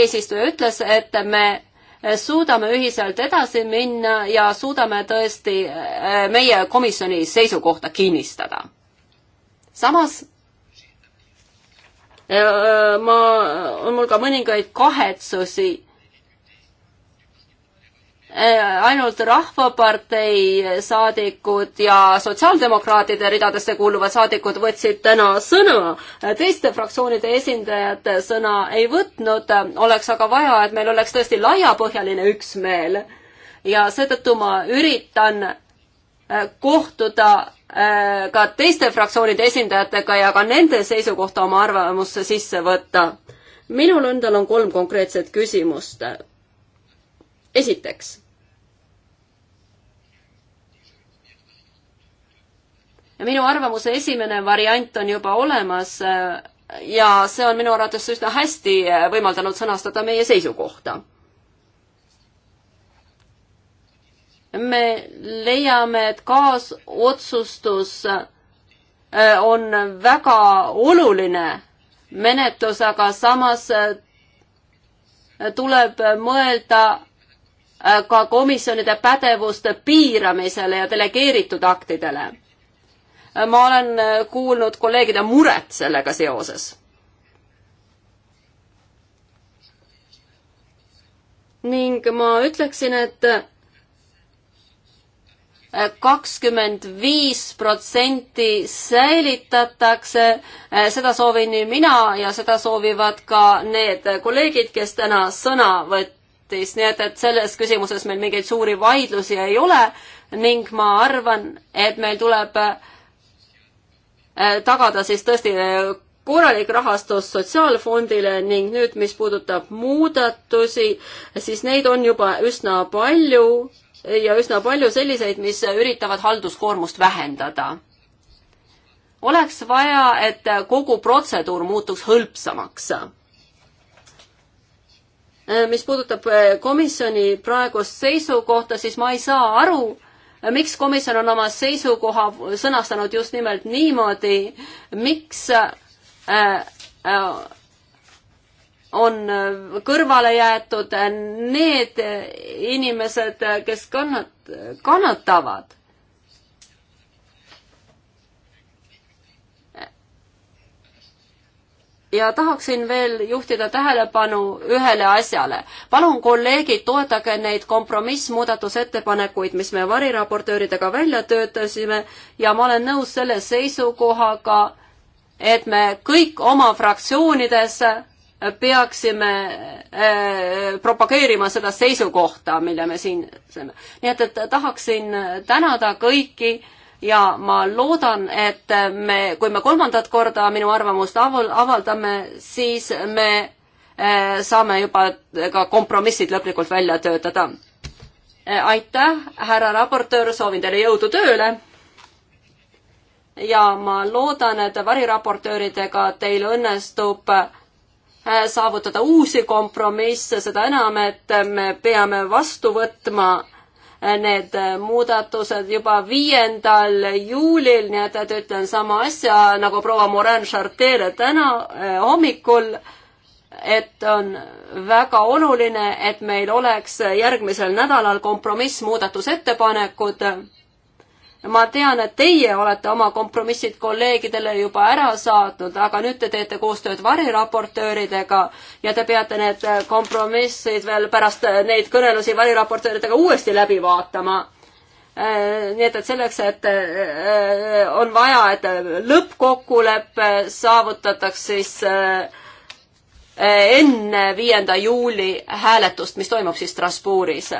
eesistuja ütles, et me suudame ühiselt edasi minna ja suudame tõesti meie komisjoni seisukohta kinnistada samas äh, äh, ma, on mul ka mõningaid kahetsusi. Äh, ainult Rahvapartei saadikud ja sotsiaaldemokraatide ridadesse kuuluvad saadikud võtsid täna sõna. teiste fraktsioonide esindajad sõna ei võtnud, oleks aga vaja, et meil oleks tõesti laiapõhjaline üksmeel. ja seetõttu ma üritan Äh, kohtuda äh, ka teiste fraktsioonide esindajatega ja ka nende seisukohta oma arvamusse sisse võtta. minul endal on kolm konkreetset küsimust. esiteks. minu arvamuse esimene variant on juba olemas äh, ja see on minu arvates üsna hästi võimaldanud sõnastada meie seisukohta me leiame, et kaasotsustus äh, on väga oluline menetlus, aga samas äh, tuleb mõelda äh, ka komisjonide pädevuste piiramisele ja delegeeritud aktidele. ma olen kuulnud kolleegide muret sellega seoses. ning ma ütleksin, et kakskümmend viis protsenti säilitatakse, seda soovin nii mina ja seda soovivad ka need kolleegid, kes täna sõna võttis, nii et, et selles küsimuses meil mingeid suuri vaidlusi ei ole ning ma arvan, et meil tuleb eh, tagada siis tõesti eh, korralik rahastus sotsiaalfondile ning nüüd, mis puudutab muudatusi, siis neid on juba üsna palju ja üsna palju selliseid, mis üritavad halduskoormust vähendada. oleks vaja, et kogu protseduur muutuks hõlpsamaks. mis puudutab komisjoni praegust seisukohta, siis ma ei saa aru, miks komisjon on oma seisukoha sõnastanud just nimelt niimoodi, miks äh, äh, on äh, kõrvale jäetud äh, need äh, inimesed, kes kannat-, kannatavad. ja tahaksin veel juhtida tähelepanu ühele asjale. palun, kolleegid, toetage neid kompromissmuudatusettepanekuid, mis me variraportööridega välja töötasime ja ma olen nõus selle seisukohaga, et me kõik oma fraktsioonides peaksime äh, propageerima seda seisukohta, mille me siin, nii et, et tahaksin tänada kõiki ja ma loodan, et me, kui me kolmandat korda minu arvamust avaldame, siis me äh, saame juba ka kompromissid lõplikult välja töötada. Äh, aitäh, härra raportöör, soovin teile jõudu tööle ja ma loodan, et variraportööridega teil õnnestub äh, Äh, saavutada uusi kompromisse, seda enam, et me peame vastu võtma äh, need äh, muudatused juba viiendal juulil, nii et, et ütlen sama asja nagu proua Morin Chartere täna hommikul, et on väga oluline, et meil oleks järgmisel nädalal kompromissmuudatusettepanekud ma tean, et teie olete oma kompromissid kolleegidele juba ära saatnud, aga nüüd te teete koostööd variraportööridega ja te peate need kompromissid veel pärast neid kõnelusi variraportööridega uuesti läbi vaatama. Äh, nii et, et selleks, et äh, on vaja, et lõppkokkulepe saavutataks siis äh, enne viienda juuli hääletust, mis toimub siis Strasbourgis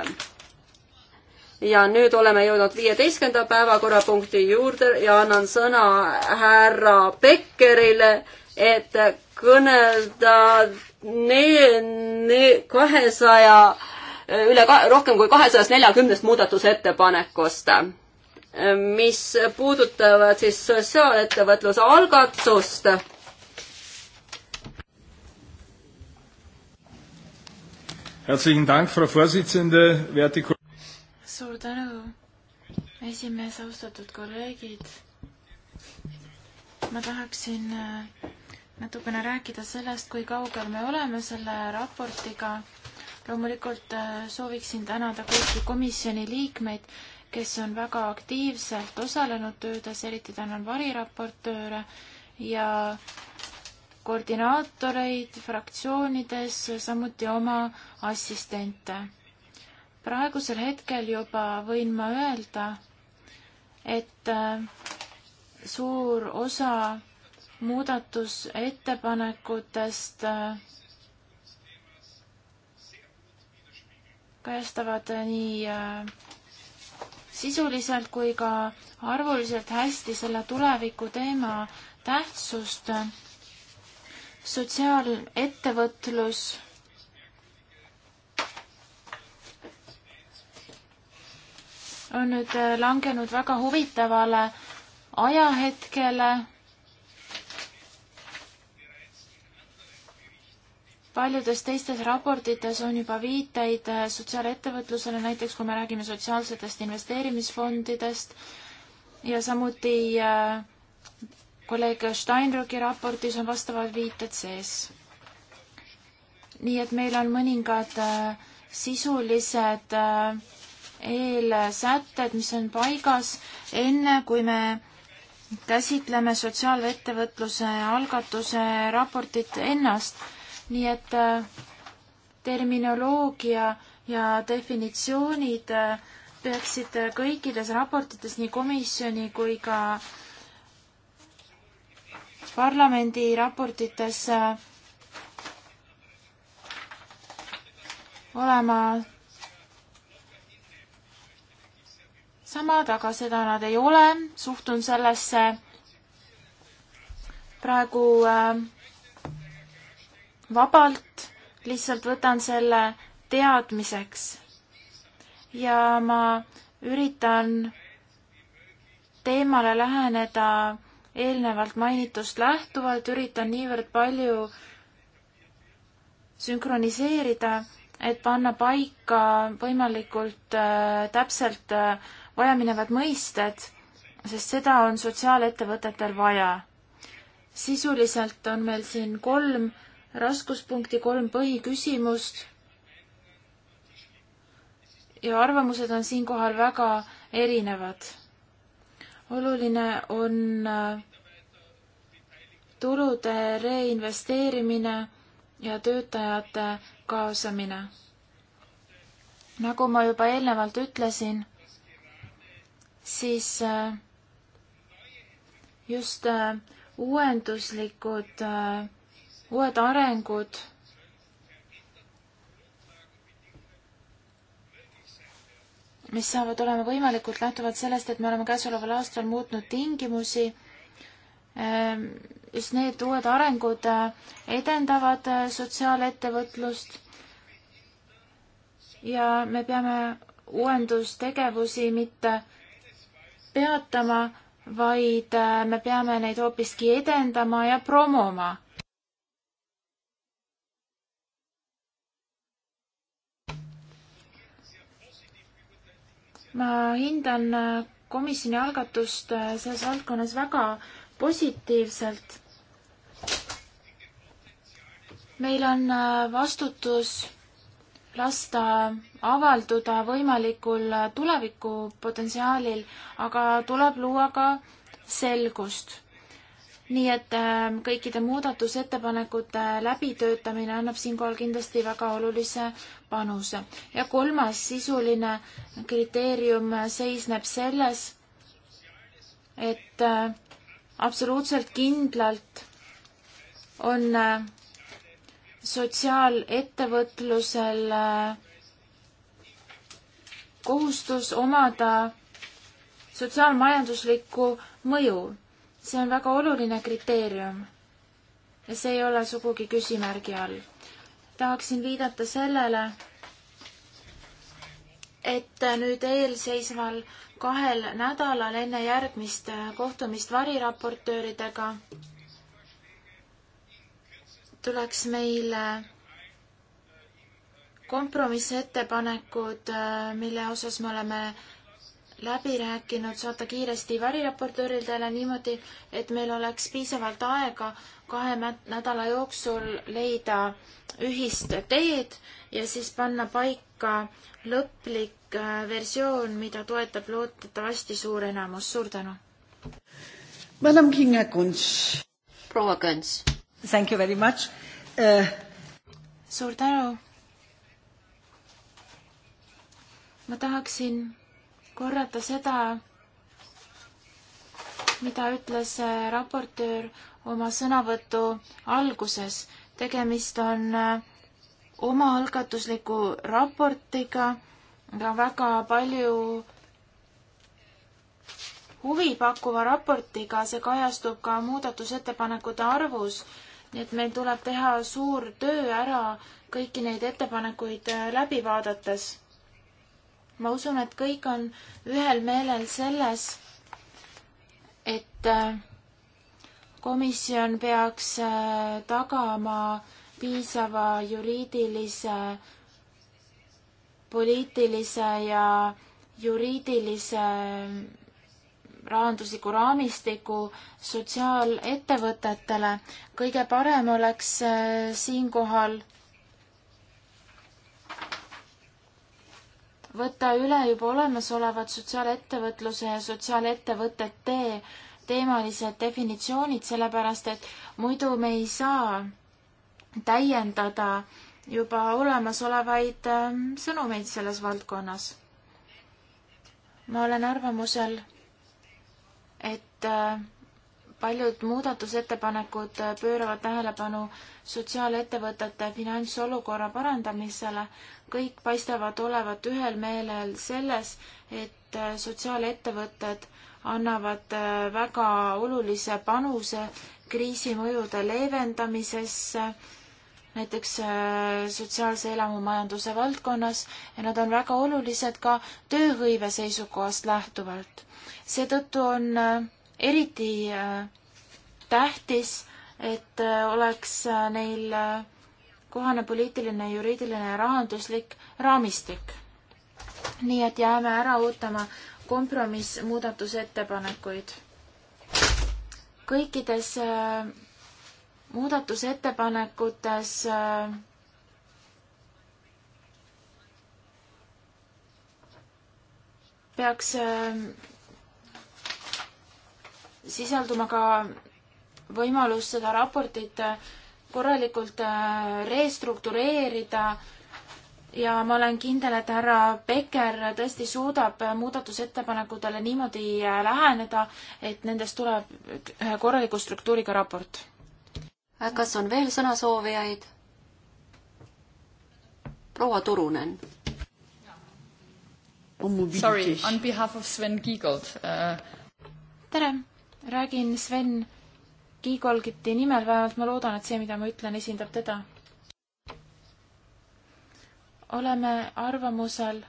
ja nüüd oleme jõudnud viieteistkümnenda päevakorrapunkti juurde ja annan sõna härra Pekkerile, et kõnelda ne-, ne-, kahesaja, üle ka-, rohkem kui kahesajast neljakümnest muudatusettepanekust, mis puudutavad siis sotsiaalettevõtluse algatust Herzlichen Dank, Frau Vorsitzende, werte Kollegen suur tänu, esimees, austatud kolleegid. ma tahaksin äh, natukene rääkida sellest, kui kaugel me oleme selle raportiga. loomulikult äh, sooviksin tänada kõiki komisjoni liikmeid, kes on väga aktiivselt osalenud töödes, eriti tänan variraportööre ja koordinaatoreid fraktsioonides, samuti oma assistente praegusel hetkel juba võin ma öelda, et äh, suur osa muudatusettepanekutest äh, kajastavad nii äh, sisuliselt kui ka arvuliselt hästi selle tuleviku teema tähtsust. sotsiaalettevõtlus on nüüd äh, langenud väga huvitavale ajahetkele. paljudes teistes raportites on juba viiteid äh, sotsiaalettevõtlusele, näiteks kui me räägime sotsiaalsetest investeerimisfondidest ja samuti äh, kolleeg Steinrücki raportis on vastavad viited sees. nii et meil on mõningad sisulised äh, eelsätted, mis on paigas, enne kui me käsitleme sotsiaalettevõtluse algatuse raportit ennast. nii et äh, terminoloogia ja definitsioonid äh, peaksid äh, kõikides raportites nii komisjoni kui ka parlamendi raportites olema samad, aga seda nad ei ole, suhtun sellesse praegu äh, vabalt, lihtsalt võtan selle teadmiseks. ja ma üritan teemale läheneda eelnevalt mainitust lähtuvalt, üritan niivõrd palju sünkroniseerida, et panna paika võimalikult äh, täpselt äh, vajaminevad mõisted, sest seda on sotsiaalettevõtetel vaja. sisuliselt on meil siin kolm raskuspunkti, kolm põhiküsimust. ja arvamused on siinkohal väga erinevad. oluline on äh, tulude reinvesteerimine ja töötajate kaasamine. nagu ma juba eelnevalt ütlesin, siis äh, just äh, uuenduslikud, äh, uued arengud mis saavad olema võimalikud lähtuvalt sellest, et me oleme käesoleval aastal muutnud tingimusi. Ähm, just need uued arengud edendavad sotsiaalettevõtlust ja me peame uuendustegevusi mitte peatama, vaid äh, me peame neid hoopiski edendama ja promoma. ma hindan äh, komisjoni algatust äh, selles valdkonnas väga positiivselt. meil on vastutus lasta avalduda võimalikul tulevikupotentsiaalil, aga tuleb luua ka selgust. nii et ähm, kõikide muudatusettepanekute läbitöötamine annab siinkohal kindlasti väga olulise panuse. ja kolmas sisuline kriteerium seisneb selles, et äh, absoluutselt kindlalt on äh, sotsiaalettevõtlusel äh, kohustus omada sotsiaalmajanduslikku mõju. see on väga oluline kriteerium ja see ei ole sugugi küsimärgi all. tahaksin viidata sellele, et nüüd eelseisval kahel nädalal enne järgmist kohtumist variraportööridega tuleks meil kompromissettepanekud, äh, mille osas me oleme läbi rääkinud, saata kiiresti variraportööridele niimoodi, et meil oleks piisavalt aega kahe nädala jooksul leida ühist teed ja siis panna paika lõplik äh, versioon, mida toetab loodetavasti suur enamus. suur tänu! proua Kõns Thank you very much uh.... suur tänu. ma tahaksin korrata seda, mida ütles äh, raportöör oma sõnavõtu alguses. tegemist on äh, omaalgatusliku raportiga, aga väga palju huvipakkuva raportiga, see kajastub ka muudatusettepanekute arvus nii et meil tuleb teha suur töö ära kõiki neid ettepanekuid äh, läbi vaadates. ma usun, et kõik on ühel meelel selles, et äh, komisjon peaks äh, tagama piisava juriidilise, poliitilise ja juriidilise rahandusliku raamistiku sotsiaalettevõtetele. kõige parem oleks äh, siinkohal võtta üle juba olemasolevad sotsiaalettevõtluse ja sotsiaalettevõtete teemalised definitsioonid, sellepärast et muidu me ei saa täiendada juba olemasolevaid äh, sõnumeid selles valdkonnas. ma olen arvamusel, et äh, paljud muudatusettepanekud äh, pööravad tähelepanu sotsiaalettevõtete finantsolukorra parandamisele. kõik paistavad olevat ühel meelel selles, et äh, sotsiaalettevõtted annavad väga olulise panuse kriisi mõjude leevendamisesse näiteks äh, sotsiaalse elamumajanduse valdkonnas ja nad on väga olulised ka tööhõive seisukohast lähtuvalt. seetõttu on äh, eriti äh, tähtis, et oleks neil kohane poliitiline, juriidiline ja rahanduslik raamistik. nii et jääme ära ootama kompromissmuudatusettepanekuid. kõikides muudatusettepanekutes äh, peaks äh, sisalduma ka võimalus seda raportit äh, korralikult restruktureerida ja ma olen kindel, et härra Becker tõesti suudab muudatusettepanekutele niimoodi läheneda, et nendest tuleb korraliku struktuuriga raport. Äh, kas on veel sõnasoovijaid? proua Turunen. Sorry, on behalf of Sven Kiigold uh.... Äh. tere, räägin Sven Kiigolgiti nimel, vähemalt ma loodan, et see, mida ma ütlen, esindab teda. oleme arvamusel,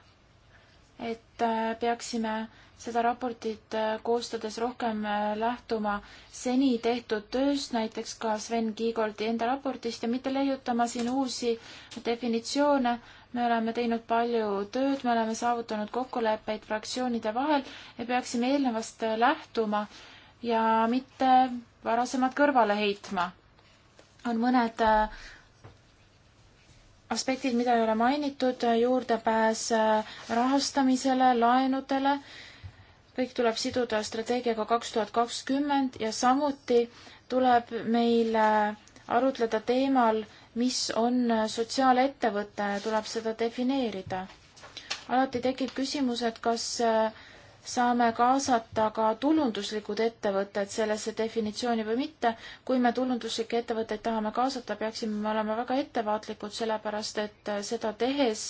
et äh, peaksime seda raportit äh, koostades rohkem äh, lähtuma seni tehtud tööst, näiteks ka Sven Kiigoldi enda raportist ja mitte leiutama siin uusi definitsioone. me oleme teinud palju tööd, me oleme saavutanud kokkuleppeid fraktsioonide vahel ja peaksime eelnevast äh, lähtuma ja mitte varasemad kõrvale heitma. on mõned aspektid, mida ei ole mainitud, juurdepääs rahastamisele, laenudele kõik tuleb siduda strateegiaga kaks tuhat kakskümmend ja samuti tuleb meil äh, arutleda teemal, mis on äh, sotsiaalettevõte, tuleb seda defineerida. alati tekib küsimus, et kas äh, saame kaasata ka tulunduslikud ettevõtted sellesse definitsiooni või mitte. kui me tulunduslikke ettevõtteid tahame kaasata, peaksime me olema väga ettevaatlikud, sellepärast et seda tehes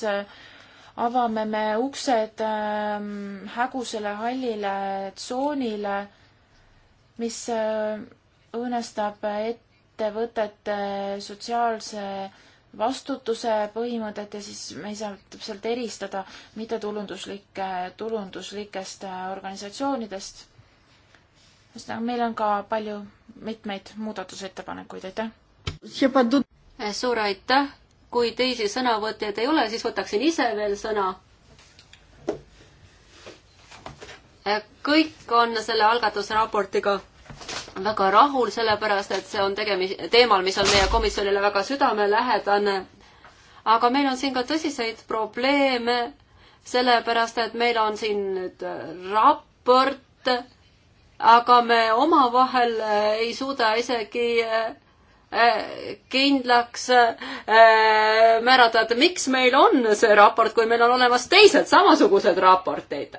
avame me uksed ähm, hägusele hallile tsoonile, mis äh, õõnestab ettevõtete sotsiaalse vastutuse põhimõtet ja siis me ei saa täpselt eristada mittetulunduslikke tulunduslikest äh, organisatsioonidest. ühesõnaga, meil on ka palju mitmeid muudatusettepanekuid, aitäh! suur aitäh! kui teisi sõnavõtjaid ei ole, siis võtaksin ise veel sõna. Eh, kõik on selle algatusraportiga väga rahul, sellepärast et see on tegemist, teemal, mis on meie komisjonile väga südamelähedane. aga meil on siin ka tõsiseid probleeme, sellepärast et meil on siin nüüd eh, raport, aga me omavahel eh, ei suuda isegi äh, Äh, kindlaks äh, määrata, et miks meil on see raport, kui meil on olemas teised samasugused raporteid.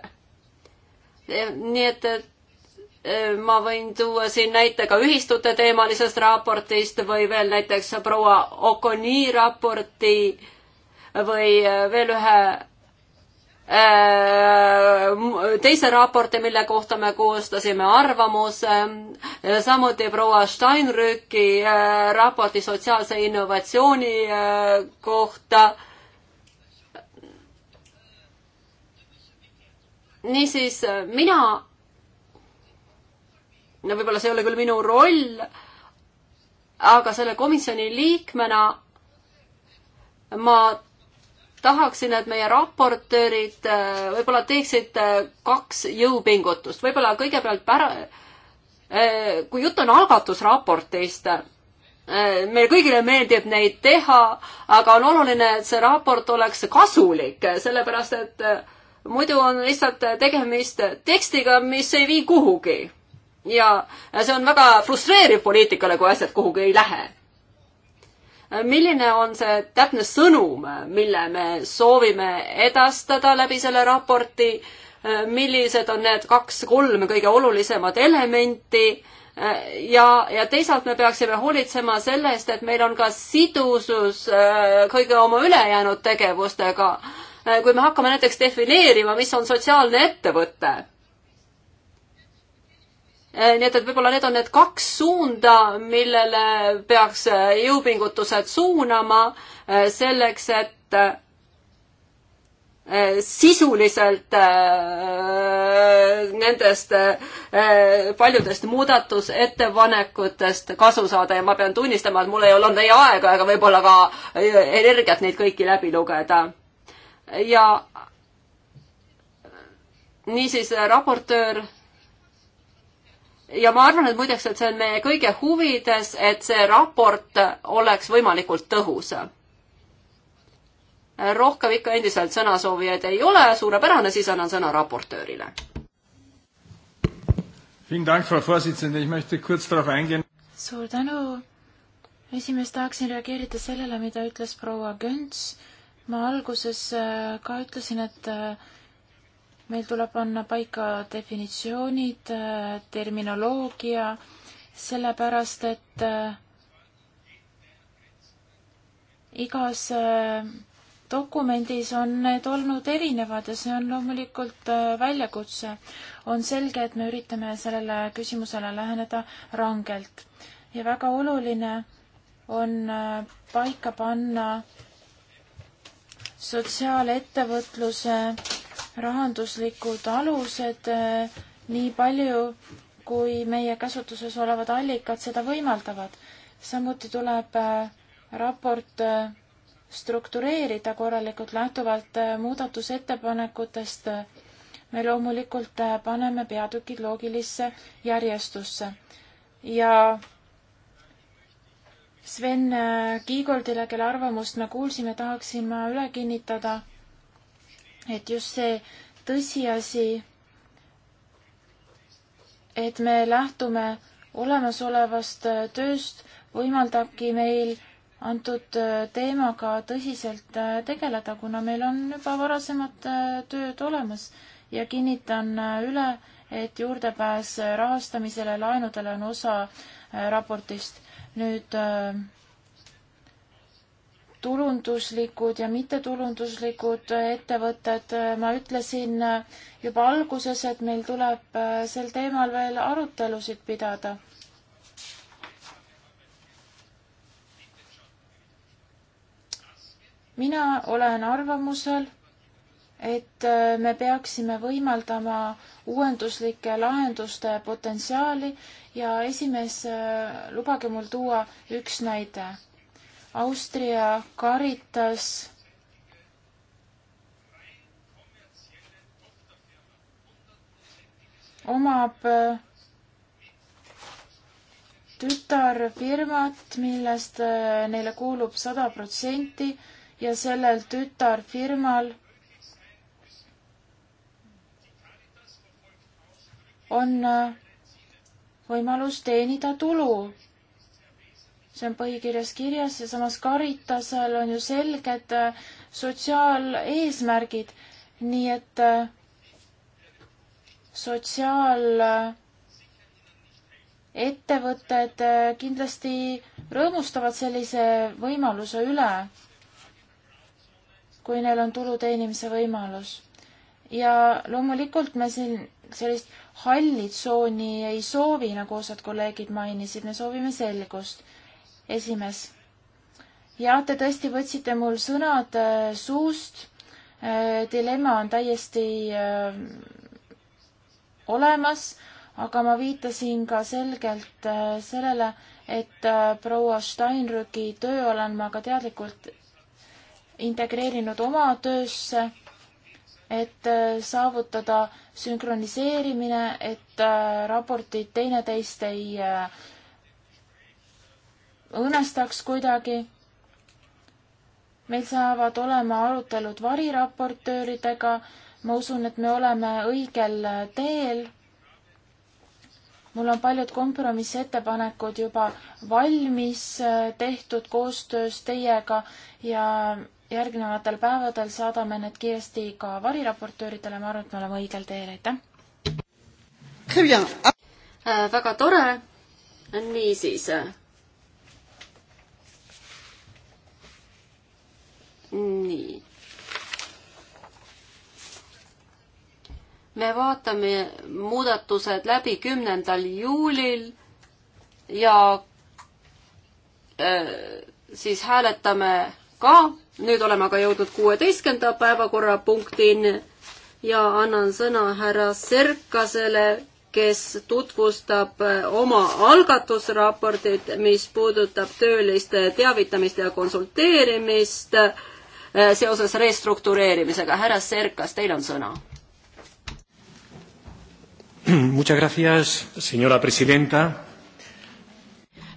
Äh, nii et, et ma võin tuua siin näite ka ühistute teemalisest raportist või veel näiteks proua Okoni raporti või veel ühe Äh, teise raporti, mille kohta me koostasime arvamuse, äh, samuti proua Steinrücki äh, raporti sotsiaalse innovatsiooni kohta. niisiis, mina, no võib-olla see ei ole küll minu roll, aga selle komisjoni liikmena ma tahaksin, et meie raportöörid äh, võib-olla teeksid äh, kaks jõupingutust, võib-olla kõigepealt pära-, äh, kui jutt on algatusraportist, meile kõigile meeldib neid teha, aga on oluline, et see raport oleks kasulik, sellepärast et muidu on lihtsalt tegemist tekstiga, mis ei vii kuhugi. ja see on väga frustreeriv poliitikale, kui asjad kuhugi ei lähe milline on see täpne sõnum, mille me soovime edastada läbi selle raporti, millised on need kaks-kolm kõige olulisemat elementi ja, ja teisalt me peaksime hoolitsema selle eest, et meil on ka sidusus äh, kõige oma ülejäänud tegevustega. Äh, kui me hakkame näiteks defineerima, mis on sotsiaalne ettevõte Eh, nii et, et võib-olla need on need kaks suunda, millele peaks eh, jõupingutused suunama eh, selleks, et sisuliselt nendest paljudest muudatusettepanekutest kasu saada ja ma pean tunnistama, et mul ei olnud ei aega ega võib-olla ka energiat neid kõiki läbi lugeda. ja niisiis raportöör ja ma arvan, et muideks, et see on meie kõige huvides, et see raport oleks võimalikult tõhus. rohkem ikka endiselt sõnasoovijaid ei ole, suurepärane, siis annan sõna raportöörile. suur tänu, esimees, tahaksin reageerida sellele, mida ütles proua Künts. ma alguses äh, ka ütlesin, et äh, meil tuleb panna paika definitsioonid, äh, terminoloogia, sellepärast et äh, igas äh, dokumendis on need olnud erinevad ja see on loomulikult väljakutse. on selge, et me üritame sellele küsimusele läheneda rangelt ja väga oluline on paika panna sotsiaalettevõtluse rahanduslikud alused eh, nii palju, kui meie käsutuses olevad allikad seda võimaldavad. samuti tuleb eh, raport eh, struktureerida korralikult lähtuvalt muudatusettepanekutest. me loomulikult paneme peatükid loogilisse järjestusse ja Sven Kiigoldile, kelle arvamust me kuulsime, tahaksin ma üle kinnitada, et just see tõsiasi, et me lähtume olemasolevast äh, tööst, võimaldabki meil antud äh, teemaga tõsiselt äh, tegeleda, kuna meil on juba varasemad tööd olemas ja kinnitan üle, et juurdepääs rahastamisele, laenudele on osa raportist. nüüd äh, tulunduslikud ja mittetulunduslikud ettevõtted. ma ütlesin juba alguses, et meil tuleb äh, sel teemal veel arutelusid pidada. mina olen arvamusel, et äh, me peaksime võimaldama uuenduslike lahenduste potentsiaali ja esimees, äh, lubage mul tuua üks näide Austria Caritas omab äh, tütarfirmat, millest äh, neile kuulub sada protsenti ja sellel tütarfirmal on äh, võimalus teenida tulu see on põhikirjas kirjas ja samas Caritasel on ju selged äh, sotsiaaleesmärgid, nii et äh, sotsiaalettevõtted äh, kindlasti rõõmustavad sellise võimaluse üle, kui neil on tulu teenimise võimalus. ja loomulikult me siin sellist halli tsooni ei soovi, nagu osad kolleegid mainisid, me soovime selgust esimees. jah, te tõesti võtsite mul sõnad äh, suust. Äh, dilemma on täiesti äh, olemas, aga ma viitasin ka selgelt sellele, et proua Steinrücki töö olen ma ka teadlikult integreerinud oma töösse, et saavutada sünkroniseerimine, et raportid teineteist ei õõnestaks kuidagi. meil saavad olema arutelud variraportööridega, ma usun, et me oleme õigel teel. mul on paljud kompromissettepanekud juba valmis tehtud koostöös teiega ja järgnevatel päevadel saadame need kiiresti ka variraportööridele, ma arvan, et me oleme õigel teel, aitäh! Äh, väga tore, niisiis nii. me vaatame muudatused läbi kümnendal juulil ja äh, siis hääletame ka. nüüd oleme aga jõudnud kuueteistkümnenda päevakorrapunktini ja annan sõna härra Serkasele, kes tutvustab äh, oma algatusraportit, mis puudutab tööliste teavitamist ja konsulteerimist äh, Äh, seoses restruktureerimisega. härra Serk, kas teil on sõna? *clears throat* Muchas gracias, señora presidenta.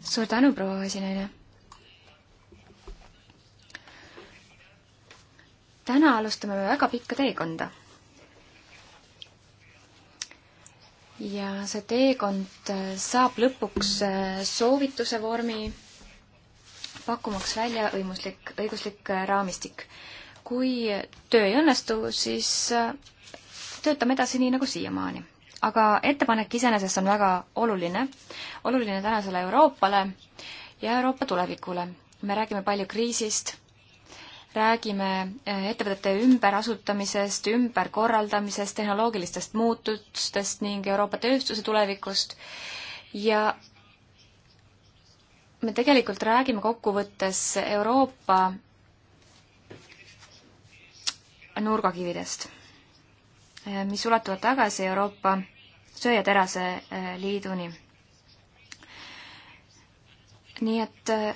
suur tänu, proua esinaine. täna alustame me väga pikka teekonda ja see teekond saab lõpuks soovituse vormi pakkumaks välja õimuslik, õiguslik äh, raamistik. kui töö ei õnnestu, siis äh, töötame edasi nii nagu siiamaani. aga ettepanek iseenesest on väga oluline, oluline tänasele Euroopale ja Euroopa tulevikule. me räägime palju kriisist, räägime äh, ettevõtete ümberasutamisest, ümberkorraldamisest, tehnoloogilistest muutustest ning Euroopa tööstuse tulevikust ja me tegelikult räägime kokkuvõttes Euroopa nurgakividest, eh, mis ulatuvad tagasi Euroopa söö- ja terase eh, liiduni. nii et eh,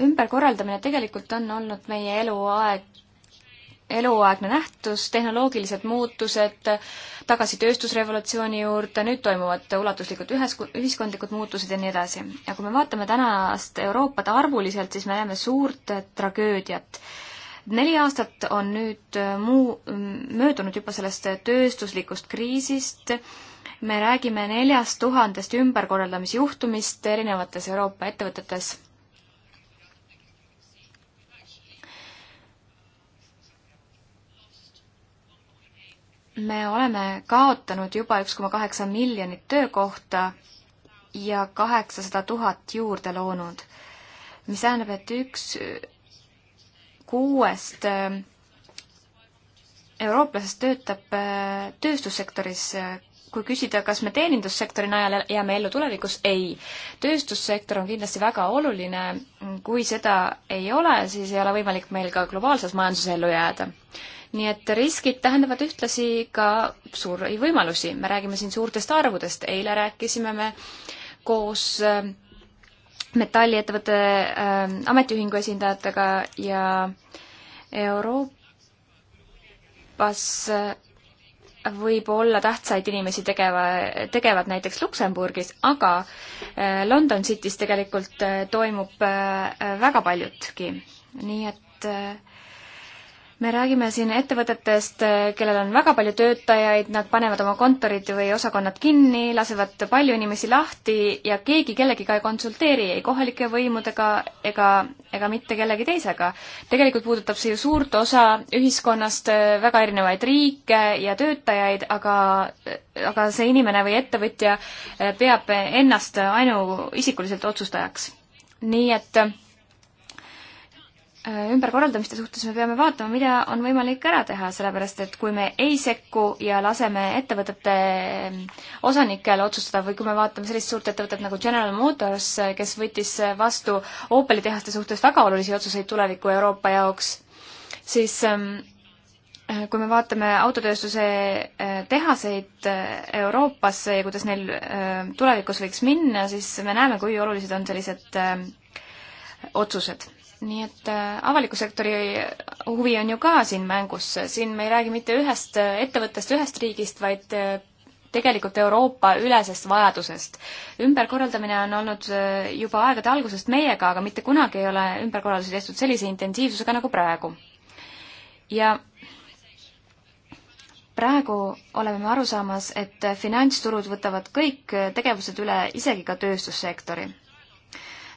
ümberkorraldamine tegelikult on olnud meie eluaeg eluaegne nähtus, tehnoloogilised muutused, tagasi tööstusrevolutsiooni juurde, nüüd toimuvad ulatuslikud ühes, ühiskondlikud muutused ja nii edasi. ja kui me vaatame tänast Euroopat arvuliselt, siis me näeme suurt tragöödiat. neli aastat on nüüd muu, möödunud juba sellest tööstuslikust kriisist, me räägime neljast tuhandest ümberkorraldamisjuhtumist erinevates Euroopa ettevõtetes me oleme kaotanud juba üks koma kaheksa miljonit töökohta ja kaheksasada tuhat juurde loonud, mis tähendab, et üks kuuest äh, eurooplasest töötab äh, tööstussektoris äh, kui küsida, kas me teenindussektori najal jääme ellu tulevikus, ei. tööstussektor on kindlasti väga oluline, kui seda ei ole, siis ei ole võimalik meil ka globaalses majanduses ellu jääda. nii et riskid tähendavad ühtlasi ka suuri võimalusi, me räägime siin suurtest arvudest, eile rääkisime me koos äh, metalliettevõtte äh, ametiühingu esindajatega ja Euroopas äh, võib olla tähtsaid inimesi tegeva, tegevad näiteks Luksemburgis, aga äh, London City's tegelikult äh, toimub äh, väga paljutki. nii et äh, me räägime siin ettevõtetest, kellel on väga palju töötajaid, nad panevad oma kontorid või osakonnad kinni, lasevad palju inimesi lahti ja keegi kellegiga ei konsulteeri, ei kohalike võimudega ega, ega mitte kellegi teisega. tegelikult puudutab see ju suurt osa ühiskonnast, väga erinevaid riike ja töötajaid, aga, aga see inimene või ettevõtja peab ennast ainuisikuliselt otsustajaks. nii et Äh, ümberkorraldamiste suhtes me peame vaatama, mida on võimalik ära teha, sellepärast et kui me ei sekku ja laseme ettevõtete ähm, osanikel otsustada või kui me vaatame sellist suurt ettevõtet nagu General Motors, äh, kes võttis äh, vastu Opeli tehaste suhtes väga olulisi otsuseid tuleviku Euroopa jaoks, siis ähm, kui me vaatame autotööstuse tehaseid Euroopasse ja kuidas neil tulevikus võiks minna, siis me näeme, kui olulised on sellised ähm, otsused nii et äh, avaliku sektori huvi on ju ka siin mängus, siin me ei räägi mitte ühest äh, ettevõttest ühest riigist, vaid äh, tegelikult Euroopa ülesest vajadusest. ümberkorraldamine on olnud juba aegade algusest meiega, aga mitte kunagi ei ole ümberkorraldusi tehtud sellise intensiivsusega nagu praegu. ja praegu oleme me aru saamas, et finantsturud võtavad kõik tegevused üle, isegi ka tööstussektori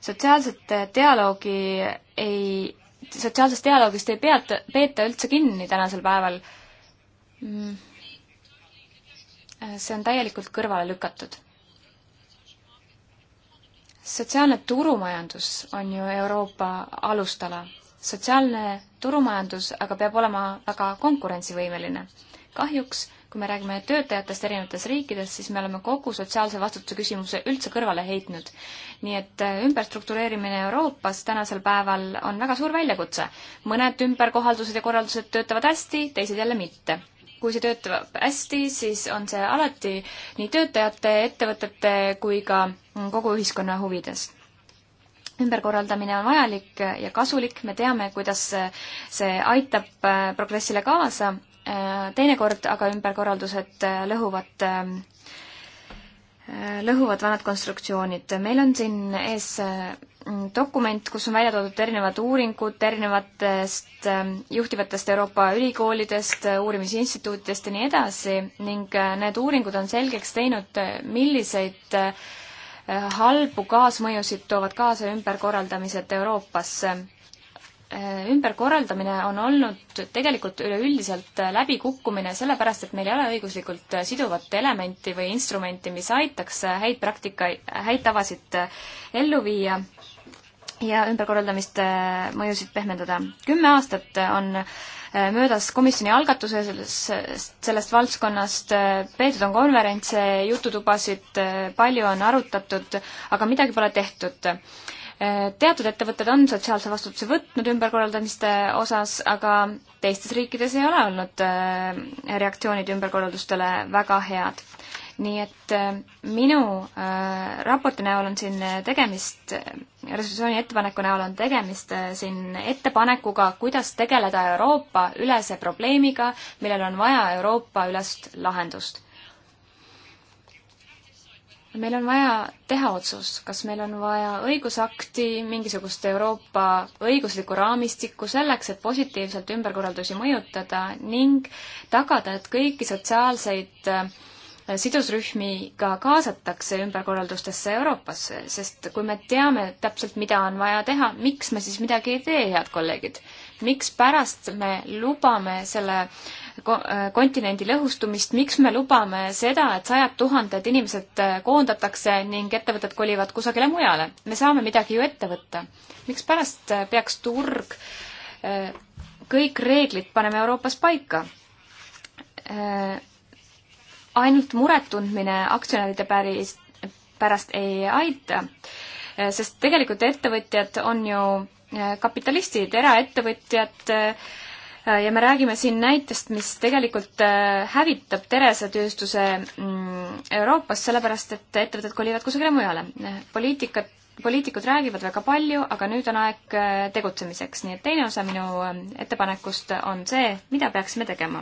sotsiaalset dialoogi ei, sotsiaalsest dialoogist ei peata, peeta üldse kinni tänasel päeval. Mm. see on täielikult kõrvale lükatud. sotsiaalne turumajandus on ju Euroopa alustala. sotsiaalne turumajandus aga peab olema väga konkurentsivõimeline. kahjuks kui me räägime töötajatest erinevates riikides, siis me oleme kogu sotsiaalse vastutuse küsimuse üldse kõrvale heitnud. nii et äh, ümberstruktureerimine Euroopas tänasel päeval on väga suur väljakutse. mõned ümberkohaldused ja korraldused töötavad hästi, teised jälle mitte kui see töötab hästi, siis on see alati nii töötajate, ettevõtete kui ka mm, kogu ühiskonna huvides ümberkorraldamine on vajalik ja kasulik, me teame, kuidas see aitab äh, progressile kaasa, Äh, teinekord aga ümberkorraldused äh, lõhuvad äh, lõhuvad vanad konstruktsioonid. meil on siin ees dokument, kus on välja toodud erinevad uuringud erinevatest juhtivatest Euroopa ülikoolidest, uurimisinstituutidest ja nii edasi ning need uuringud on selgeks teinud, milliseid halbu kaasmõjusid toovad kaasa ümberkorraldamised Euroopasse Äh, ümberkorraldamine on olnud tegelikult üleüldiselt äh, läbikukkumine, sellepärast et meil ei ole õiguslikult äh, siduvat elementi või instrumenti, mis aitaks häid praktikaid, häid tavasid ellu viia ja ümberkorraldamist mõjusid pehmendada. kümme aastat on möödas komisjoni algatuse selles, sellest valdkonnast, peetud on konverentse, jututubasid, palju on arutatud, aga midagi pole tehtud Äh, teatud ettevõtted on sotsiaalse vastutuse võtnud ümberkorraldamiste osas, aga teistes riikides ei ole olnud äh, reaktsioonid ümberkorraldustele väga head. nii et äh, minu raporti näol on siin tegemist, resolutsiooni ettepaneku näol on tegemist siin ettepanekuga, kuidas tegeleda Euroopa ülese probleemiga, millel on vaja Euroopa ülest lahendust meil on vaja teha otsus, kas meil on vaja õigusakti, mingisugust Euroopa õiguslikku raamistikku selleks, et positiivselt ümberkorraldusi mõjutada ning tagada, et kõiki sotsiaalseid äh, sidusrühmi ka kaasatakse ümberkorraldustesse Euroopasse, sest kui me teame täpselt, mida on vaja teha, miks me siis midagi ei tee, head kolleegid? miks pärast me lubame selle äh, Äh, kontinendi lõhustumist, miks me lubame seda, et sajad tuhanded inimesed äh, koondatakse ning ettevõtted kolivad kusagile mujale? me saame midagi ju ette võtta. mikspärast äh, peaks turg, kõik reeglid paneme Euroopas paika? ainult muret tundmine aktsionäride päris, pärast ei aita, sest tegelikult ettevõtjad on ju kapitalistid, eraettevõtjad äh, Äh, ja me räägime siin näitest, mis tegelikult äh, hävitab teresetööstuse mm, Euroopas, sellepärast et ettevõtted kolivad kusagile mujale. Äh, poliitikat, poliitikud räägivad väga palju, aga nüüd on aeg tegutsemiseks, nii et teine osa minu ähm, ettepanekust on see, mida peaksime tegema.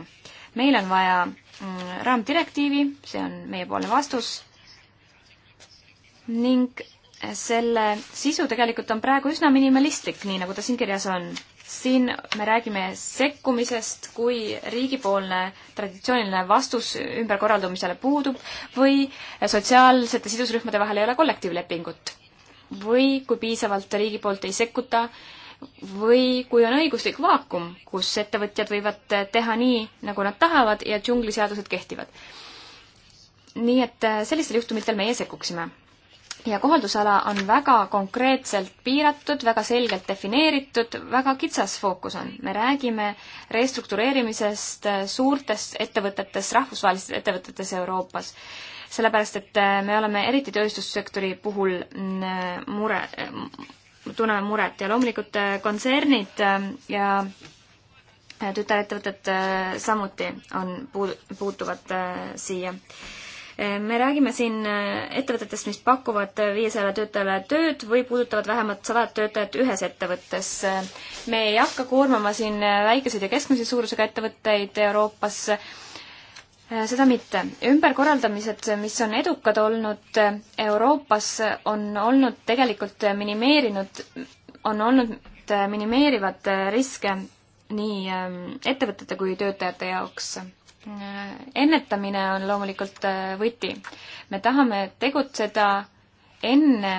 meil on vaja mm, raamdirektiivi, see on meiepoolne vastus, ning selle sisu tegelikult on praegu üsna minimalistlik, nii nagu ta siin kirjas on siin me räägime sekkumisest, kui riigipoolne traditsiooniline vastus ümberkorraldumisele puudub või sotsiaalsete sidusrühmade vahel ei ole kollektiivlepingut. või kui piisavalt riigi poolt ei sekkuta või kui on õiguslik vaakum, kus ettevõtjad võivad teha nii, nagu nad tahavad ja džungliseadused kehtivad. nii et sellistel juhtumitel meie sekkuksime ja kohaldusala on väga konkreetselt piiratud, väga selgelt defineeritud, väga kitsas fookus on. me räägime restruktureerimisest äh, suurtes ettevõtetes, rahvusvahelistes ettevõtetes Euroopas. sellepärast, et äh, me oleme eriti tööstussektori puhul mm, äh, mure, tunneme muret ja loomulikult kontsernid ja tütarettevõtted samuti on, puutuvad siia me räägime siin äh, ettevõtetest, mis pakuvad viiesajale töötajale tööd või puudutavad vähemalt sadat töötajat ühes ettevõttes. me ei hakka koormama siin väikeseid ja keskmise suurusega ettevõtteid Euroopas, äh, seda mitte. ümberkorraldamised, mis on edukad olnud äh, Euroopas, on olnud tegelikult minimeerinud, on olnud minimeerivad riske nii ähm, ettevõtete kui töötajate jaoks ennetamine on loomulikult äh, võti. me tahame tegutseda enne,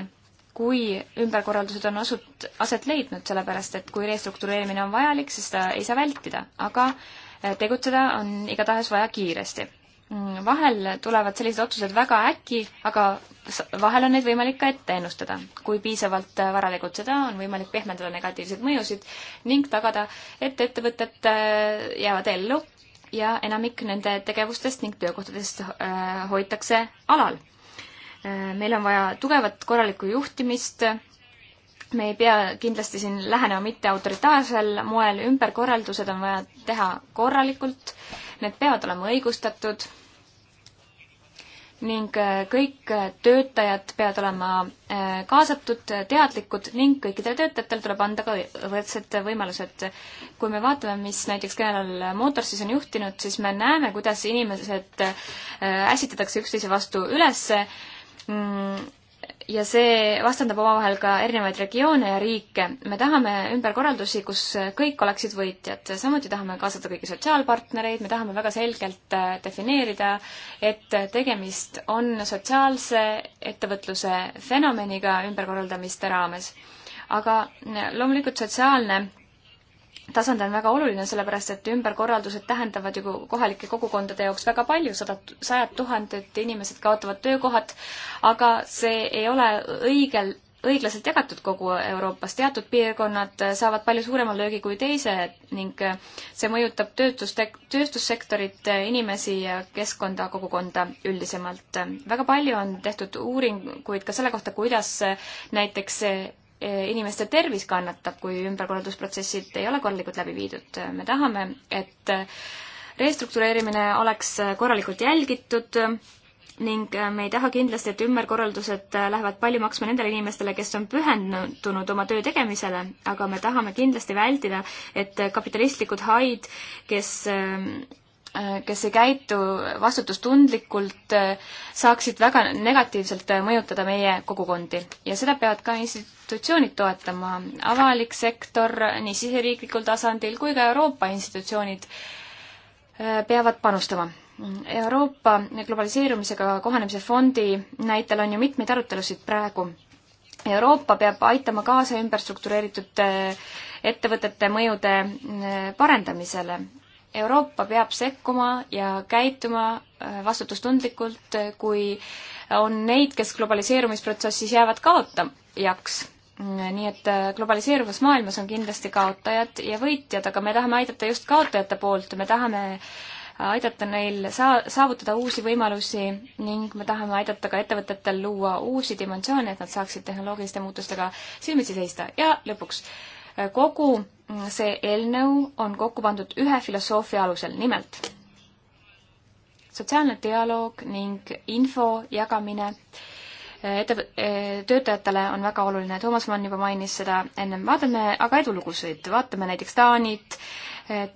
kui ümberkorraldused on asut-, aset leidnud, sellepärast et kui restruktureerimine on vajalik, siis seda ei saa vältida, aga äh, tegutseda on igatahes vaja kiiresti. Mm, vahel tulevad sellised otsused väga äkki, aga vahel on neid võimalik ka ette ennustada. kui piisavalt äh, vara tegutseda, on võimalik pehmendada negatiivseid mõjusid ning tagada, et ettevõtted jäävad ellu ja enamik nende tegevustest ning töökohtadest äh, hoitakse alal. Äh, meil on vaja tugevat korralikku juhtimist, me ei pea kindlasti siin lähenema mitte autoritaarsel moel, ümberkorraldused on vaja teha korralikult, need peavad olema õigustatud ning äh, kõik äh, töötajad peavad olema äh, kaasatud, teadlikud ning kõikidele töötajatele tuleb anda ka võrdsed võimalused. kui me vaatame, mis näiteks General Motorsis on juhtinud, siis me näeme, kuidas inimesed äsitatakse üksteise vastu üles mm, ja see vastandab omavahel ka erinevaid regioone ja riike. me tahame ümberkorraldusi, kus kõik oleksid võitjad, samuti tahame kaasata kõiki sotsiaalpartnereid, me tahame väga selgelt äh, defineerida, et tegemist on sotsiaalse ettevõtluse fenomeniga ümberkorraldamiste raames. aga äh, loomulikult sotsiaalne tasand on väga oluline, sellepärast et ümberkorraldused tähendavad ju kohalike kogukondade jaoks väga palju, sadat, sajad tuhanded inimesed kaotavad töökohad, aga see ei ole õigel, õiglaselt jagatud kogu Euroopas, teatud piirkonnad saavad palju suurema löögi kui teised ning see mõjutab töötuste, tööstussektorit, inimesi ja keskkonda, kogukonda üldisemalt. väga palju on tehtud uuringuid ka selle kohta, kuidas näiteks E, inimeste tervis kannatab, kui ümberkorraldusprotsessid ei ole korralikult läbi viidud. me tahame, et restruktureerimine oleks korralikult jälgitud ning me ei taha kindlasti, et ümberkorraldused lähevad palju maksma nendele inimestele, kes on pühendunud oma töö tegemisele, aga me tahame kindlasti vältida, et kapitalistlikud haid, kes Äh, kes ei käitu vastutustundlikult, äh, saaksid väga negatiivselt äh, mõjutada meie kogukondi. ja seda peavad ka institutsioonid toetama, avalik sektor nii siseriiklikul tasandil kui ka Euroopa institutsioonid peavad panustama. Euroopa globaliseerumisega kohanemise fondi näitel on ju mitmeid arutelusid praegu. Euroopa peab aitama kaasa ümberstruktureeritud ettevõtete mõjude parendamisele Euroopa peab sekkuma ja käituma äh, vastutustundlikult, äh, kui on neid, kes globaliseerumisprotsessis jäävad kaotajaks. Mm, nii et äh, globaliseeruvas maailmas on kindlasti kaotajad ja võitjad, aga me tahame aidata just kaotajate poolt, me tahame aidata neil saa-, saavutada uusi võimalusi ning me tahame aidata ka ettevõtetel luua uusi dimensioone, et nad saaksid tehnoloogiliste muutustega silmitsi seista ja lõpuks äh, kogu mm, see eelnõu on kokku pandud ühe filosoofia alusel, nimelt sotsiaalne dialoog ning info jagamine eh, ettevõ-, eh, töötajatele on väga oluline, Toomas Mann juba mainis seda ennem, vaatame aga edulugusid, vaatame näiteks Taanit, eh,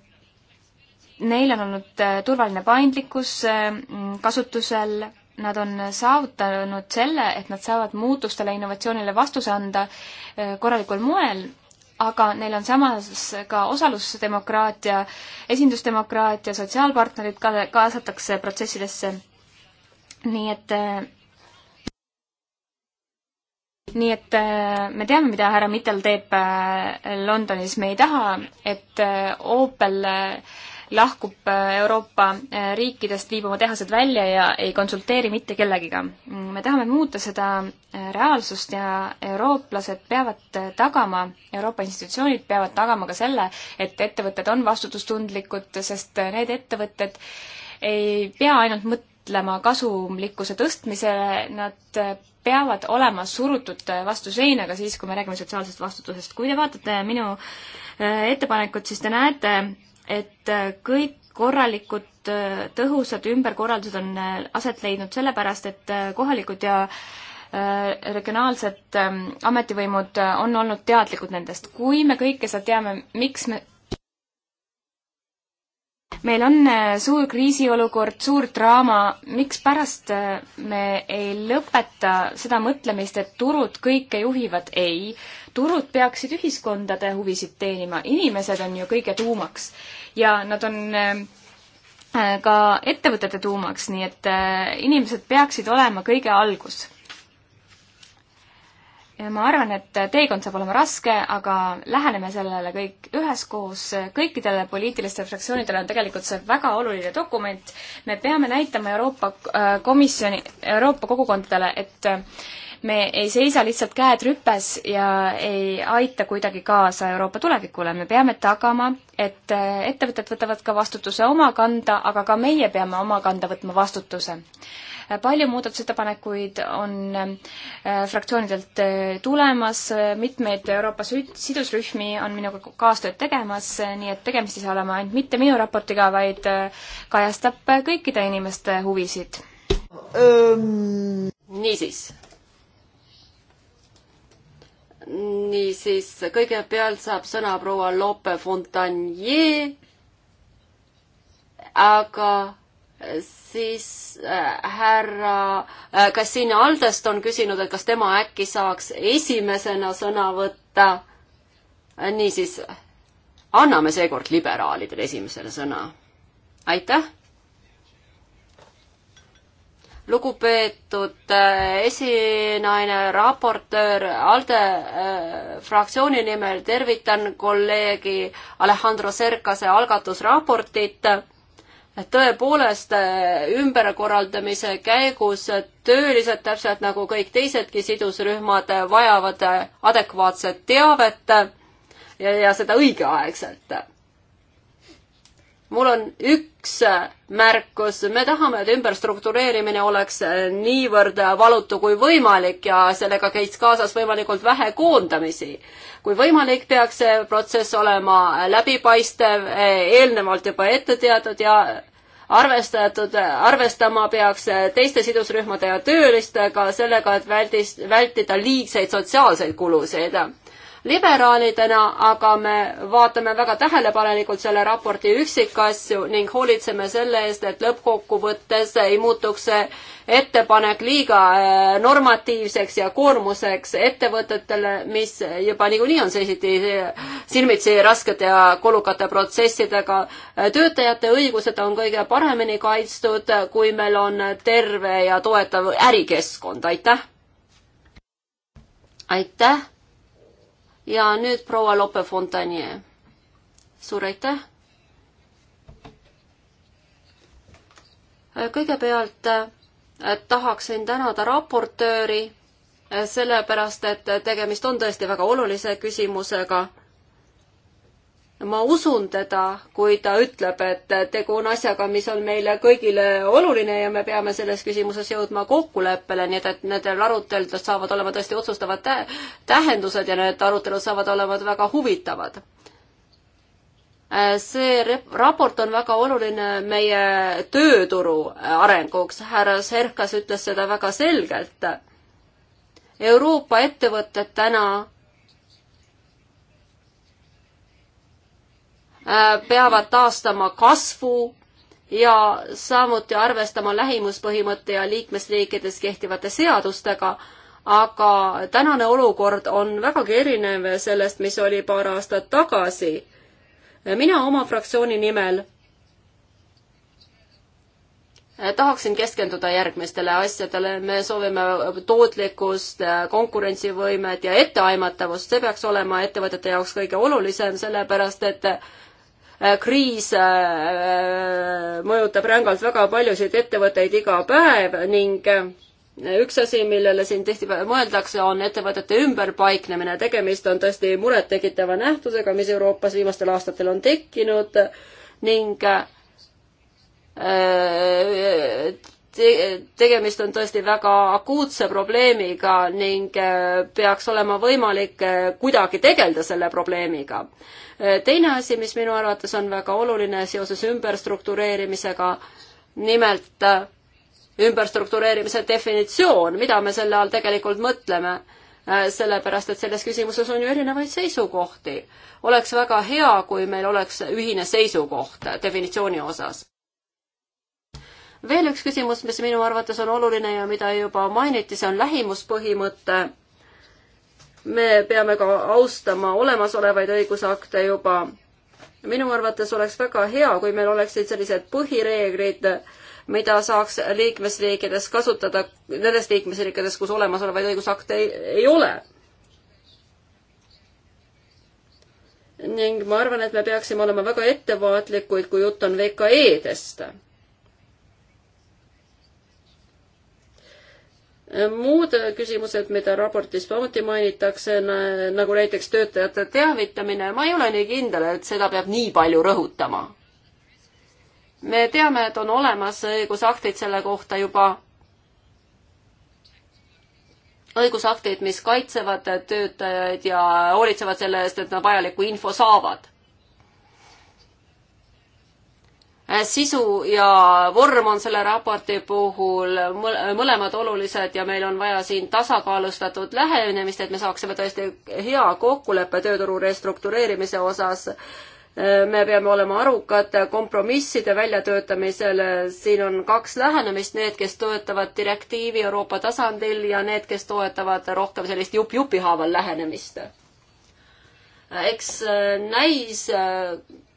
neil on olnud turvaline paindlikkus mm, kasutusel, nad on saavutanud selle, et nad saavad muutustele, innovatsioonile vastuse anda korralikul moel aga neil on samas ka osalusdemokraatia, esindusdemokraatia, sotsiaalpartnerid ka kaasatakse protsessidesse. nii et äh, nii et äh, me teame, mida härra Mittel teeb äh, Londonis, me ei taha, et Opel lahkub äh, Euroopa äh, riikidest, viib oma tehased välja ja ei konsulteeri mitte kellegiga. me tahame muuta seda äh, reaalsust ja eurooplased peavad tagama, Euroopa institutsioonid peavad tagama ka selle, et ettevõtted on vastutustundlikud, sest need ettevõtted ei pea ainult mõtlema kasumlikkuse tõstmisele, nad peavad olema surutud vastu seina ka siis, kui me räägime sotsiaalsest vastutusest. kui te vaatate minu ettepanekut, siis te näete, et äh, kõik korralikud äh, tõhusad ümberkorraldused on äh, aset leidnud sellepärast, et kohalikud ja regionaalsed ähm, ametivõimud on olnud teadlikud nendest. kui me kõike seda teame, miks me meil on suur kriisiolukord, suur draama, mikspärast me ei lõpeta seda mõtlemist, et turud kõike juhivad, ei turud peaksid ühiskondade huvisid teenima, inimesed on ju kõige tuumaks ja nad on äh, äh, ka ettevõtete tuumaks, nii et äh, inimesed peaksid olema kõige algus. ja ma arvan, et teekond saab olema raske, aga läheneme sellele kõik üheskoos, kõikidele poliitilistele fraktsioonidele on tegelikult see väga oluline dokument, me peame näitama Euroopa Komisjoni, Euroopa kogukondadele, et me ei seisa lihtsalt käed rüpes ja ei aita kuidagi kaasa Euroopa tulevikule, me peame tagama, et äh, ettevõtted võtavad ka vastutuse oma kanda, aga ka meie peame oma kanda võtma vastutuse äh, palju muudatusettepanekuid on äh, fraktsioonidelt tulemas, mitmeid Euroopa sidusrühmi on minuga kaastööd tegemas, nii et tegemist ei saa olema ainult mitte minu raportiga, vaid kajastab kõikide inimeste huvisid um,. niisiis, niisiis, kõigepealt saab sõna proua Lope Fontanier, aga siis äh, härra Kassiina äh, Aldest on küsinud, et kas tema äkki saaks esimesena sõna võtta. niisiis, anname seekord liberaalidele esimesele sõna. aitäh lugupeetud äh, esinaine, raportöör, ALDE äh, fraktsiooni nimel tervitan kolleegi Alejandro Serkase algatusraportit. tõepoolest, äh, ümberkorraldamise käigus töölised, täpselt nagu kõik teisedki sidusrühmad, vajavad adekvaatset teavet ja, ja seda õigeaegselt mul on üks märkus, me tahame, et ümberstruktureerimine oleks äh, niivõrd valutu kui võimalik ja sellega käiks kaasas võimalikult vähe koondamisi. kui võimalik, peaks see protsess olema läbipaistev, äh, eelnevalt juba ette teatud ja arvestatud, arvestama peaks teiste sidusrühmade ja töölistega sellega, et väldis, vältida liigseid sotsiaalseid kulusid liberaalidena, aga me vaatame väga tähelepanelikult selle raporti üksikasju ning hoolitseme selle eest, et lõppkokkuvõttes ei muutuks see ettepanek liiga äh, normatiivseks ja koormuseks ettevõtetele, mis juba niikuinii on seisiti silmitsi raskete ja kulukate protsessidega. töötajate õigused on kõige paremini kaitstud, kui meil on terve ja toetav ärikeskkond, aitäh! aitäh! ja nüüd proua Lope Fontanier. suur aitäh. kõigepealt eh, tahaksin tänada raportööri, eh, sellepärast et eh, tegemist on tõesti väga olulise küsimusega ma usun teda, kui ta ütleb, et tegu on asjaga, mis on meile kõigile oluline ja me peame selles küsimuses jõudma kokkuleppele, nii et, et nendel aruteludel saavad olema tõesti otsustavad tä tähendused ja need arutelud saavad olema väga huvitavad. see raport on väga oluline meie tööturu arenguks, härra Serkas ütles seda väga selgelt. Euroopa ettevõtted täna Äh, peavad taastama kasvu ja samuti arvestama lähimuspõhimõtte ja liikmesriikides kehtivate seadustega, aga tänane olukord on vägagi erinev sellest, mis oli paar aastat tagasi. mina oma fraktsiooni nimel äh, tahaksin keskenduda järgmistele asjadele, me soovime tootlikkust, äh, konkurentsivõimet ja etteaimatavust, see peaks olema ettevõtete jaoks kõige olulisem, sellepärast et Äh, kriis äh, äh, mõjutab rängalt väga paljusid ettevõtteid iga päev ning üks asi, millele siin tihtipeale mõeldakse, on ettevõtete ümberpaiknemine. tegemist on tõesti murettekitava nähtusega, mis Euroopas viimastel aastatel on tekkinud ning te tegemist on tõesti väga akuutse probleemiga ning äh, peaks olema võimalik äh, kuidagi tegeleda selle probleemiga. Äh, teine asi, mis minu arvates on väga oluline seoses ümberstruktureerimisega, nimelt ümberstruktureerimise definitsioon, mida me selle all tegelikult mõtleme, sellepärast et selles küsimuses on ju erinevaid seisukohti. oleks väga hea, kui meil oleks ühine seisukoht definitsiooni osas veel üks küsimus, mis minu arvates on oluline ja mida juba mainiti, see on lähimuspõhimõte. me peame ka austama olemasolevaid õigusakte juba. minu arvates oleks väga hea, kui meil oleksid sellised põhireeglid, mida saaks liikmesriikides kasutada nendes liikmesriikides, kus olemasolevaid õigusakte ei, ei ole. ning ma arvan, et me peaksime olema väga ettevaatlikud, kui jutt on VKE-dest muud küsimused, mida raportis samuti mainitakse, nagu näiteks töötajate teavitamine, ma ei ole nii kindel, et seda peab nii palju rõhutama. me teame, et on olemas õigusaktid selle kohta juba, õigusaktid, mis kaitsevad töötajaid ja hoolitsevad selle eest, et nad vajalikku info saavad Äh, sisu ja vorm on selle raporti puhul mõlemad olulised ja meil on vaja siin tasakaalustatud lähenemist, et me saaksime tõesti hea kokkuleppe tööturu restruktureerimise osas. Äh, me peame olema arukad kompromisside väljatöötamisel, siin on kaks lähenemist, need, kes toetavad direktiivi Euroopa tasandil ja need, kes toetavad rohkem sellist jupp-jupi haaval lähenemist äh, eks näis,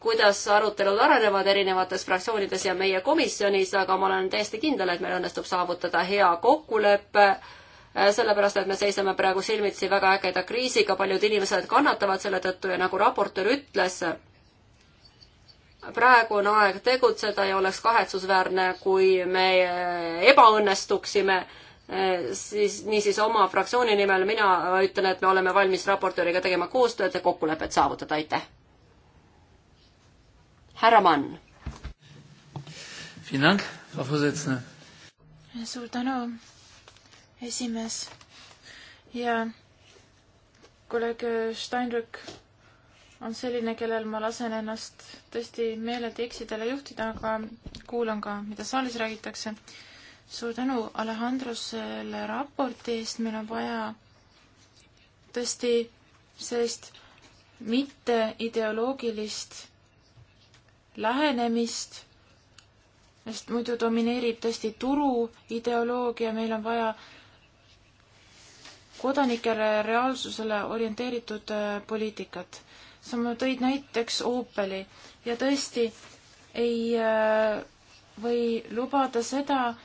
kuidas arutelud arenevad erinevates fraktsioonides ja meie komisjonis, aga ma olen täiesti kindel, et meil õnnestub saavutada hea kokkulepe, äh, sellepärast et me seisame praegu silmitsi väga ägeda kriisiga, paljud inimesed kannatavad selle tõttu ja nagu raportöör ütles, praegu on aeg tegutseda ja oleks kahetsusväärne, kui me äh, ebaõnnestuksime äh, siis niisiis oma fraktsiooni nimel mina ütlen, et me oleme valmis raportööriga tegema koostööd ja kokkulepet saavutada, aitäh! härra Mann. suur tänu, esimees ja kolleeg Steinrück on selline, kellel ma lasen ennast tõesti meeleldi eksidele juhtida, aga kuulan ka, mida saalis räägitakse. suur tänu Alejandro selle raporti eest, meil on vaja tõesti sellist mitte ideoloogilist lähenemist, sest muidu domineerib tõesti turuideoloogia, meil on vaja kodanikele reaalsusele orienteeritud äh, poliitikat. sa tõid näiteks Opeli ja tõesti ei äh, või lubada seda,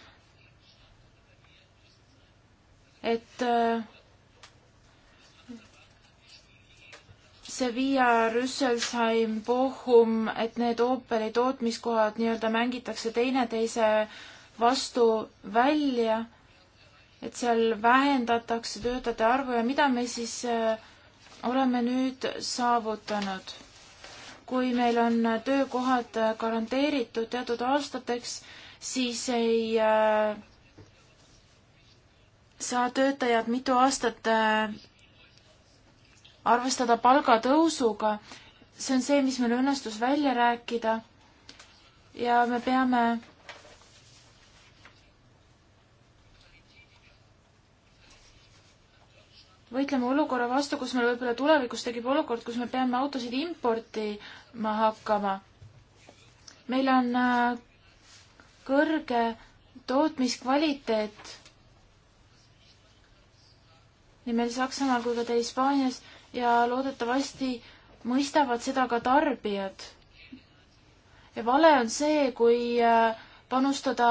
et äh, Sevilla, Rüsselsheim, Bochum, et need ooperi tootmiskohad nii-öelda mängitakse teineteise vastu välja, et seal vähendatakse töötajate arvu ja mida me siis äh, oleme nüüd saavutanud? kui meil on äh, töökohad äh, garanteeritud teatud aastateks, siis ei saa töötajad mitu aastat arvestada palgatõusuga, see on see, mis meil õnnestus välja rääkida ja me peame võitlema olukorra vastu, kus meil võib-olla tulevikus tekib olukord, kus me peame autosid importima hakkama. meil on äh, kõrge tootmiskvaliteet nii meil Saksamaal kui ka Hispaanias ja loodetavasti mõistavad seda ka tarbijad. ja vale on see, kui äh, panustada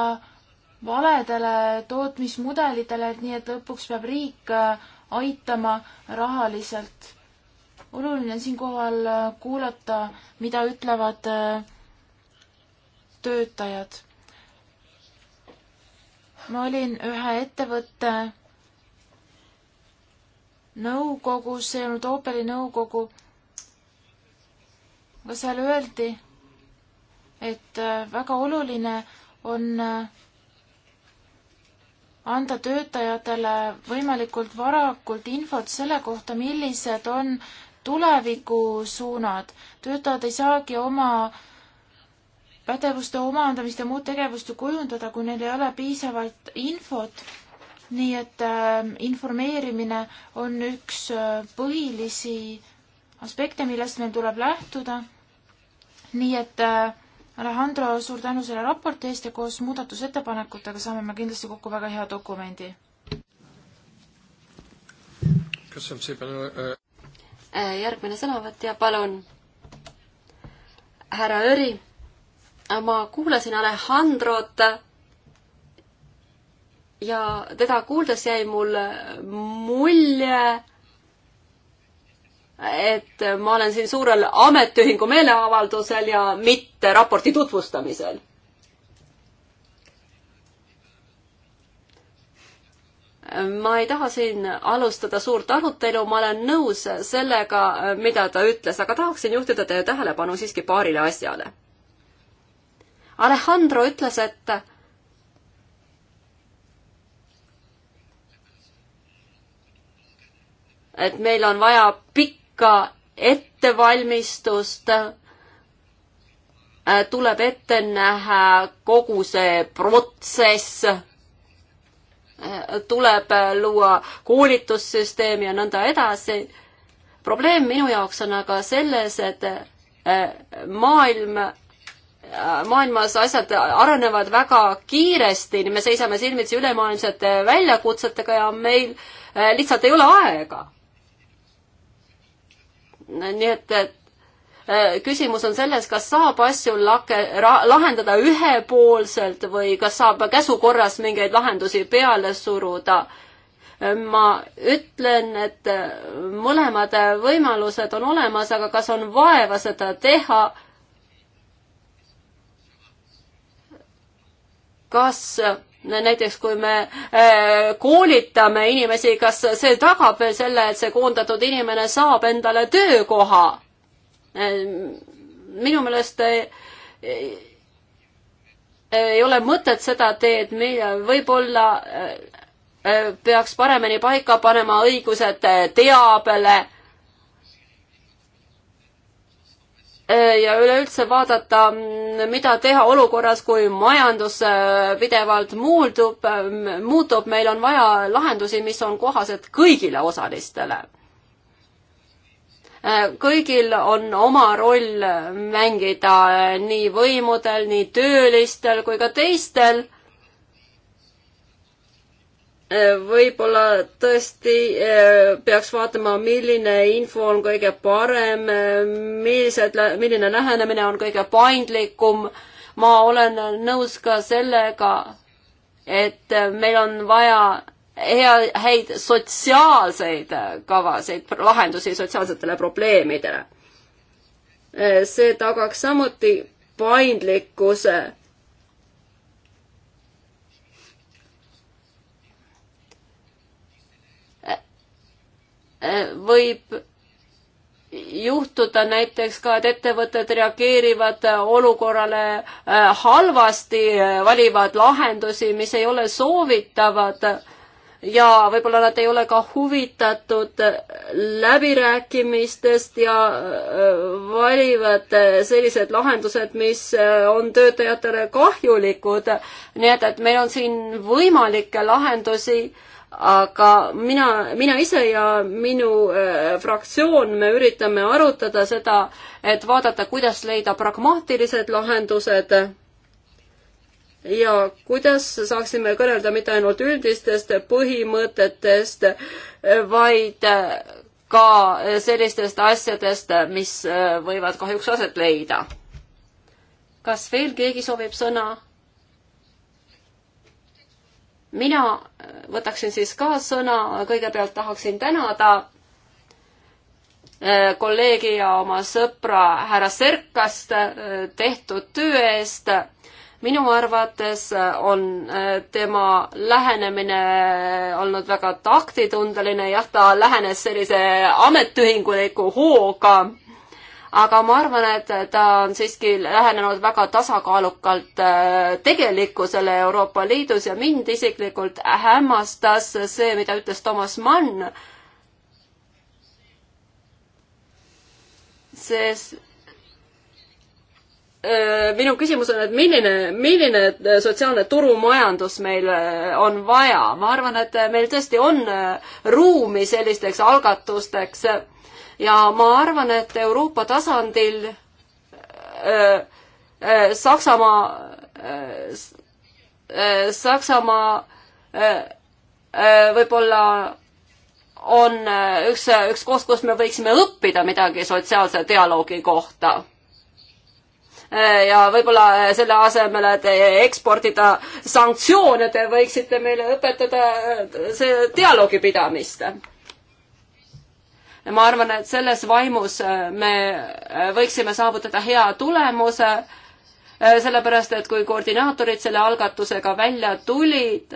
valedele tootmismudelitele, et nii, et lõpuks peab riik äh, aitama rahaliselt. oluline on siinkohal äh, kuulata, mida ütlevad töötajad. ma olin ühe ettevõtte nõukogus, see ei olnud ooperi nõukogu, aga seal öeldi, et äh, väga oluline on äh, anda töötajatele võimalikult varakult infot selle kohta, millised on tulevikusuunad. töötajad ei saagi oma pädevuste omandamist ja muud tegevust ju kujundada, kui neil ei ole piisavalt infot nii et ähm, informeerimine on üks äh, põhilisi aspekte, millest meil tuleb lähtuda. nii et äh, Alejandro, suur tänu selle raporti eest ja koos muudatusettepanekutega saame me kindlasti kokku väga hea dokumendi. Äh, järgmine sõnavõtja, palun. härra Öri, ma kuulasin Alejandrot ja teda kuuldes jäi mul mulje, et ma olen siin suurel ametiühingu meeleavaldusel ja mitte raporti tutvustamisel. ma ei taha siin alustada suurt arutelu, ma olen nõus sellega, mida ta ütles, aga tahaksin juhtida teie tähelepanu siiski paarile asjale. Alejandro ütles, et et meil on vaja pikka ettevalmistust, äh, tuleb ette näha kogu see protsess, äh, tuleb äh, luua koolitussüsteem ja nõnda edasi. probleem minu jaoks on aga selles, et maailm maailmas asjad arenevad väga kiiresti, me seisame silmitsi ülemaailmsete väljakutsetega ja meil lihtsalt ei ole aega nii et, et äh, küsimus on selles, kas saab asju lake, lahendada ühepoolselt või kas saab käsu korras mingeid lahendusi peale suruda. ma ütlen, et äh, mõlemad võimalused on olemas, aga kas on vaeva seda teha kas näiteks kui me äh, koolitame inimesi, kas see tagab veel selle, et see koondatud inimene saab endale töökoha? Äh, minu meelest ei, äh, ei ole mõtet seda teed, võib-olla peaks paremini paika panema õigused teabele Äh, ja üleüldse vaadata, mm, mida teha olukorras, kui majandus äh, pidevalt muuldub, äh, muutub, meil on vaja lahendusi, mis on kohased kõigile osalistele. kõigil on oma roll mängida nii võimudel, nii töölistel kui ka teistel Äh, võib-olla tõesti äh, peaks vaatama, milline info on kõige parem, äh, millised, milline lähenemine on kõige paindlikum. ma olen nõus ka sellega, et meil on vaja hea, häid sotsiaalseid kavasid, lahendusi sotsiaalsetele probleemidele. see tagaks samuti paindlikkuse võib juhtuda näiteks ka, et ettevõtted reageerivad olukorrale äh, halvasti, äh, valivad lahendusi, mis ei ole soovitavad ja võib-olla nad ei ole ka huvitatud äh, läbirääkimistest ja valivad sellised lahendused, mis on töötajatele kahjulikud. nii et, et meil on siin võimalikke lahendusi äh, aga mina, mina ise ja minu äh, fraktsioon, me üritame arutada seda, et vaadata, kuidas leida pragmaatilised lahendused ja kuidas saaksime kõnelda mitte ainult üldistest põhimõtetest, vaid ka sellistest asjadest, mis äh, võivad kahjuks aset leida. kas veel keegi soovib sõna? mina võtaksin siis ka sõna, kõigepealt tahaksin tänada äh, kolleegi ja oma sõpra härra Serkast äh, tehtud töö eest. minu arvates äh, on tema lähenemine olnud väga taktitundeline, jah, ta lähenes sellise ametiühinguliku hooga aga ma arvan, et ta on siiski lähenenud väga tasakaalukalt äh, tegelikkusele Euroopa Liidus ja mind isiklikult hämmastas see, mida ütles Thomas Mann. sest äh, minu küsimus on, et milline, milline äh, sotsiaalne turumajandus meil on vaja? ma arvan, et meil tõesti on ruumi sellisteks algatusteks ja ma arvan, et Euroopa tasandil äh, äh, Saksamaa äh,, äh Saksamaa äh, äh, võib-olla on üks, üks koht, kus me võiksime õppida midagi sotsiaalse dialoogi kohta ja võib-olla selle asemel, et eksportida sanktsioone, te võiksite meile õpetada see dialoogi pidamist ma arvan, et selles vaimus äh, me äh, võiksime saavutada hea tulemuse, äh, sellepärast et kui koordinaatorid selle algatusega välja tulid,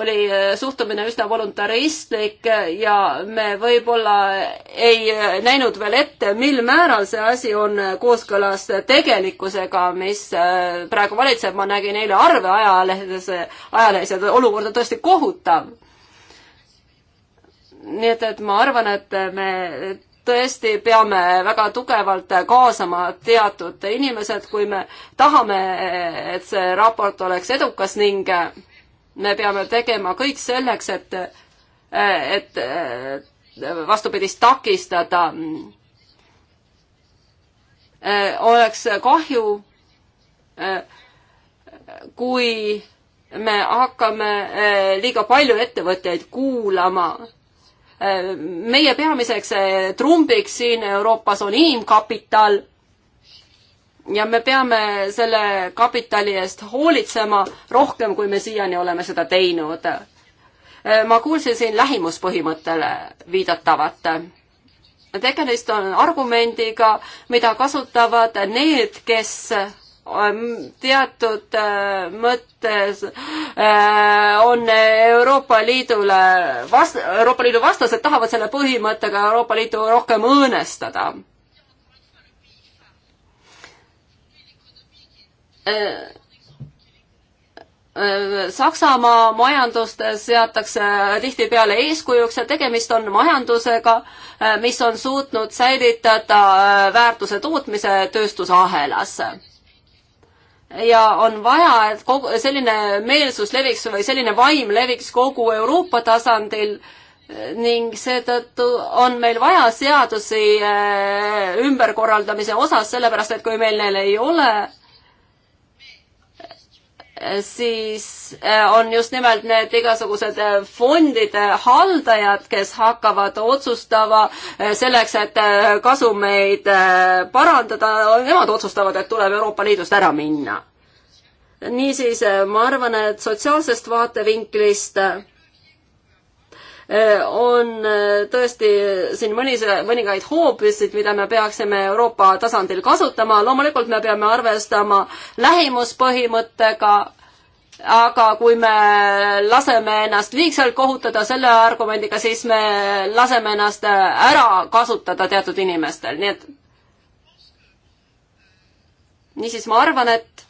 oli suhtumine üsna voluntaristlik ja me võib-olla ei näinud veel ette, mil määral see asi on kooskõlas tegelikkusega, mis praegu valitseb, ma nägin eile arve ajalehes, ajalehes ja olukord on tõesti kohutav nii et, et ma arvan, et me tõesti peame väga tugevalt kaasama teatud inimesed, kui me tahame, et see raport oleks edukas ning me peame tegema kõik selleks, et, et vastupidist takistada. oleks kahju, kui me hakkame liiga palju ettevõtjaid kuulama meie peamiseks eh, trumbiks siin Euroopas on inimkapital ja me peame selle kapitali eest hoolitsema rohkem, kui me siiani oleme seda teinud. Eh, ma kuulsin siin lähimuspõhimõttele viidatavat. tegemist on argumendiga, mida kasutavad need, kes teatud äh, mõttes äh, on Euroopa Liidule vast-, Euroopa Liidu vastased tahavad selle põhimõttega Euroopa Liitu rohkem õõnestada. Äh, Saksamaa majandust seatakse tihtipeale eeskujuks ja tegemist on majandusega, mis on suutnud säilitada väärtuse tootmise tööstusahelas ja on vaja, et kogu selline meelsus leviks või selline vaim leviks kogu Euroopa tasandil eh, ning seetõttu on meil vaja seadusi eh, ümberkorraldamise osas, sellepärast et kui meil neil ei ole, Äh, siis äh, on just nimelt need igasugused äh, fondide haldajad, kes hakkavad otsustama selleks, et kasumeid parandada, nemad otsustavad, et tuleb Euroopa Liidust ära minna. niisiis, ma arvan, et sotsiaalsest vaatevinklist on äh, tõesti siin mõni, mõningaid hoobisid, mida me peaksime Euroopa tasandil kasutama, loomulikult me peame arvestama lähimuspõhimõttega, aga kui me laseme ennast liigselt kohutada selle argumendiga, siis me laseme ennast ära kasutada teatud inimestel, nii et niisiis ma arvan, et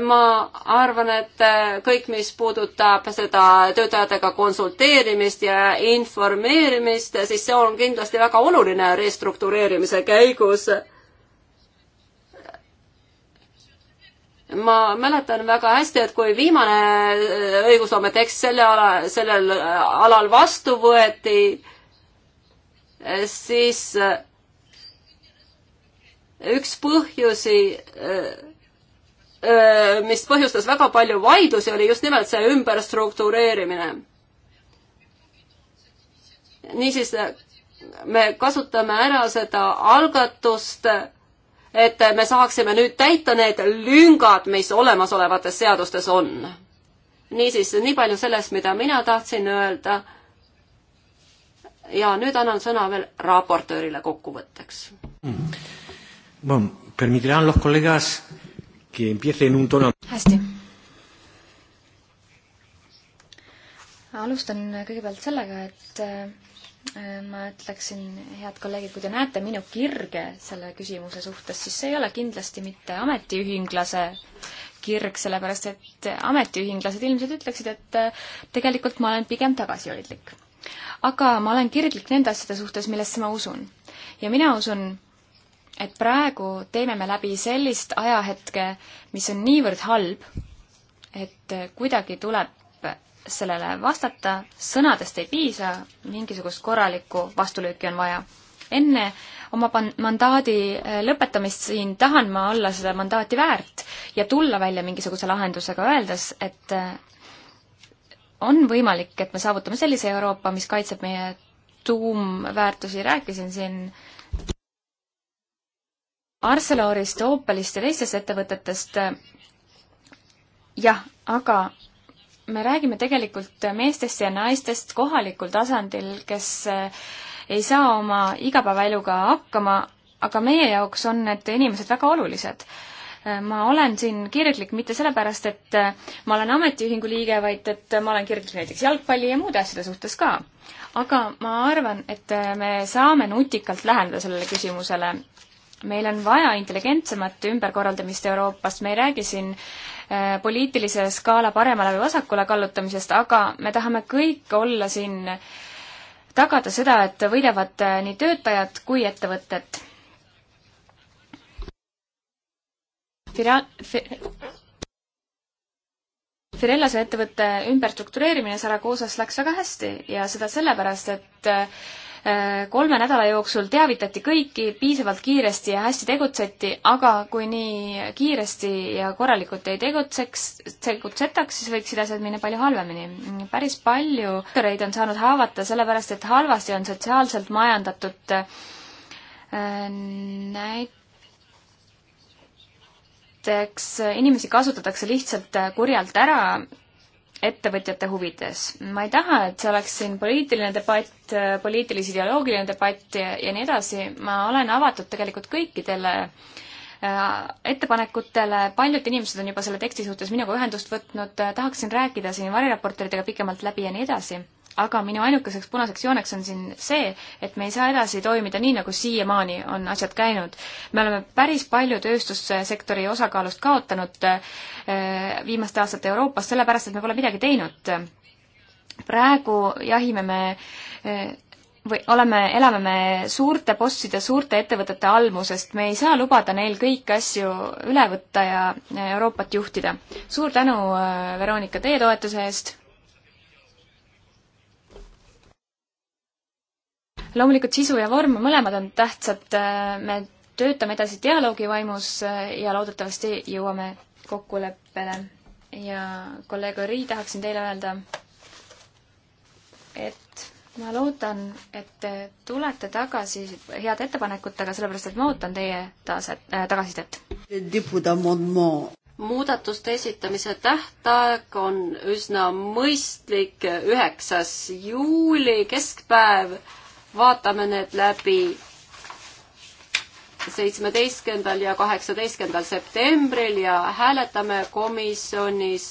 ma arvan, et äh, kõik, mis puudutab seda töötajatega konsulteerimist ja informeerimist, siis see on kindlasti väga oluline restruktureerimise käigus. ma mäletan väga hästi, et kui viimane äh, õigusloome tekst selle ala, sellel alal vastu võeti, äh, siis üks põhjusi Äh, mis põhjustas väga palju vaidlusi, oli just nimelt see ümberstruktureerimine. niisiis, me kasutame ära seda algatust, et me saaksime nüüd täita need lüngad, mis olemasolevates seadustes on. niisiis, nii palju sellest, mida mina tahtsin öelda. ja nüüd annan sõna veel raportöörile kokkuvõtteks mm.. Bon, permitirán los colegas que empiece en un tono. hästi. alustan kõigepealt sellega, et äh, ma ütleksin, head kolleegid, kui te näete minu kirge selle küsimuse suhtes, siis see ei ole kindlasti mitte ametiühinglase kirg, sellepärast et ametiühinglased ilmselt ütleksid, et äh, tegelikult ma olen pigem tagasihoidlik. aga ma olen kirglik nende asjade suhtes, millesse ma usun. ja mina usun et praegu teeme me läbi sellist ajahetke, mis on niivõrd halb, et kuidagi tuleb sellele vastata, sõnadest ei piisa, mingisugust korralikku vastulööki on vaja. enne oma pan-, mandaadi äh, lõpetamist siin tahan ma olla seda mandaati väärt ja tulla välja mingisuguse lahendusega, öeldes, et äh, on võimalik, et me saavutame sellise Euroopa, mis kaitseb meie tuumväärtusi, rääkisin siin äh, Arcelorist, Opelist ja teistest ettevõtetest. jah, aga me räägime tegelikult meestest ja naistest kohalikul tasandil, kes eh, ei saa oma igapäevaeluga hakkama, aga meie jaoks on need inimesed väga olulised eh, ma olen siin kirglik mitte sellepärast, et eh, ma olen ametiühingu liige, vaid et ma olen kirglik näiteks jalgpalli ja muude asjade suhtes ka. aga ma arvan, et me saame nutikalt läheneda sellele küsimusele meil on vaja intelligentsemat ümberkorraldamist Euroopast, me ei räägi siin äh, poliitilise skaala paremale või vasakule kallutamisest, aga me tahame kõik olla siin, tagada seda, et võidavad äh, nii töötajad kui ettevõtted. Fira-, fi-, Firellase ettevõtte ümberstruktureerimine Saragoosas läks väga hästi ja seda sellepärast, et äh, Äh, kolme nädala jooksul teavitati kõiki piisavalt kiiresti ja hästi tegutseti, aga kui nii kiiresti ja korralikult ei tegutseks, tegutsetaks, siis võiksid asjad minna palju halvemini. päris palju doktoreid on saanud haavata sellepärast, et halvasti on sotsiaalselt majandatud äh, näiteks inimesi kasutatakse lihtsalt kurjalt ära ettevõtjate huvides. ma ei taha, et see oleks siin poliitiline debatt, poliitilis-ideoloogiline debatt ja, ja nii edasi, ma olen avatud tegelikult kõikidele äh, ettepanekutele, paljud inimesed on juba selle teksti suhtes minuga ühendust võtnud, tahaksin rääkida siin variraportoritega pikemalt läbi ja nii edasi aga minu ainukeseks punaseks jooneks on siin see, et me ei saa edasi toimida nii, nagu siiamaani on asjad käinud. me oleme päris palju tööstussektori osakaalust kaotanud äh, viimaste aastate Euroopas, sellepärast et me pole midagi teinud. praegu jahime me äh, või oleme, elame me suurte bosside, suurte ettevõtete allmusest, me ei saa lubada neil kõiki asju üle võtta ja Euroopat juhtida. suur tänu, äh, Veronika, teie toetuse eest loomulikult sisu ja vorm, mõlemad on tähtsad, me töötame edasi dialoogi vaimus ja loodetavasti jõuame kokkuleppele. ja kolleeg Ori, tahaksin teile öelda, et ma loodan, et te tulete tagasi heade ettepanekutega, sellepärast et ma ootan teie taas-, äh, tagasisidet. muudatuste esitamise tähtaeg on üsna mõistlik, üheksas juuli, keskpäev vaatame need läbi seitsmeteistkümnendal ja kaheksateistkümnendal septembril ja hääletame komisjonis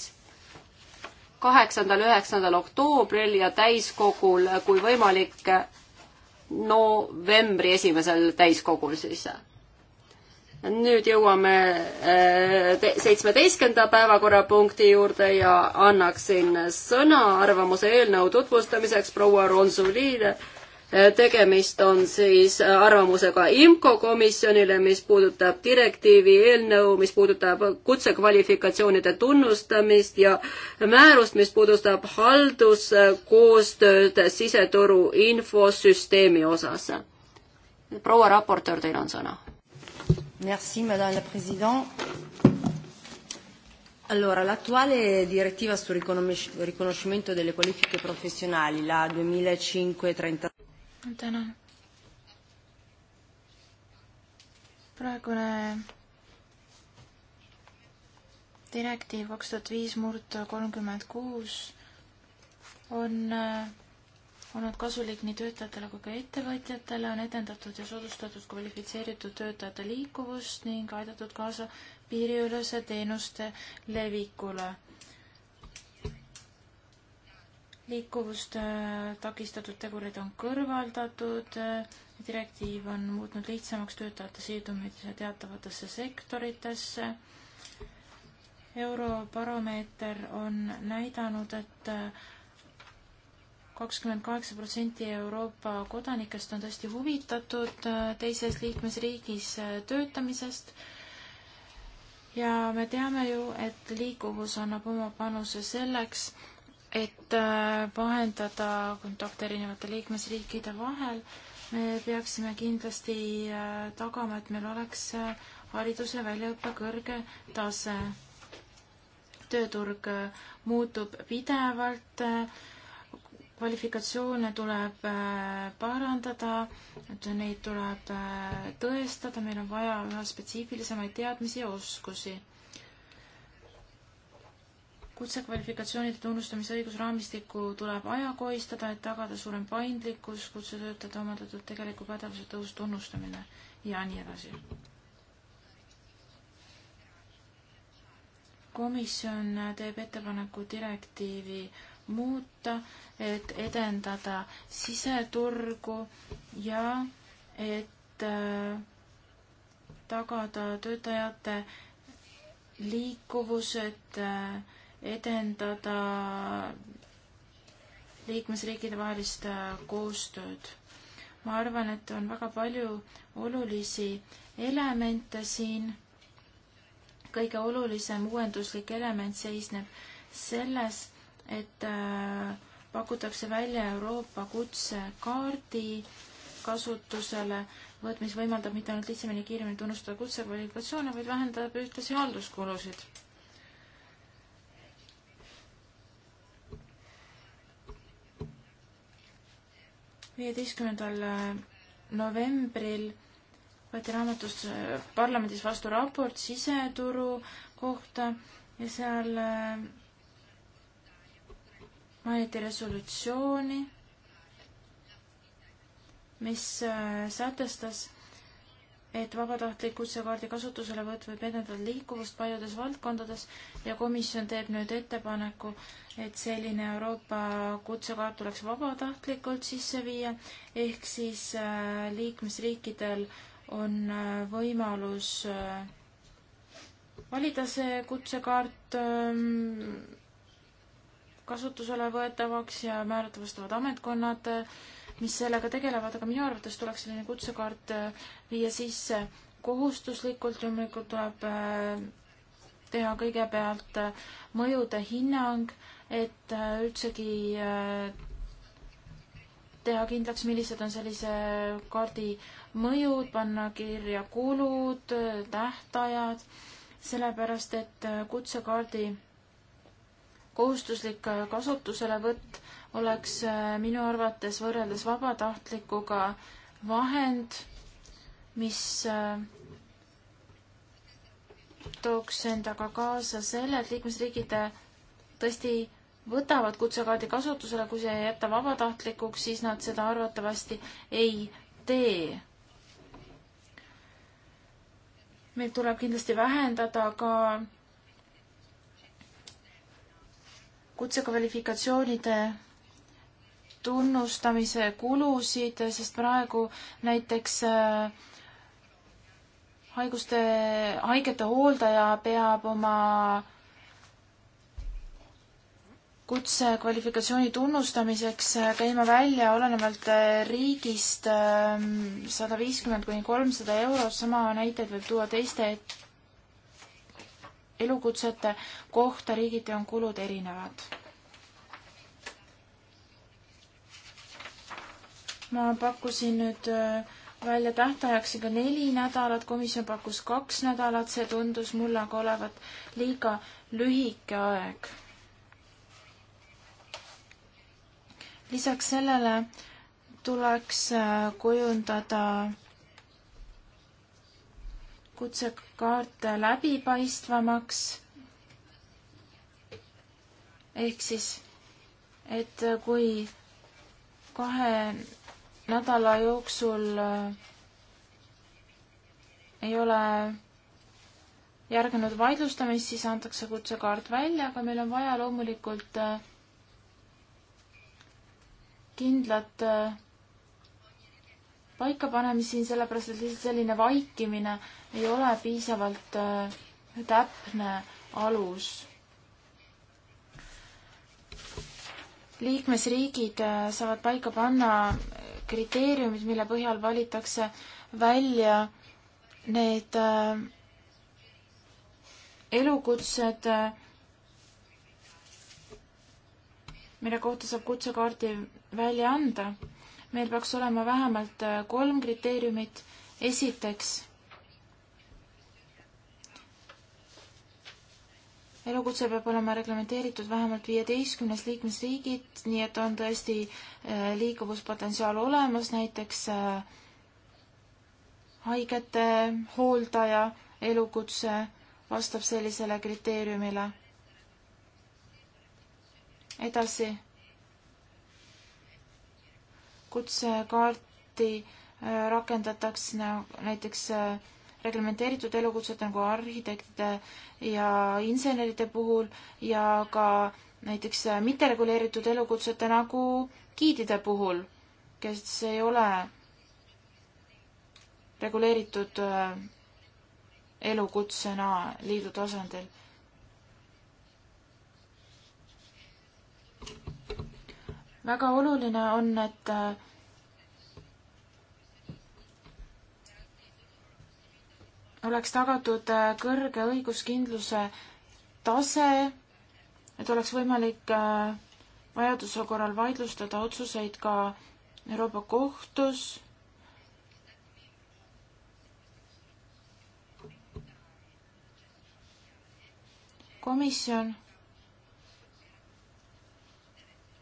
kaheksandal, üheksandal oktoobril ja täiskogul, kui võimalik, novembri esimesel täiskogul siis. nüüd jõuame äh, seitsmeteistkümnenda päevakorrapunkti juurde ja annaksin sõna arvamuse eelnõu tutvustamiseks proua Ronsulile tegemist on siis arvamusega IMCO komisjonile, mis puudutab direktiivi eelnõu, mis puudutab kutsekvalifikatsioonide tunnustamist ja määrust, mis puudutab halduskoostööd siseturu infosüsteemi osas. proua raportöör, teil on sõna. Merci, madame la president. Allora, l'attuale direttiva sul riconoscimento delle qualifiche professionali, la 2005-30, tänan. praegune direktiiv kaks tuhat viis murd kolmkümmend kuus äh, on olnud kasulik nii töötajatele kui ka ettevõtjatele, on edendatud ja soodustatud kvalifitseeritud töötajate liikuvust ning aidatud kaasa piiriülese teenuste levikule liikuvust äh, takistatud tegurid on kõrvaldatud, äh, direktiiv on muutnud lihtsamaks töötajate siirdumise teatavatesse sektoritesse. eurobaromeeter on näidanud et, et äh, kakskümmend kaheksa protsenti Euroopa kodanikest on tõesti huvitatud teises liikmesriigis töötamisest ja me teame ju, et liikuvus annab oma panuse selleks, et äh, vahendada kontakte erinevate liikmesriikide vahel, me peaksime kindlasti äh, tagama, et meil oleks äh, hariduse väljaõppe kõrge tase. tööturg muutub pidevalt, kvalifikatsioone tuleb parandada, et neid tuleb tõestada, meil on vaja üha spetsiifilisemaid teadmisi ja oskusi kutsekvalifikatsioonide tunnustamise õigusraamistikku tuleb ajakohistada, et tagada suurem paindlikkus, kutsetöötajate omandatud tegeliku pädevuse tõus tunnustamine ja nii edasi. komisjon teeb ettepaneku direktiivi muuta, et edendada siseturgu ja et äh, tagada töötajate liikuvus, et äh, edendada liikmesriikide vahelist äh, koostööd. ma arvan, et on väga palju olulisi elemente siin. kõige olulisem uuenduslik element seisneb selles, et äh, pakutakse välja Euroopa kutsekaardi kasutusele, vot mis võimaldab mitte ainult lihtsamini ja kiiremini tunnustada kutsekvalifikatsioone, vaid vähendab ühtlasi halduskulusid viieteistkümnendal äh, novembril võeti raamatust äh, parlamendis vastu raport siseturu kohta ja seal äh, mainiti resolutsiooni, mis sätestas, et vabatahtlik kutsekaardi kasutuselevõtt võib edendada liikuvust paljudes valdkondades ja komisjon teeb nüüd ettepaneku, et selline Euroopa kutsekaart tuleks vabatahtlikult sisse viia, ehk siis äh, liikmesriikidel on äh, võimalus äh, valida see kutsekaart ähm, kasutusele võetavaks ja määrata vastavad ametkonnad äh, mis sellega tegelevad, aga minu arvates tuleks selline kutsekaart äh, viia sisse kohustuslikult, loomulikult tuleb äh, teha kõigepealt äh, mõjude hinnang, et üldsegi teha kindlaks, millised on sellise kaardi mõjud, panna kirja kulud, tähtajad, sellepärast et kutsekaardi kohustuslik kasutuselevõtt oleks äh, minu arvates võrreldes vabatahtlikuga vahend, mis äh, tooks endaga kaasa selle, et liikmesriigid äh, tõesti võtavad kutsekaardi kasutusele, kui see ei jäta vabatahtlikuks, siis nad seda arvatavasti ei tee. meil tuleb kindlasti vähendada ka kutsekvalifikatsioonide tunnustamise kulusid, sest praegu näiteks äh, haiguste, haigete hooldaja peab oma kutsekvalifikatsiooni tunnustamiseks äh, käima välja olenevalt äh, riigist ähm, sada viiskümmend kuni kolmsada eurot, sama näiteid võib tuua teiste elukutsete kohta, riigiti on kulud erinevad ma pakkusin nüüd äh, välja tähtajaks ikka neli nädalat, komisjon pakkus kaks nädalat, see tundus mulle aga olevat liiga lühike aeg. lisaks sellele tuleks äh, kujundada kutsekaarte läbipaistvamaks ehk siis, et äh, kui kahe nädala jooksul äh, ei ole järgnenud vaidlustamist, siis antakse kutsekaart välja, aga meil on vaja loomulikult äh, kindlat äh, paikapanemist siin, sellepärast et lihtsalt selline vaikimine ei ole piisavalt täpne alus. liikmesriigid saavad paika panna kriteeriumid, mille põhjal valitakse välja need äh, elukutsed, äh, mille kohta saab kutsekaardi välja anda. meil peaks olema vähemalt äh, kolm kriteeriumit. esiteks elukutse peab olema reglementeeritud vähemalt viieteistkümnes liikmesriigid, nii et on tõesti äh, liikuvuspotentsiaal olemas, näiteks äh, haigete hooldaja elukutse vastab sellisele kriteeriumile. edasi. kutsekaarti äh, rakendatakse näiteks äh, reglementeeritud elukutsete nagu arhitektide ja inseneride puhul ja ka näiteks mittereguleeritud elukutsete nagu giidide puhul, kes ei ole reguleeritud äh, elukutsena liidu tasandil. väga oluline on, et äh, oleks tagatud äh, kõrge õiguskindluse tase, et oleks võimalik äh, vajaduse korral vaidlustada otsuseid ka Euroopa Kohtus. komisjon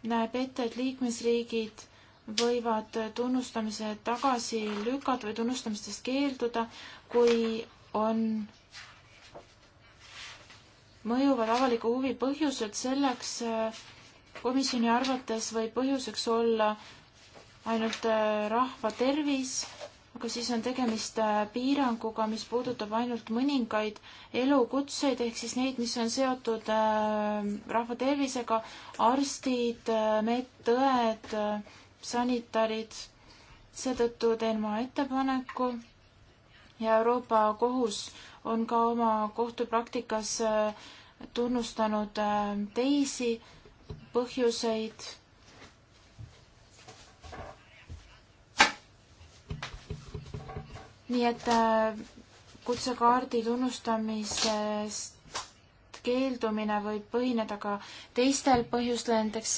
näeb ette, et liikmesriigid võivad tunnustamise tagasi lükata või tunnustamistest keelduda, kui on mõjuvad avaliku huvi põhjused, selleks äh, komisjoni arvates võib põhjuseks olla ainult äh, rahva tervis, aga siis on tegemist äh, piiranguga, mis puudutab ainult mõningaid elukutseid, ehk siis neid, mis on seotud rahva tervisega, arstid, medõed, sanitarid. seetõttu teen ma ettepaneku ja Euroopa Kohus on ka oma kohtupraktikas äh, tunnustanud äh, teisi põhjuseid. nii et äh, kutsekaardi tunnustamisest keeldumine võib põhineda ka teistel põhjustel, näiteks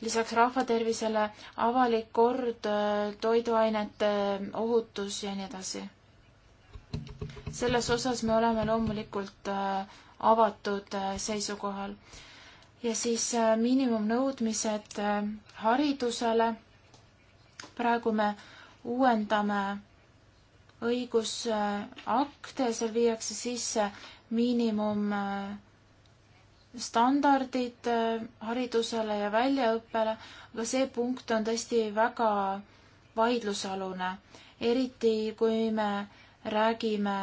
lisaks rahvatervisele avalik kord, toiduainete ohutus ja nii edasi. selles osas me oleme loomulikult äh, avatud äh, seisukohal. ja siis äh, miinimumnõudmised haridusele. praegu me uuendame õigusakte, seal viiakse sisse miinimum äh, standardid äh, haridusele ja väljaõppele, aga see punkt on tõesti väga vaidlusalune, eriti kui me räägime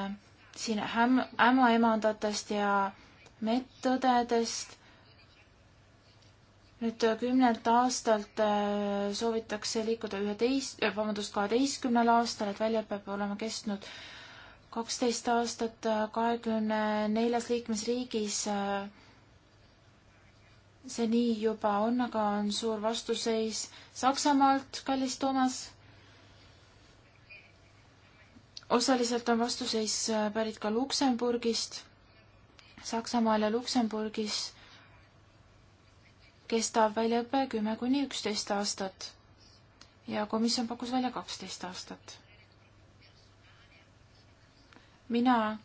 siin äm-, ämmaemandatest ja medõdedest. nüüd äh, kümnelt aastalt äh, soovitakse liikuda üheteist, vabandust, kaheteistkümnel aastal, et väljaõpe peab olema kestnud kaksteist aastat kahekümne neljas liikmesriigis äh, see nii juba on, aga on suur vastuseis Saksamaalt, kallis Toomas. osaliselt on vastuseis äh, pärit ka Luksemburgist. Saksamaal ja Luksemburgis kestab väljaõpe kümme kuni üksteist aastat ja komisjon pakkus välja kaksteist aastat. mina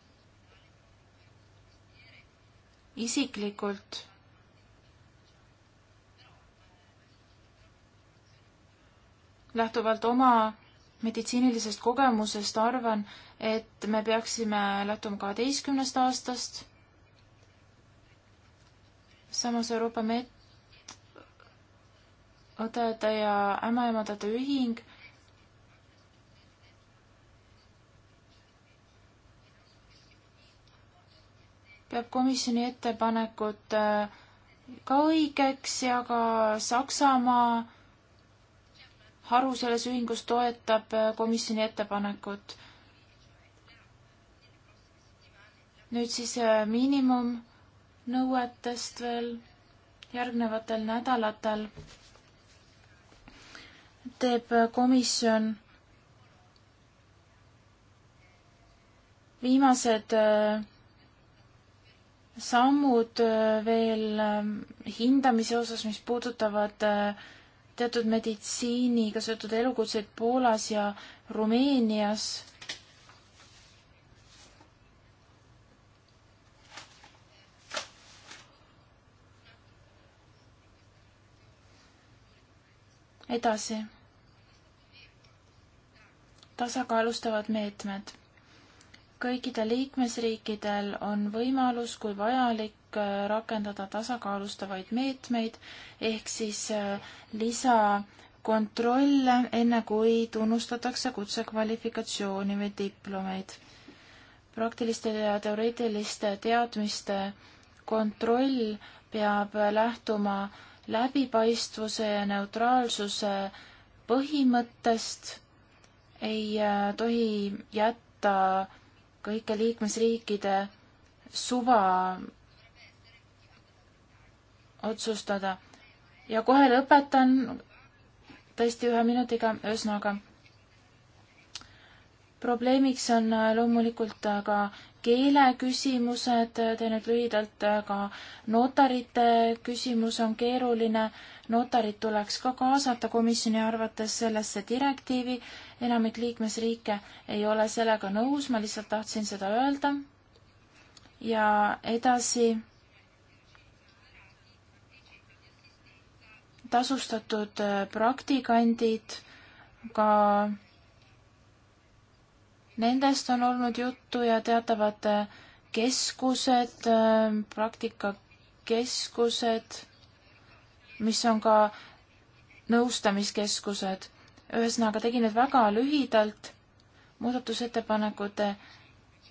isiklikult lähtuvalt oma meditsiinilisest kogemusest arvan, et me peaksime lähtuma kaheteistkümnest aastast. samas Euroopa Med-, õdede ja ämmaemadade ühing peab komisjoni ettepanekut äh, ka õigeks ja ka Saksamaa haru selles ühingus toetab äh, komisjoni ettepanekut. nüüd siis äh, miinimumnõuetest veel järgnevatel nädalatel teeb äh, komisjon viimased sammud veel hindamise osas, mis puudutavad äh, teatud meditsiiniga seotud elukutseid Poolas ja Rumeenias. edasi. tasakaalustavad meetmed kõikidel liikmesriikidel on võimalus, kui vajalik, rakendada tasakaalustavaid meetmeid ehk siis äh, lisakontrolle, enne kui tunnustatakse kutsekvalifikatsiooni või diplomeid. praktiliste ja teoreetiliste teadmiste kontroll peab lähtuma läbipaistvuse ja neutraalsuse põhimõttest, ei äh, tohi jätta kõike liikmesriikide suva otsustada. ja kohe lõpetan tõesti ühe minutiga, ühesõnaga probleemiks on loomulikult ka keeleküsimused, teen nüüd lühidalt, ka notarite küsimus on keeruline. notarid tuleks ka kaasata komisjoni arvates sellesse direktiivi. enamik liikmesriike ei ole sellega nõus, ma lihtsalt tahtsin seda öelda. ja edasi. tasustatud praktikandid, ka Nendest on olnud juttu ja teatavad äh, keskused, äh, praktikakeskused, mis on ka nõustamiskeskused. ühesõnaga, tegin need väga lühidalt. muudatusettepanekute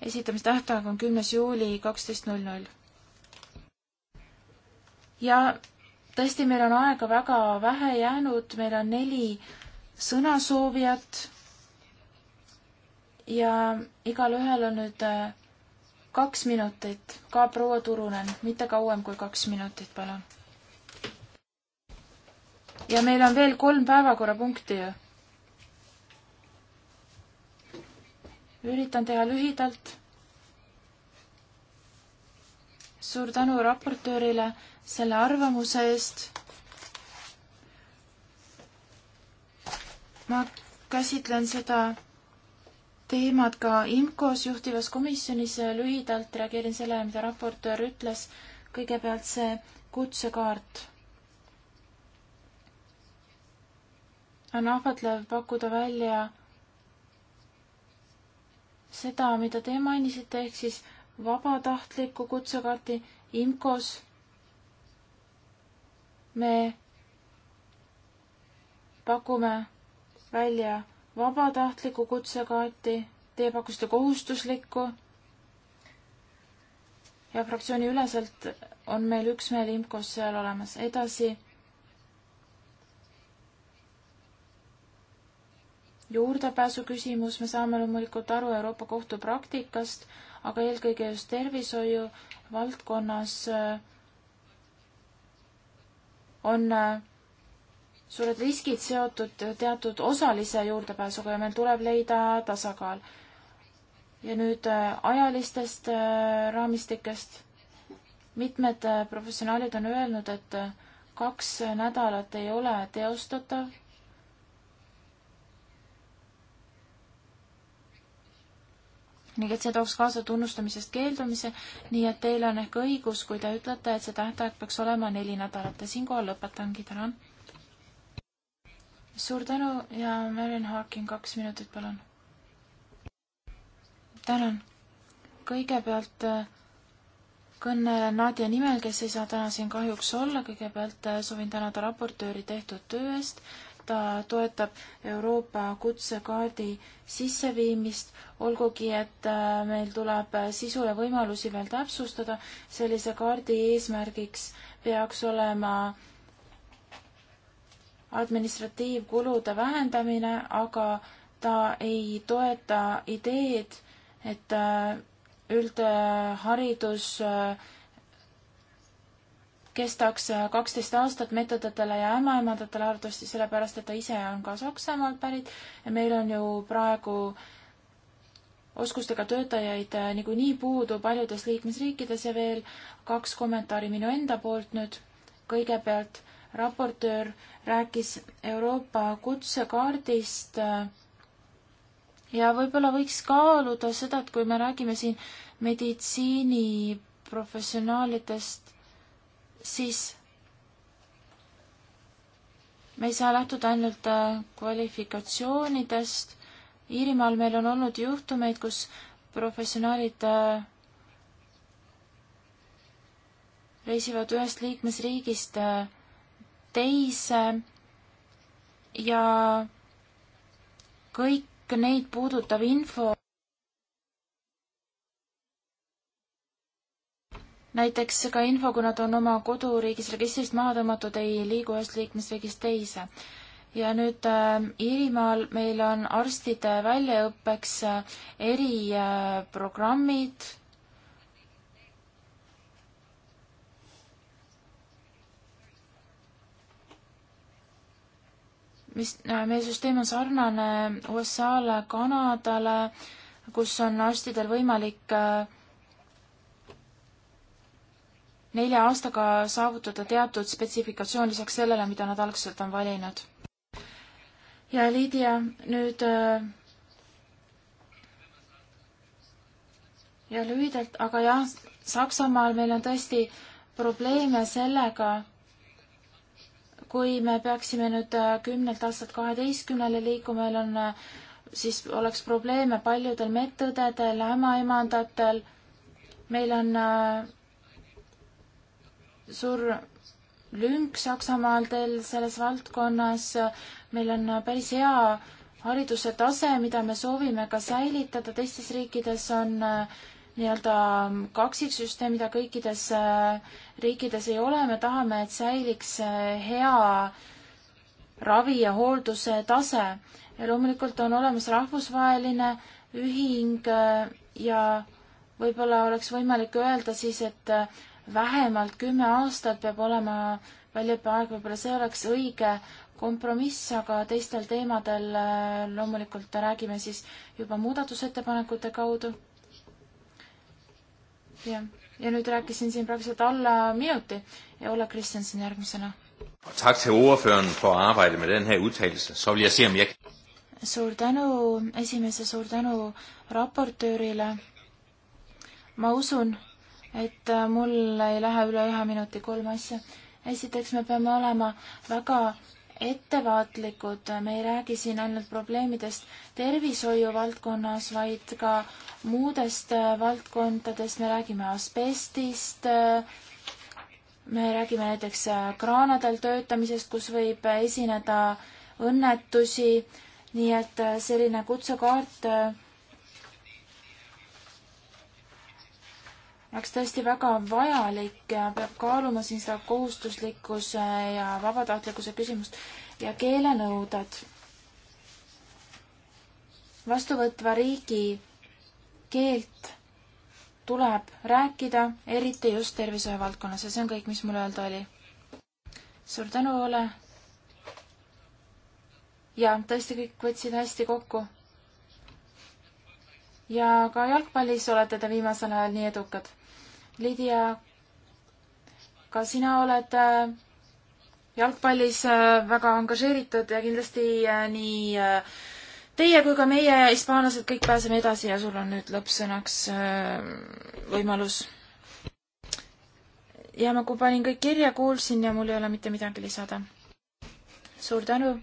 esitamise tähtaeg on kümnes juuli kaksteist null null. ja tõesti, meil on aega väga vähe jäänud, meil on neli sõnasoovijat ja igalühel on nüüd äh, kaks minutit, ka proua Turunen, mitte kauem kui kaks minutit, palun. ja meil on veel kolm päevakorrapunkti ju. üritan teha lühidalt. suur tänu raportöörile selle arvamuse eest. ma käsitlen seda teemad ka IMCO-s juhtivas komisjonis. lühidalt reageerin sellele, mida raportöör ütles. kõigepealt see kutsekaart. on ahvatlev pakkuda välja seda, mida te mainisite, ehk siis vabatahtliku kutsekaarti IMCO-s. me pakume välja vabatahtliku kutsekaarti, teie pakkusite kohustuslikku. ja fraktsiooni üleselt on meil üksmeel IMCO-s seal olemas. edasi. juurdepääsu küsimus, me saame loomulikult aru Euroopa Kohtu praktikast, aga eelkõige just tervishoiu valdkonnas äh, on äh, suured riskid seotud teatud osalise juurdepääsuga ja meil tuleb leida tasakaal. ja nüüd äh, ajalistest äh, raamistikest. mitmed äh, professionaalid on öelnud, et kaks nädalat ei ole teostatav. nii et see tooks kaasa tunnustamisest keeldumise, nii et teil on ehk õigus, kui te ütlete, et see tähtaeg peaks olema neli nädalat ja siinkohal lõpetangi, tänan suur tänu ja Marion Harkin, kaks minutit, palun. tänan. kõigepealt äh, kõnelen Nadia nimel, kes ei saa täna siin kahjuks olla, kõigepealt äh, soovin tänada raportööri tehtud töö eest ta toetab Euroopa kutsekaardi sisseviimist, olgugi et äh, meil tuleb sisu ja võimalusi veel täpsustada. sellise kaardi eesmärgiks peaks olema äh, administratiivkulude vähendamine, aga ta ei toeta ideed, et äh, üldharidus äh, kestaks äh, kaksteist aastat metadatele ja ämmaemandatele arvatavasti sellepärast, et ta ise on ka Saksamaalt pärit ja meil on ju praegu oskustega töötajaid niikuinii puudu paljudes liikmesriikides ja veel kaks kommentaari minu enda poolt nüüd. kõigepealt raportöör rääkis Euroopa kutsekaardist äh, ja võib-olla võiks kaaluda seda, et kui me räägime siin meditsiiniprofessionaalidest, siis me ei saa lähtuda ainult äh, kvalifikatsioonidest. Iirimaal meil on olnud juhtumeid, kus professionaalid äh, reisivad ühest liikmesriigist teise ja kõik neid puudutav info näiteks ka info, kui nad on oma koduriigis registrist maha tõmmatud, ei liigu ühest liikmesriigist teise. ja nüüd äh, Iirimaal meil on arstide väljaõppeks äh, eriprogrammid äh,, mis, äh, meie süsteem on sarnane USA-le, Kanadale, kus on arstidel võimalik äh, nelja aastaga saavutada teatud spetsifikatsioon lisaks sellele, mida nad algselt on valinud. ja Lydia, nüüd äh, ja lühidalt, aga jah, Saksamaal meil on tõesti probleeme sellega, kui me peaksime nüüd äh, kümnelt aastalt kaheteistkümnele liikuma, meil on, äh, siis oleks probleeme paljudel medõdedel, ämmaemandatel. meil on äh, suur lünk Saksamaal teil selles valdkonnas, meil on päris hea hariduse tase, mida me soovime ka säilitada, teistes riikides on äh, nii-öelda kaksiksüsteem, mida kõikides äh, riikides ei ole, me tahame, et säiliks äh, hea ravi ja hoolduse tase. ja loomulikult on olemas rahvusvaheline ühing äh, ja võib-olla oleks võimalik öelda siis, et vähemalt kümme aastat peab olema väljaõppeaeg, võib-olla see oleks õige kompromiss, aga teistel teemadel loomulikult räägime siis juba muudatusettepanekute kaudu jah, ja nüüd rääkisin siin praktiliselt alla minuti ja Olle Kristjanson järgmisena. suur tänu esimese, suur tänu raportöörile. ma usun, et mul ei lähe üle ühe minuti kolm asja. esiteks, me peame olema väga ettevaatlikud, me ei räägi siin ainult probleemidest tervishoiu valdkonnas, vaid ka muudest valdkondadest, me räägime asbestist, me räägime näiteks kraanadel töötamisest, kus võib esineda õnnetusi, nii et selline kutsekaart oleks tõesti väga vajalik ja peab kaaluma siin seda kohustuslikkuse ja vabatahtlikkuse küsimust ja keelenõuded. vastuvõtva riigi keelt tuleb rääkida, eriti just tervishoiu valdkonnas ja see on kõik, mis mul öelda oli. suur tänu, Ole. ja tõesti kõik võtsid hästi kokku. ja ka jalgpallis olete te viimasel ajal nii edukad Lydia, ka sina oled äh, jalgpallis äh, väga angažeeritud ja kindlasti äh, nii teie kui ka meie, hispaanlased, kõik pääseme edasi ja sul on nüüd lõppsõnaks võimalus. ja ma, kui panin kõik kirja, kuulsin ja mul ei ole mitte midagi lisada. suur tänu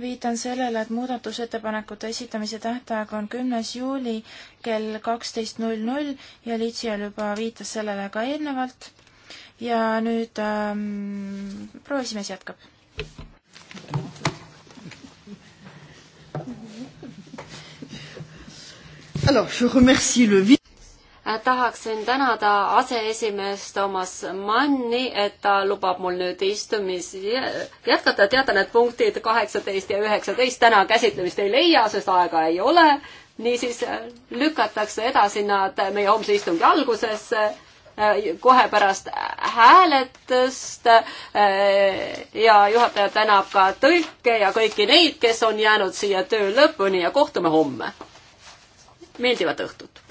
viitan sellele, et muudatusettepanekute esitamise tähtaeg on kümnes juuli kell kaksteist null null ja Liitsial juba viitas sellele ka eelnevalt. ja nüüd ähm, proua esimees jätkab. Alors, je remercie le tahaksin tänada aseesimees Toomas Manni, et ta lubab mul nüüd istumis jätkata. teatan, et punktid kaheksateist ja üheksateist täna käsitlemist ei leia, sest aega ei ole. niisiis äh, lükatakse edasi nad meie homse istungi algusesse äh, kohe pärast hääletust äh, ja juhataja tänab ka tõlke ja kõiki neid, kes on jäänud siia töö lõpuni ja kohtume homme. meeldivat õhtut!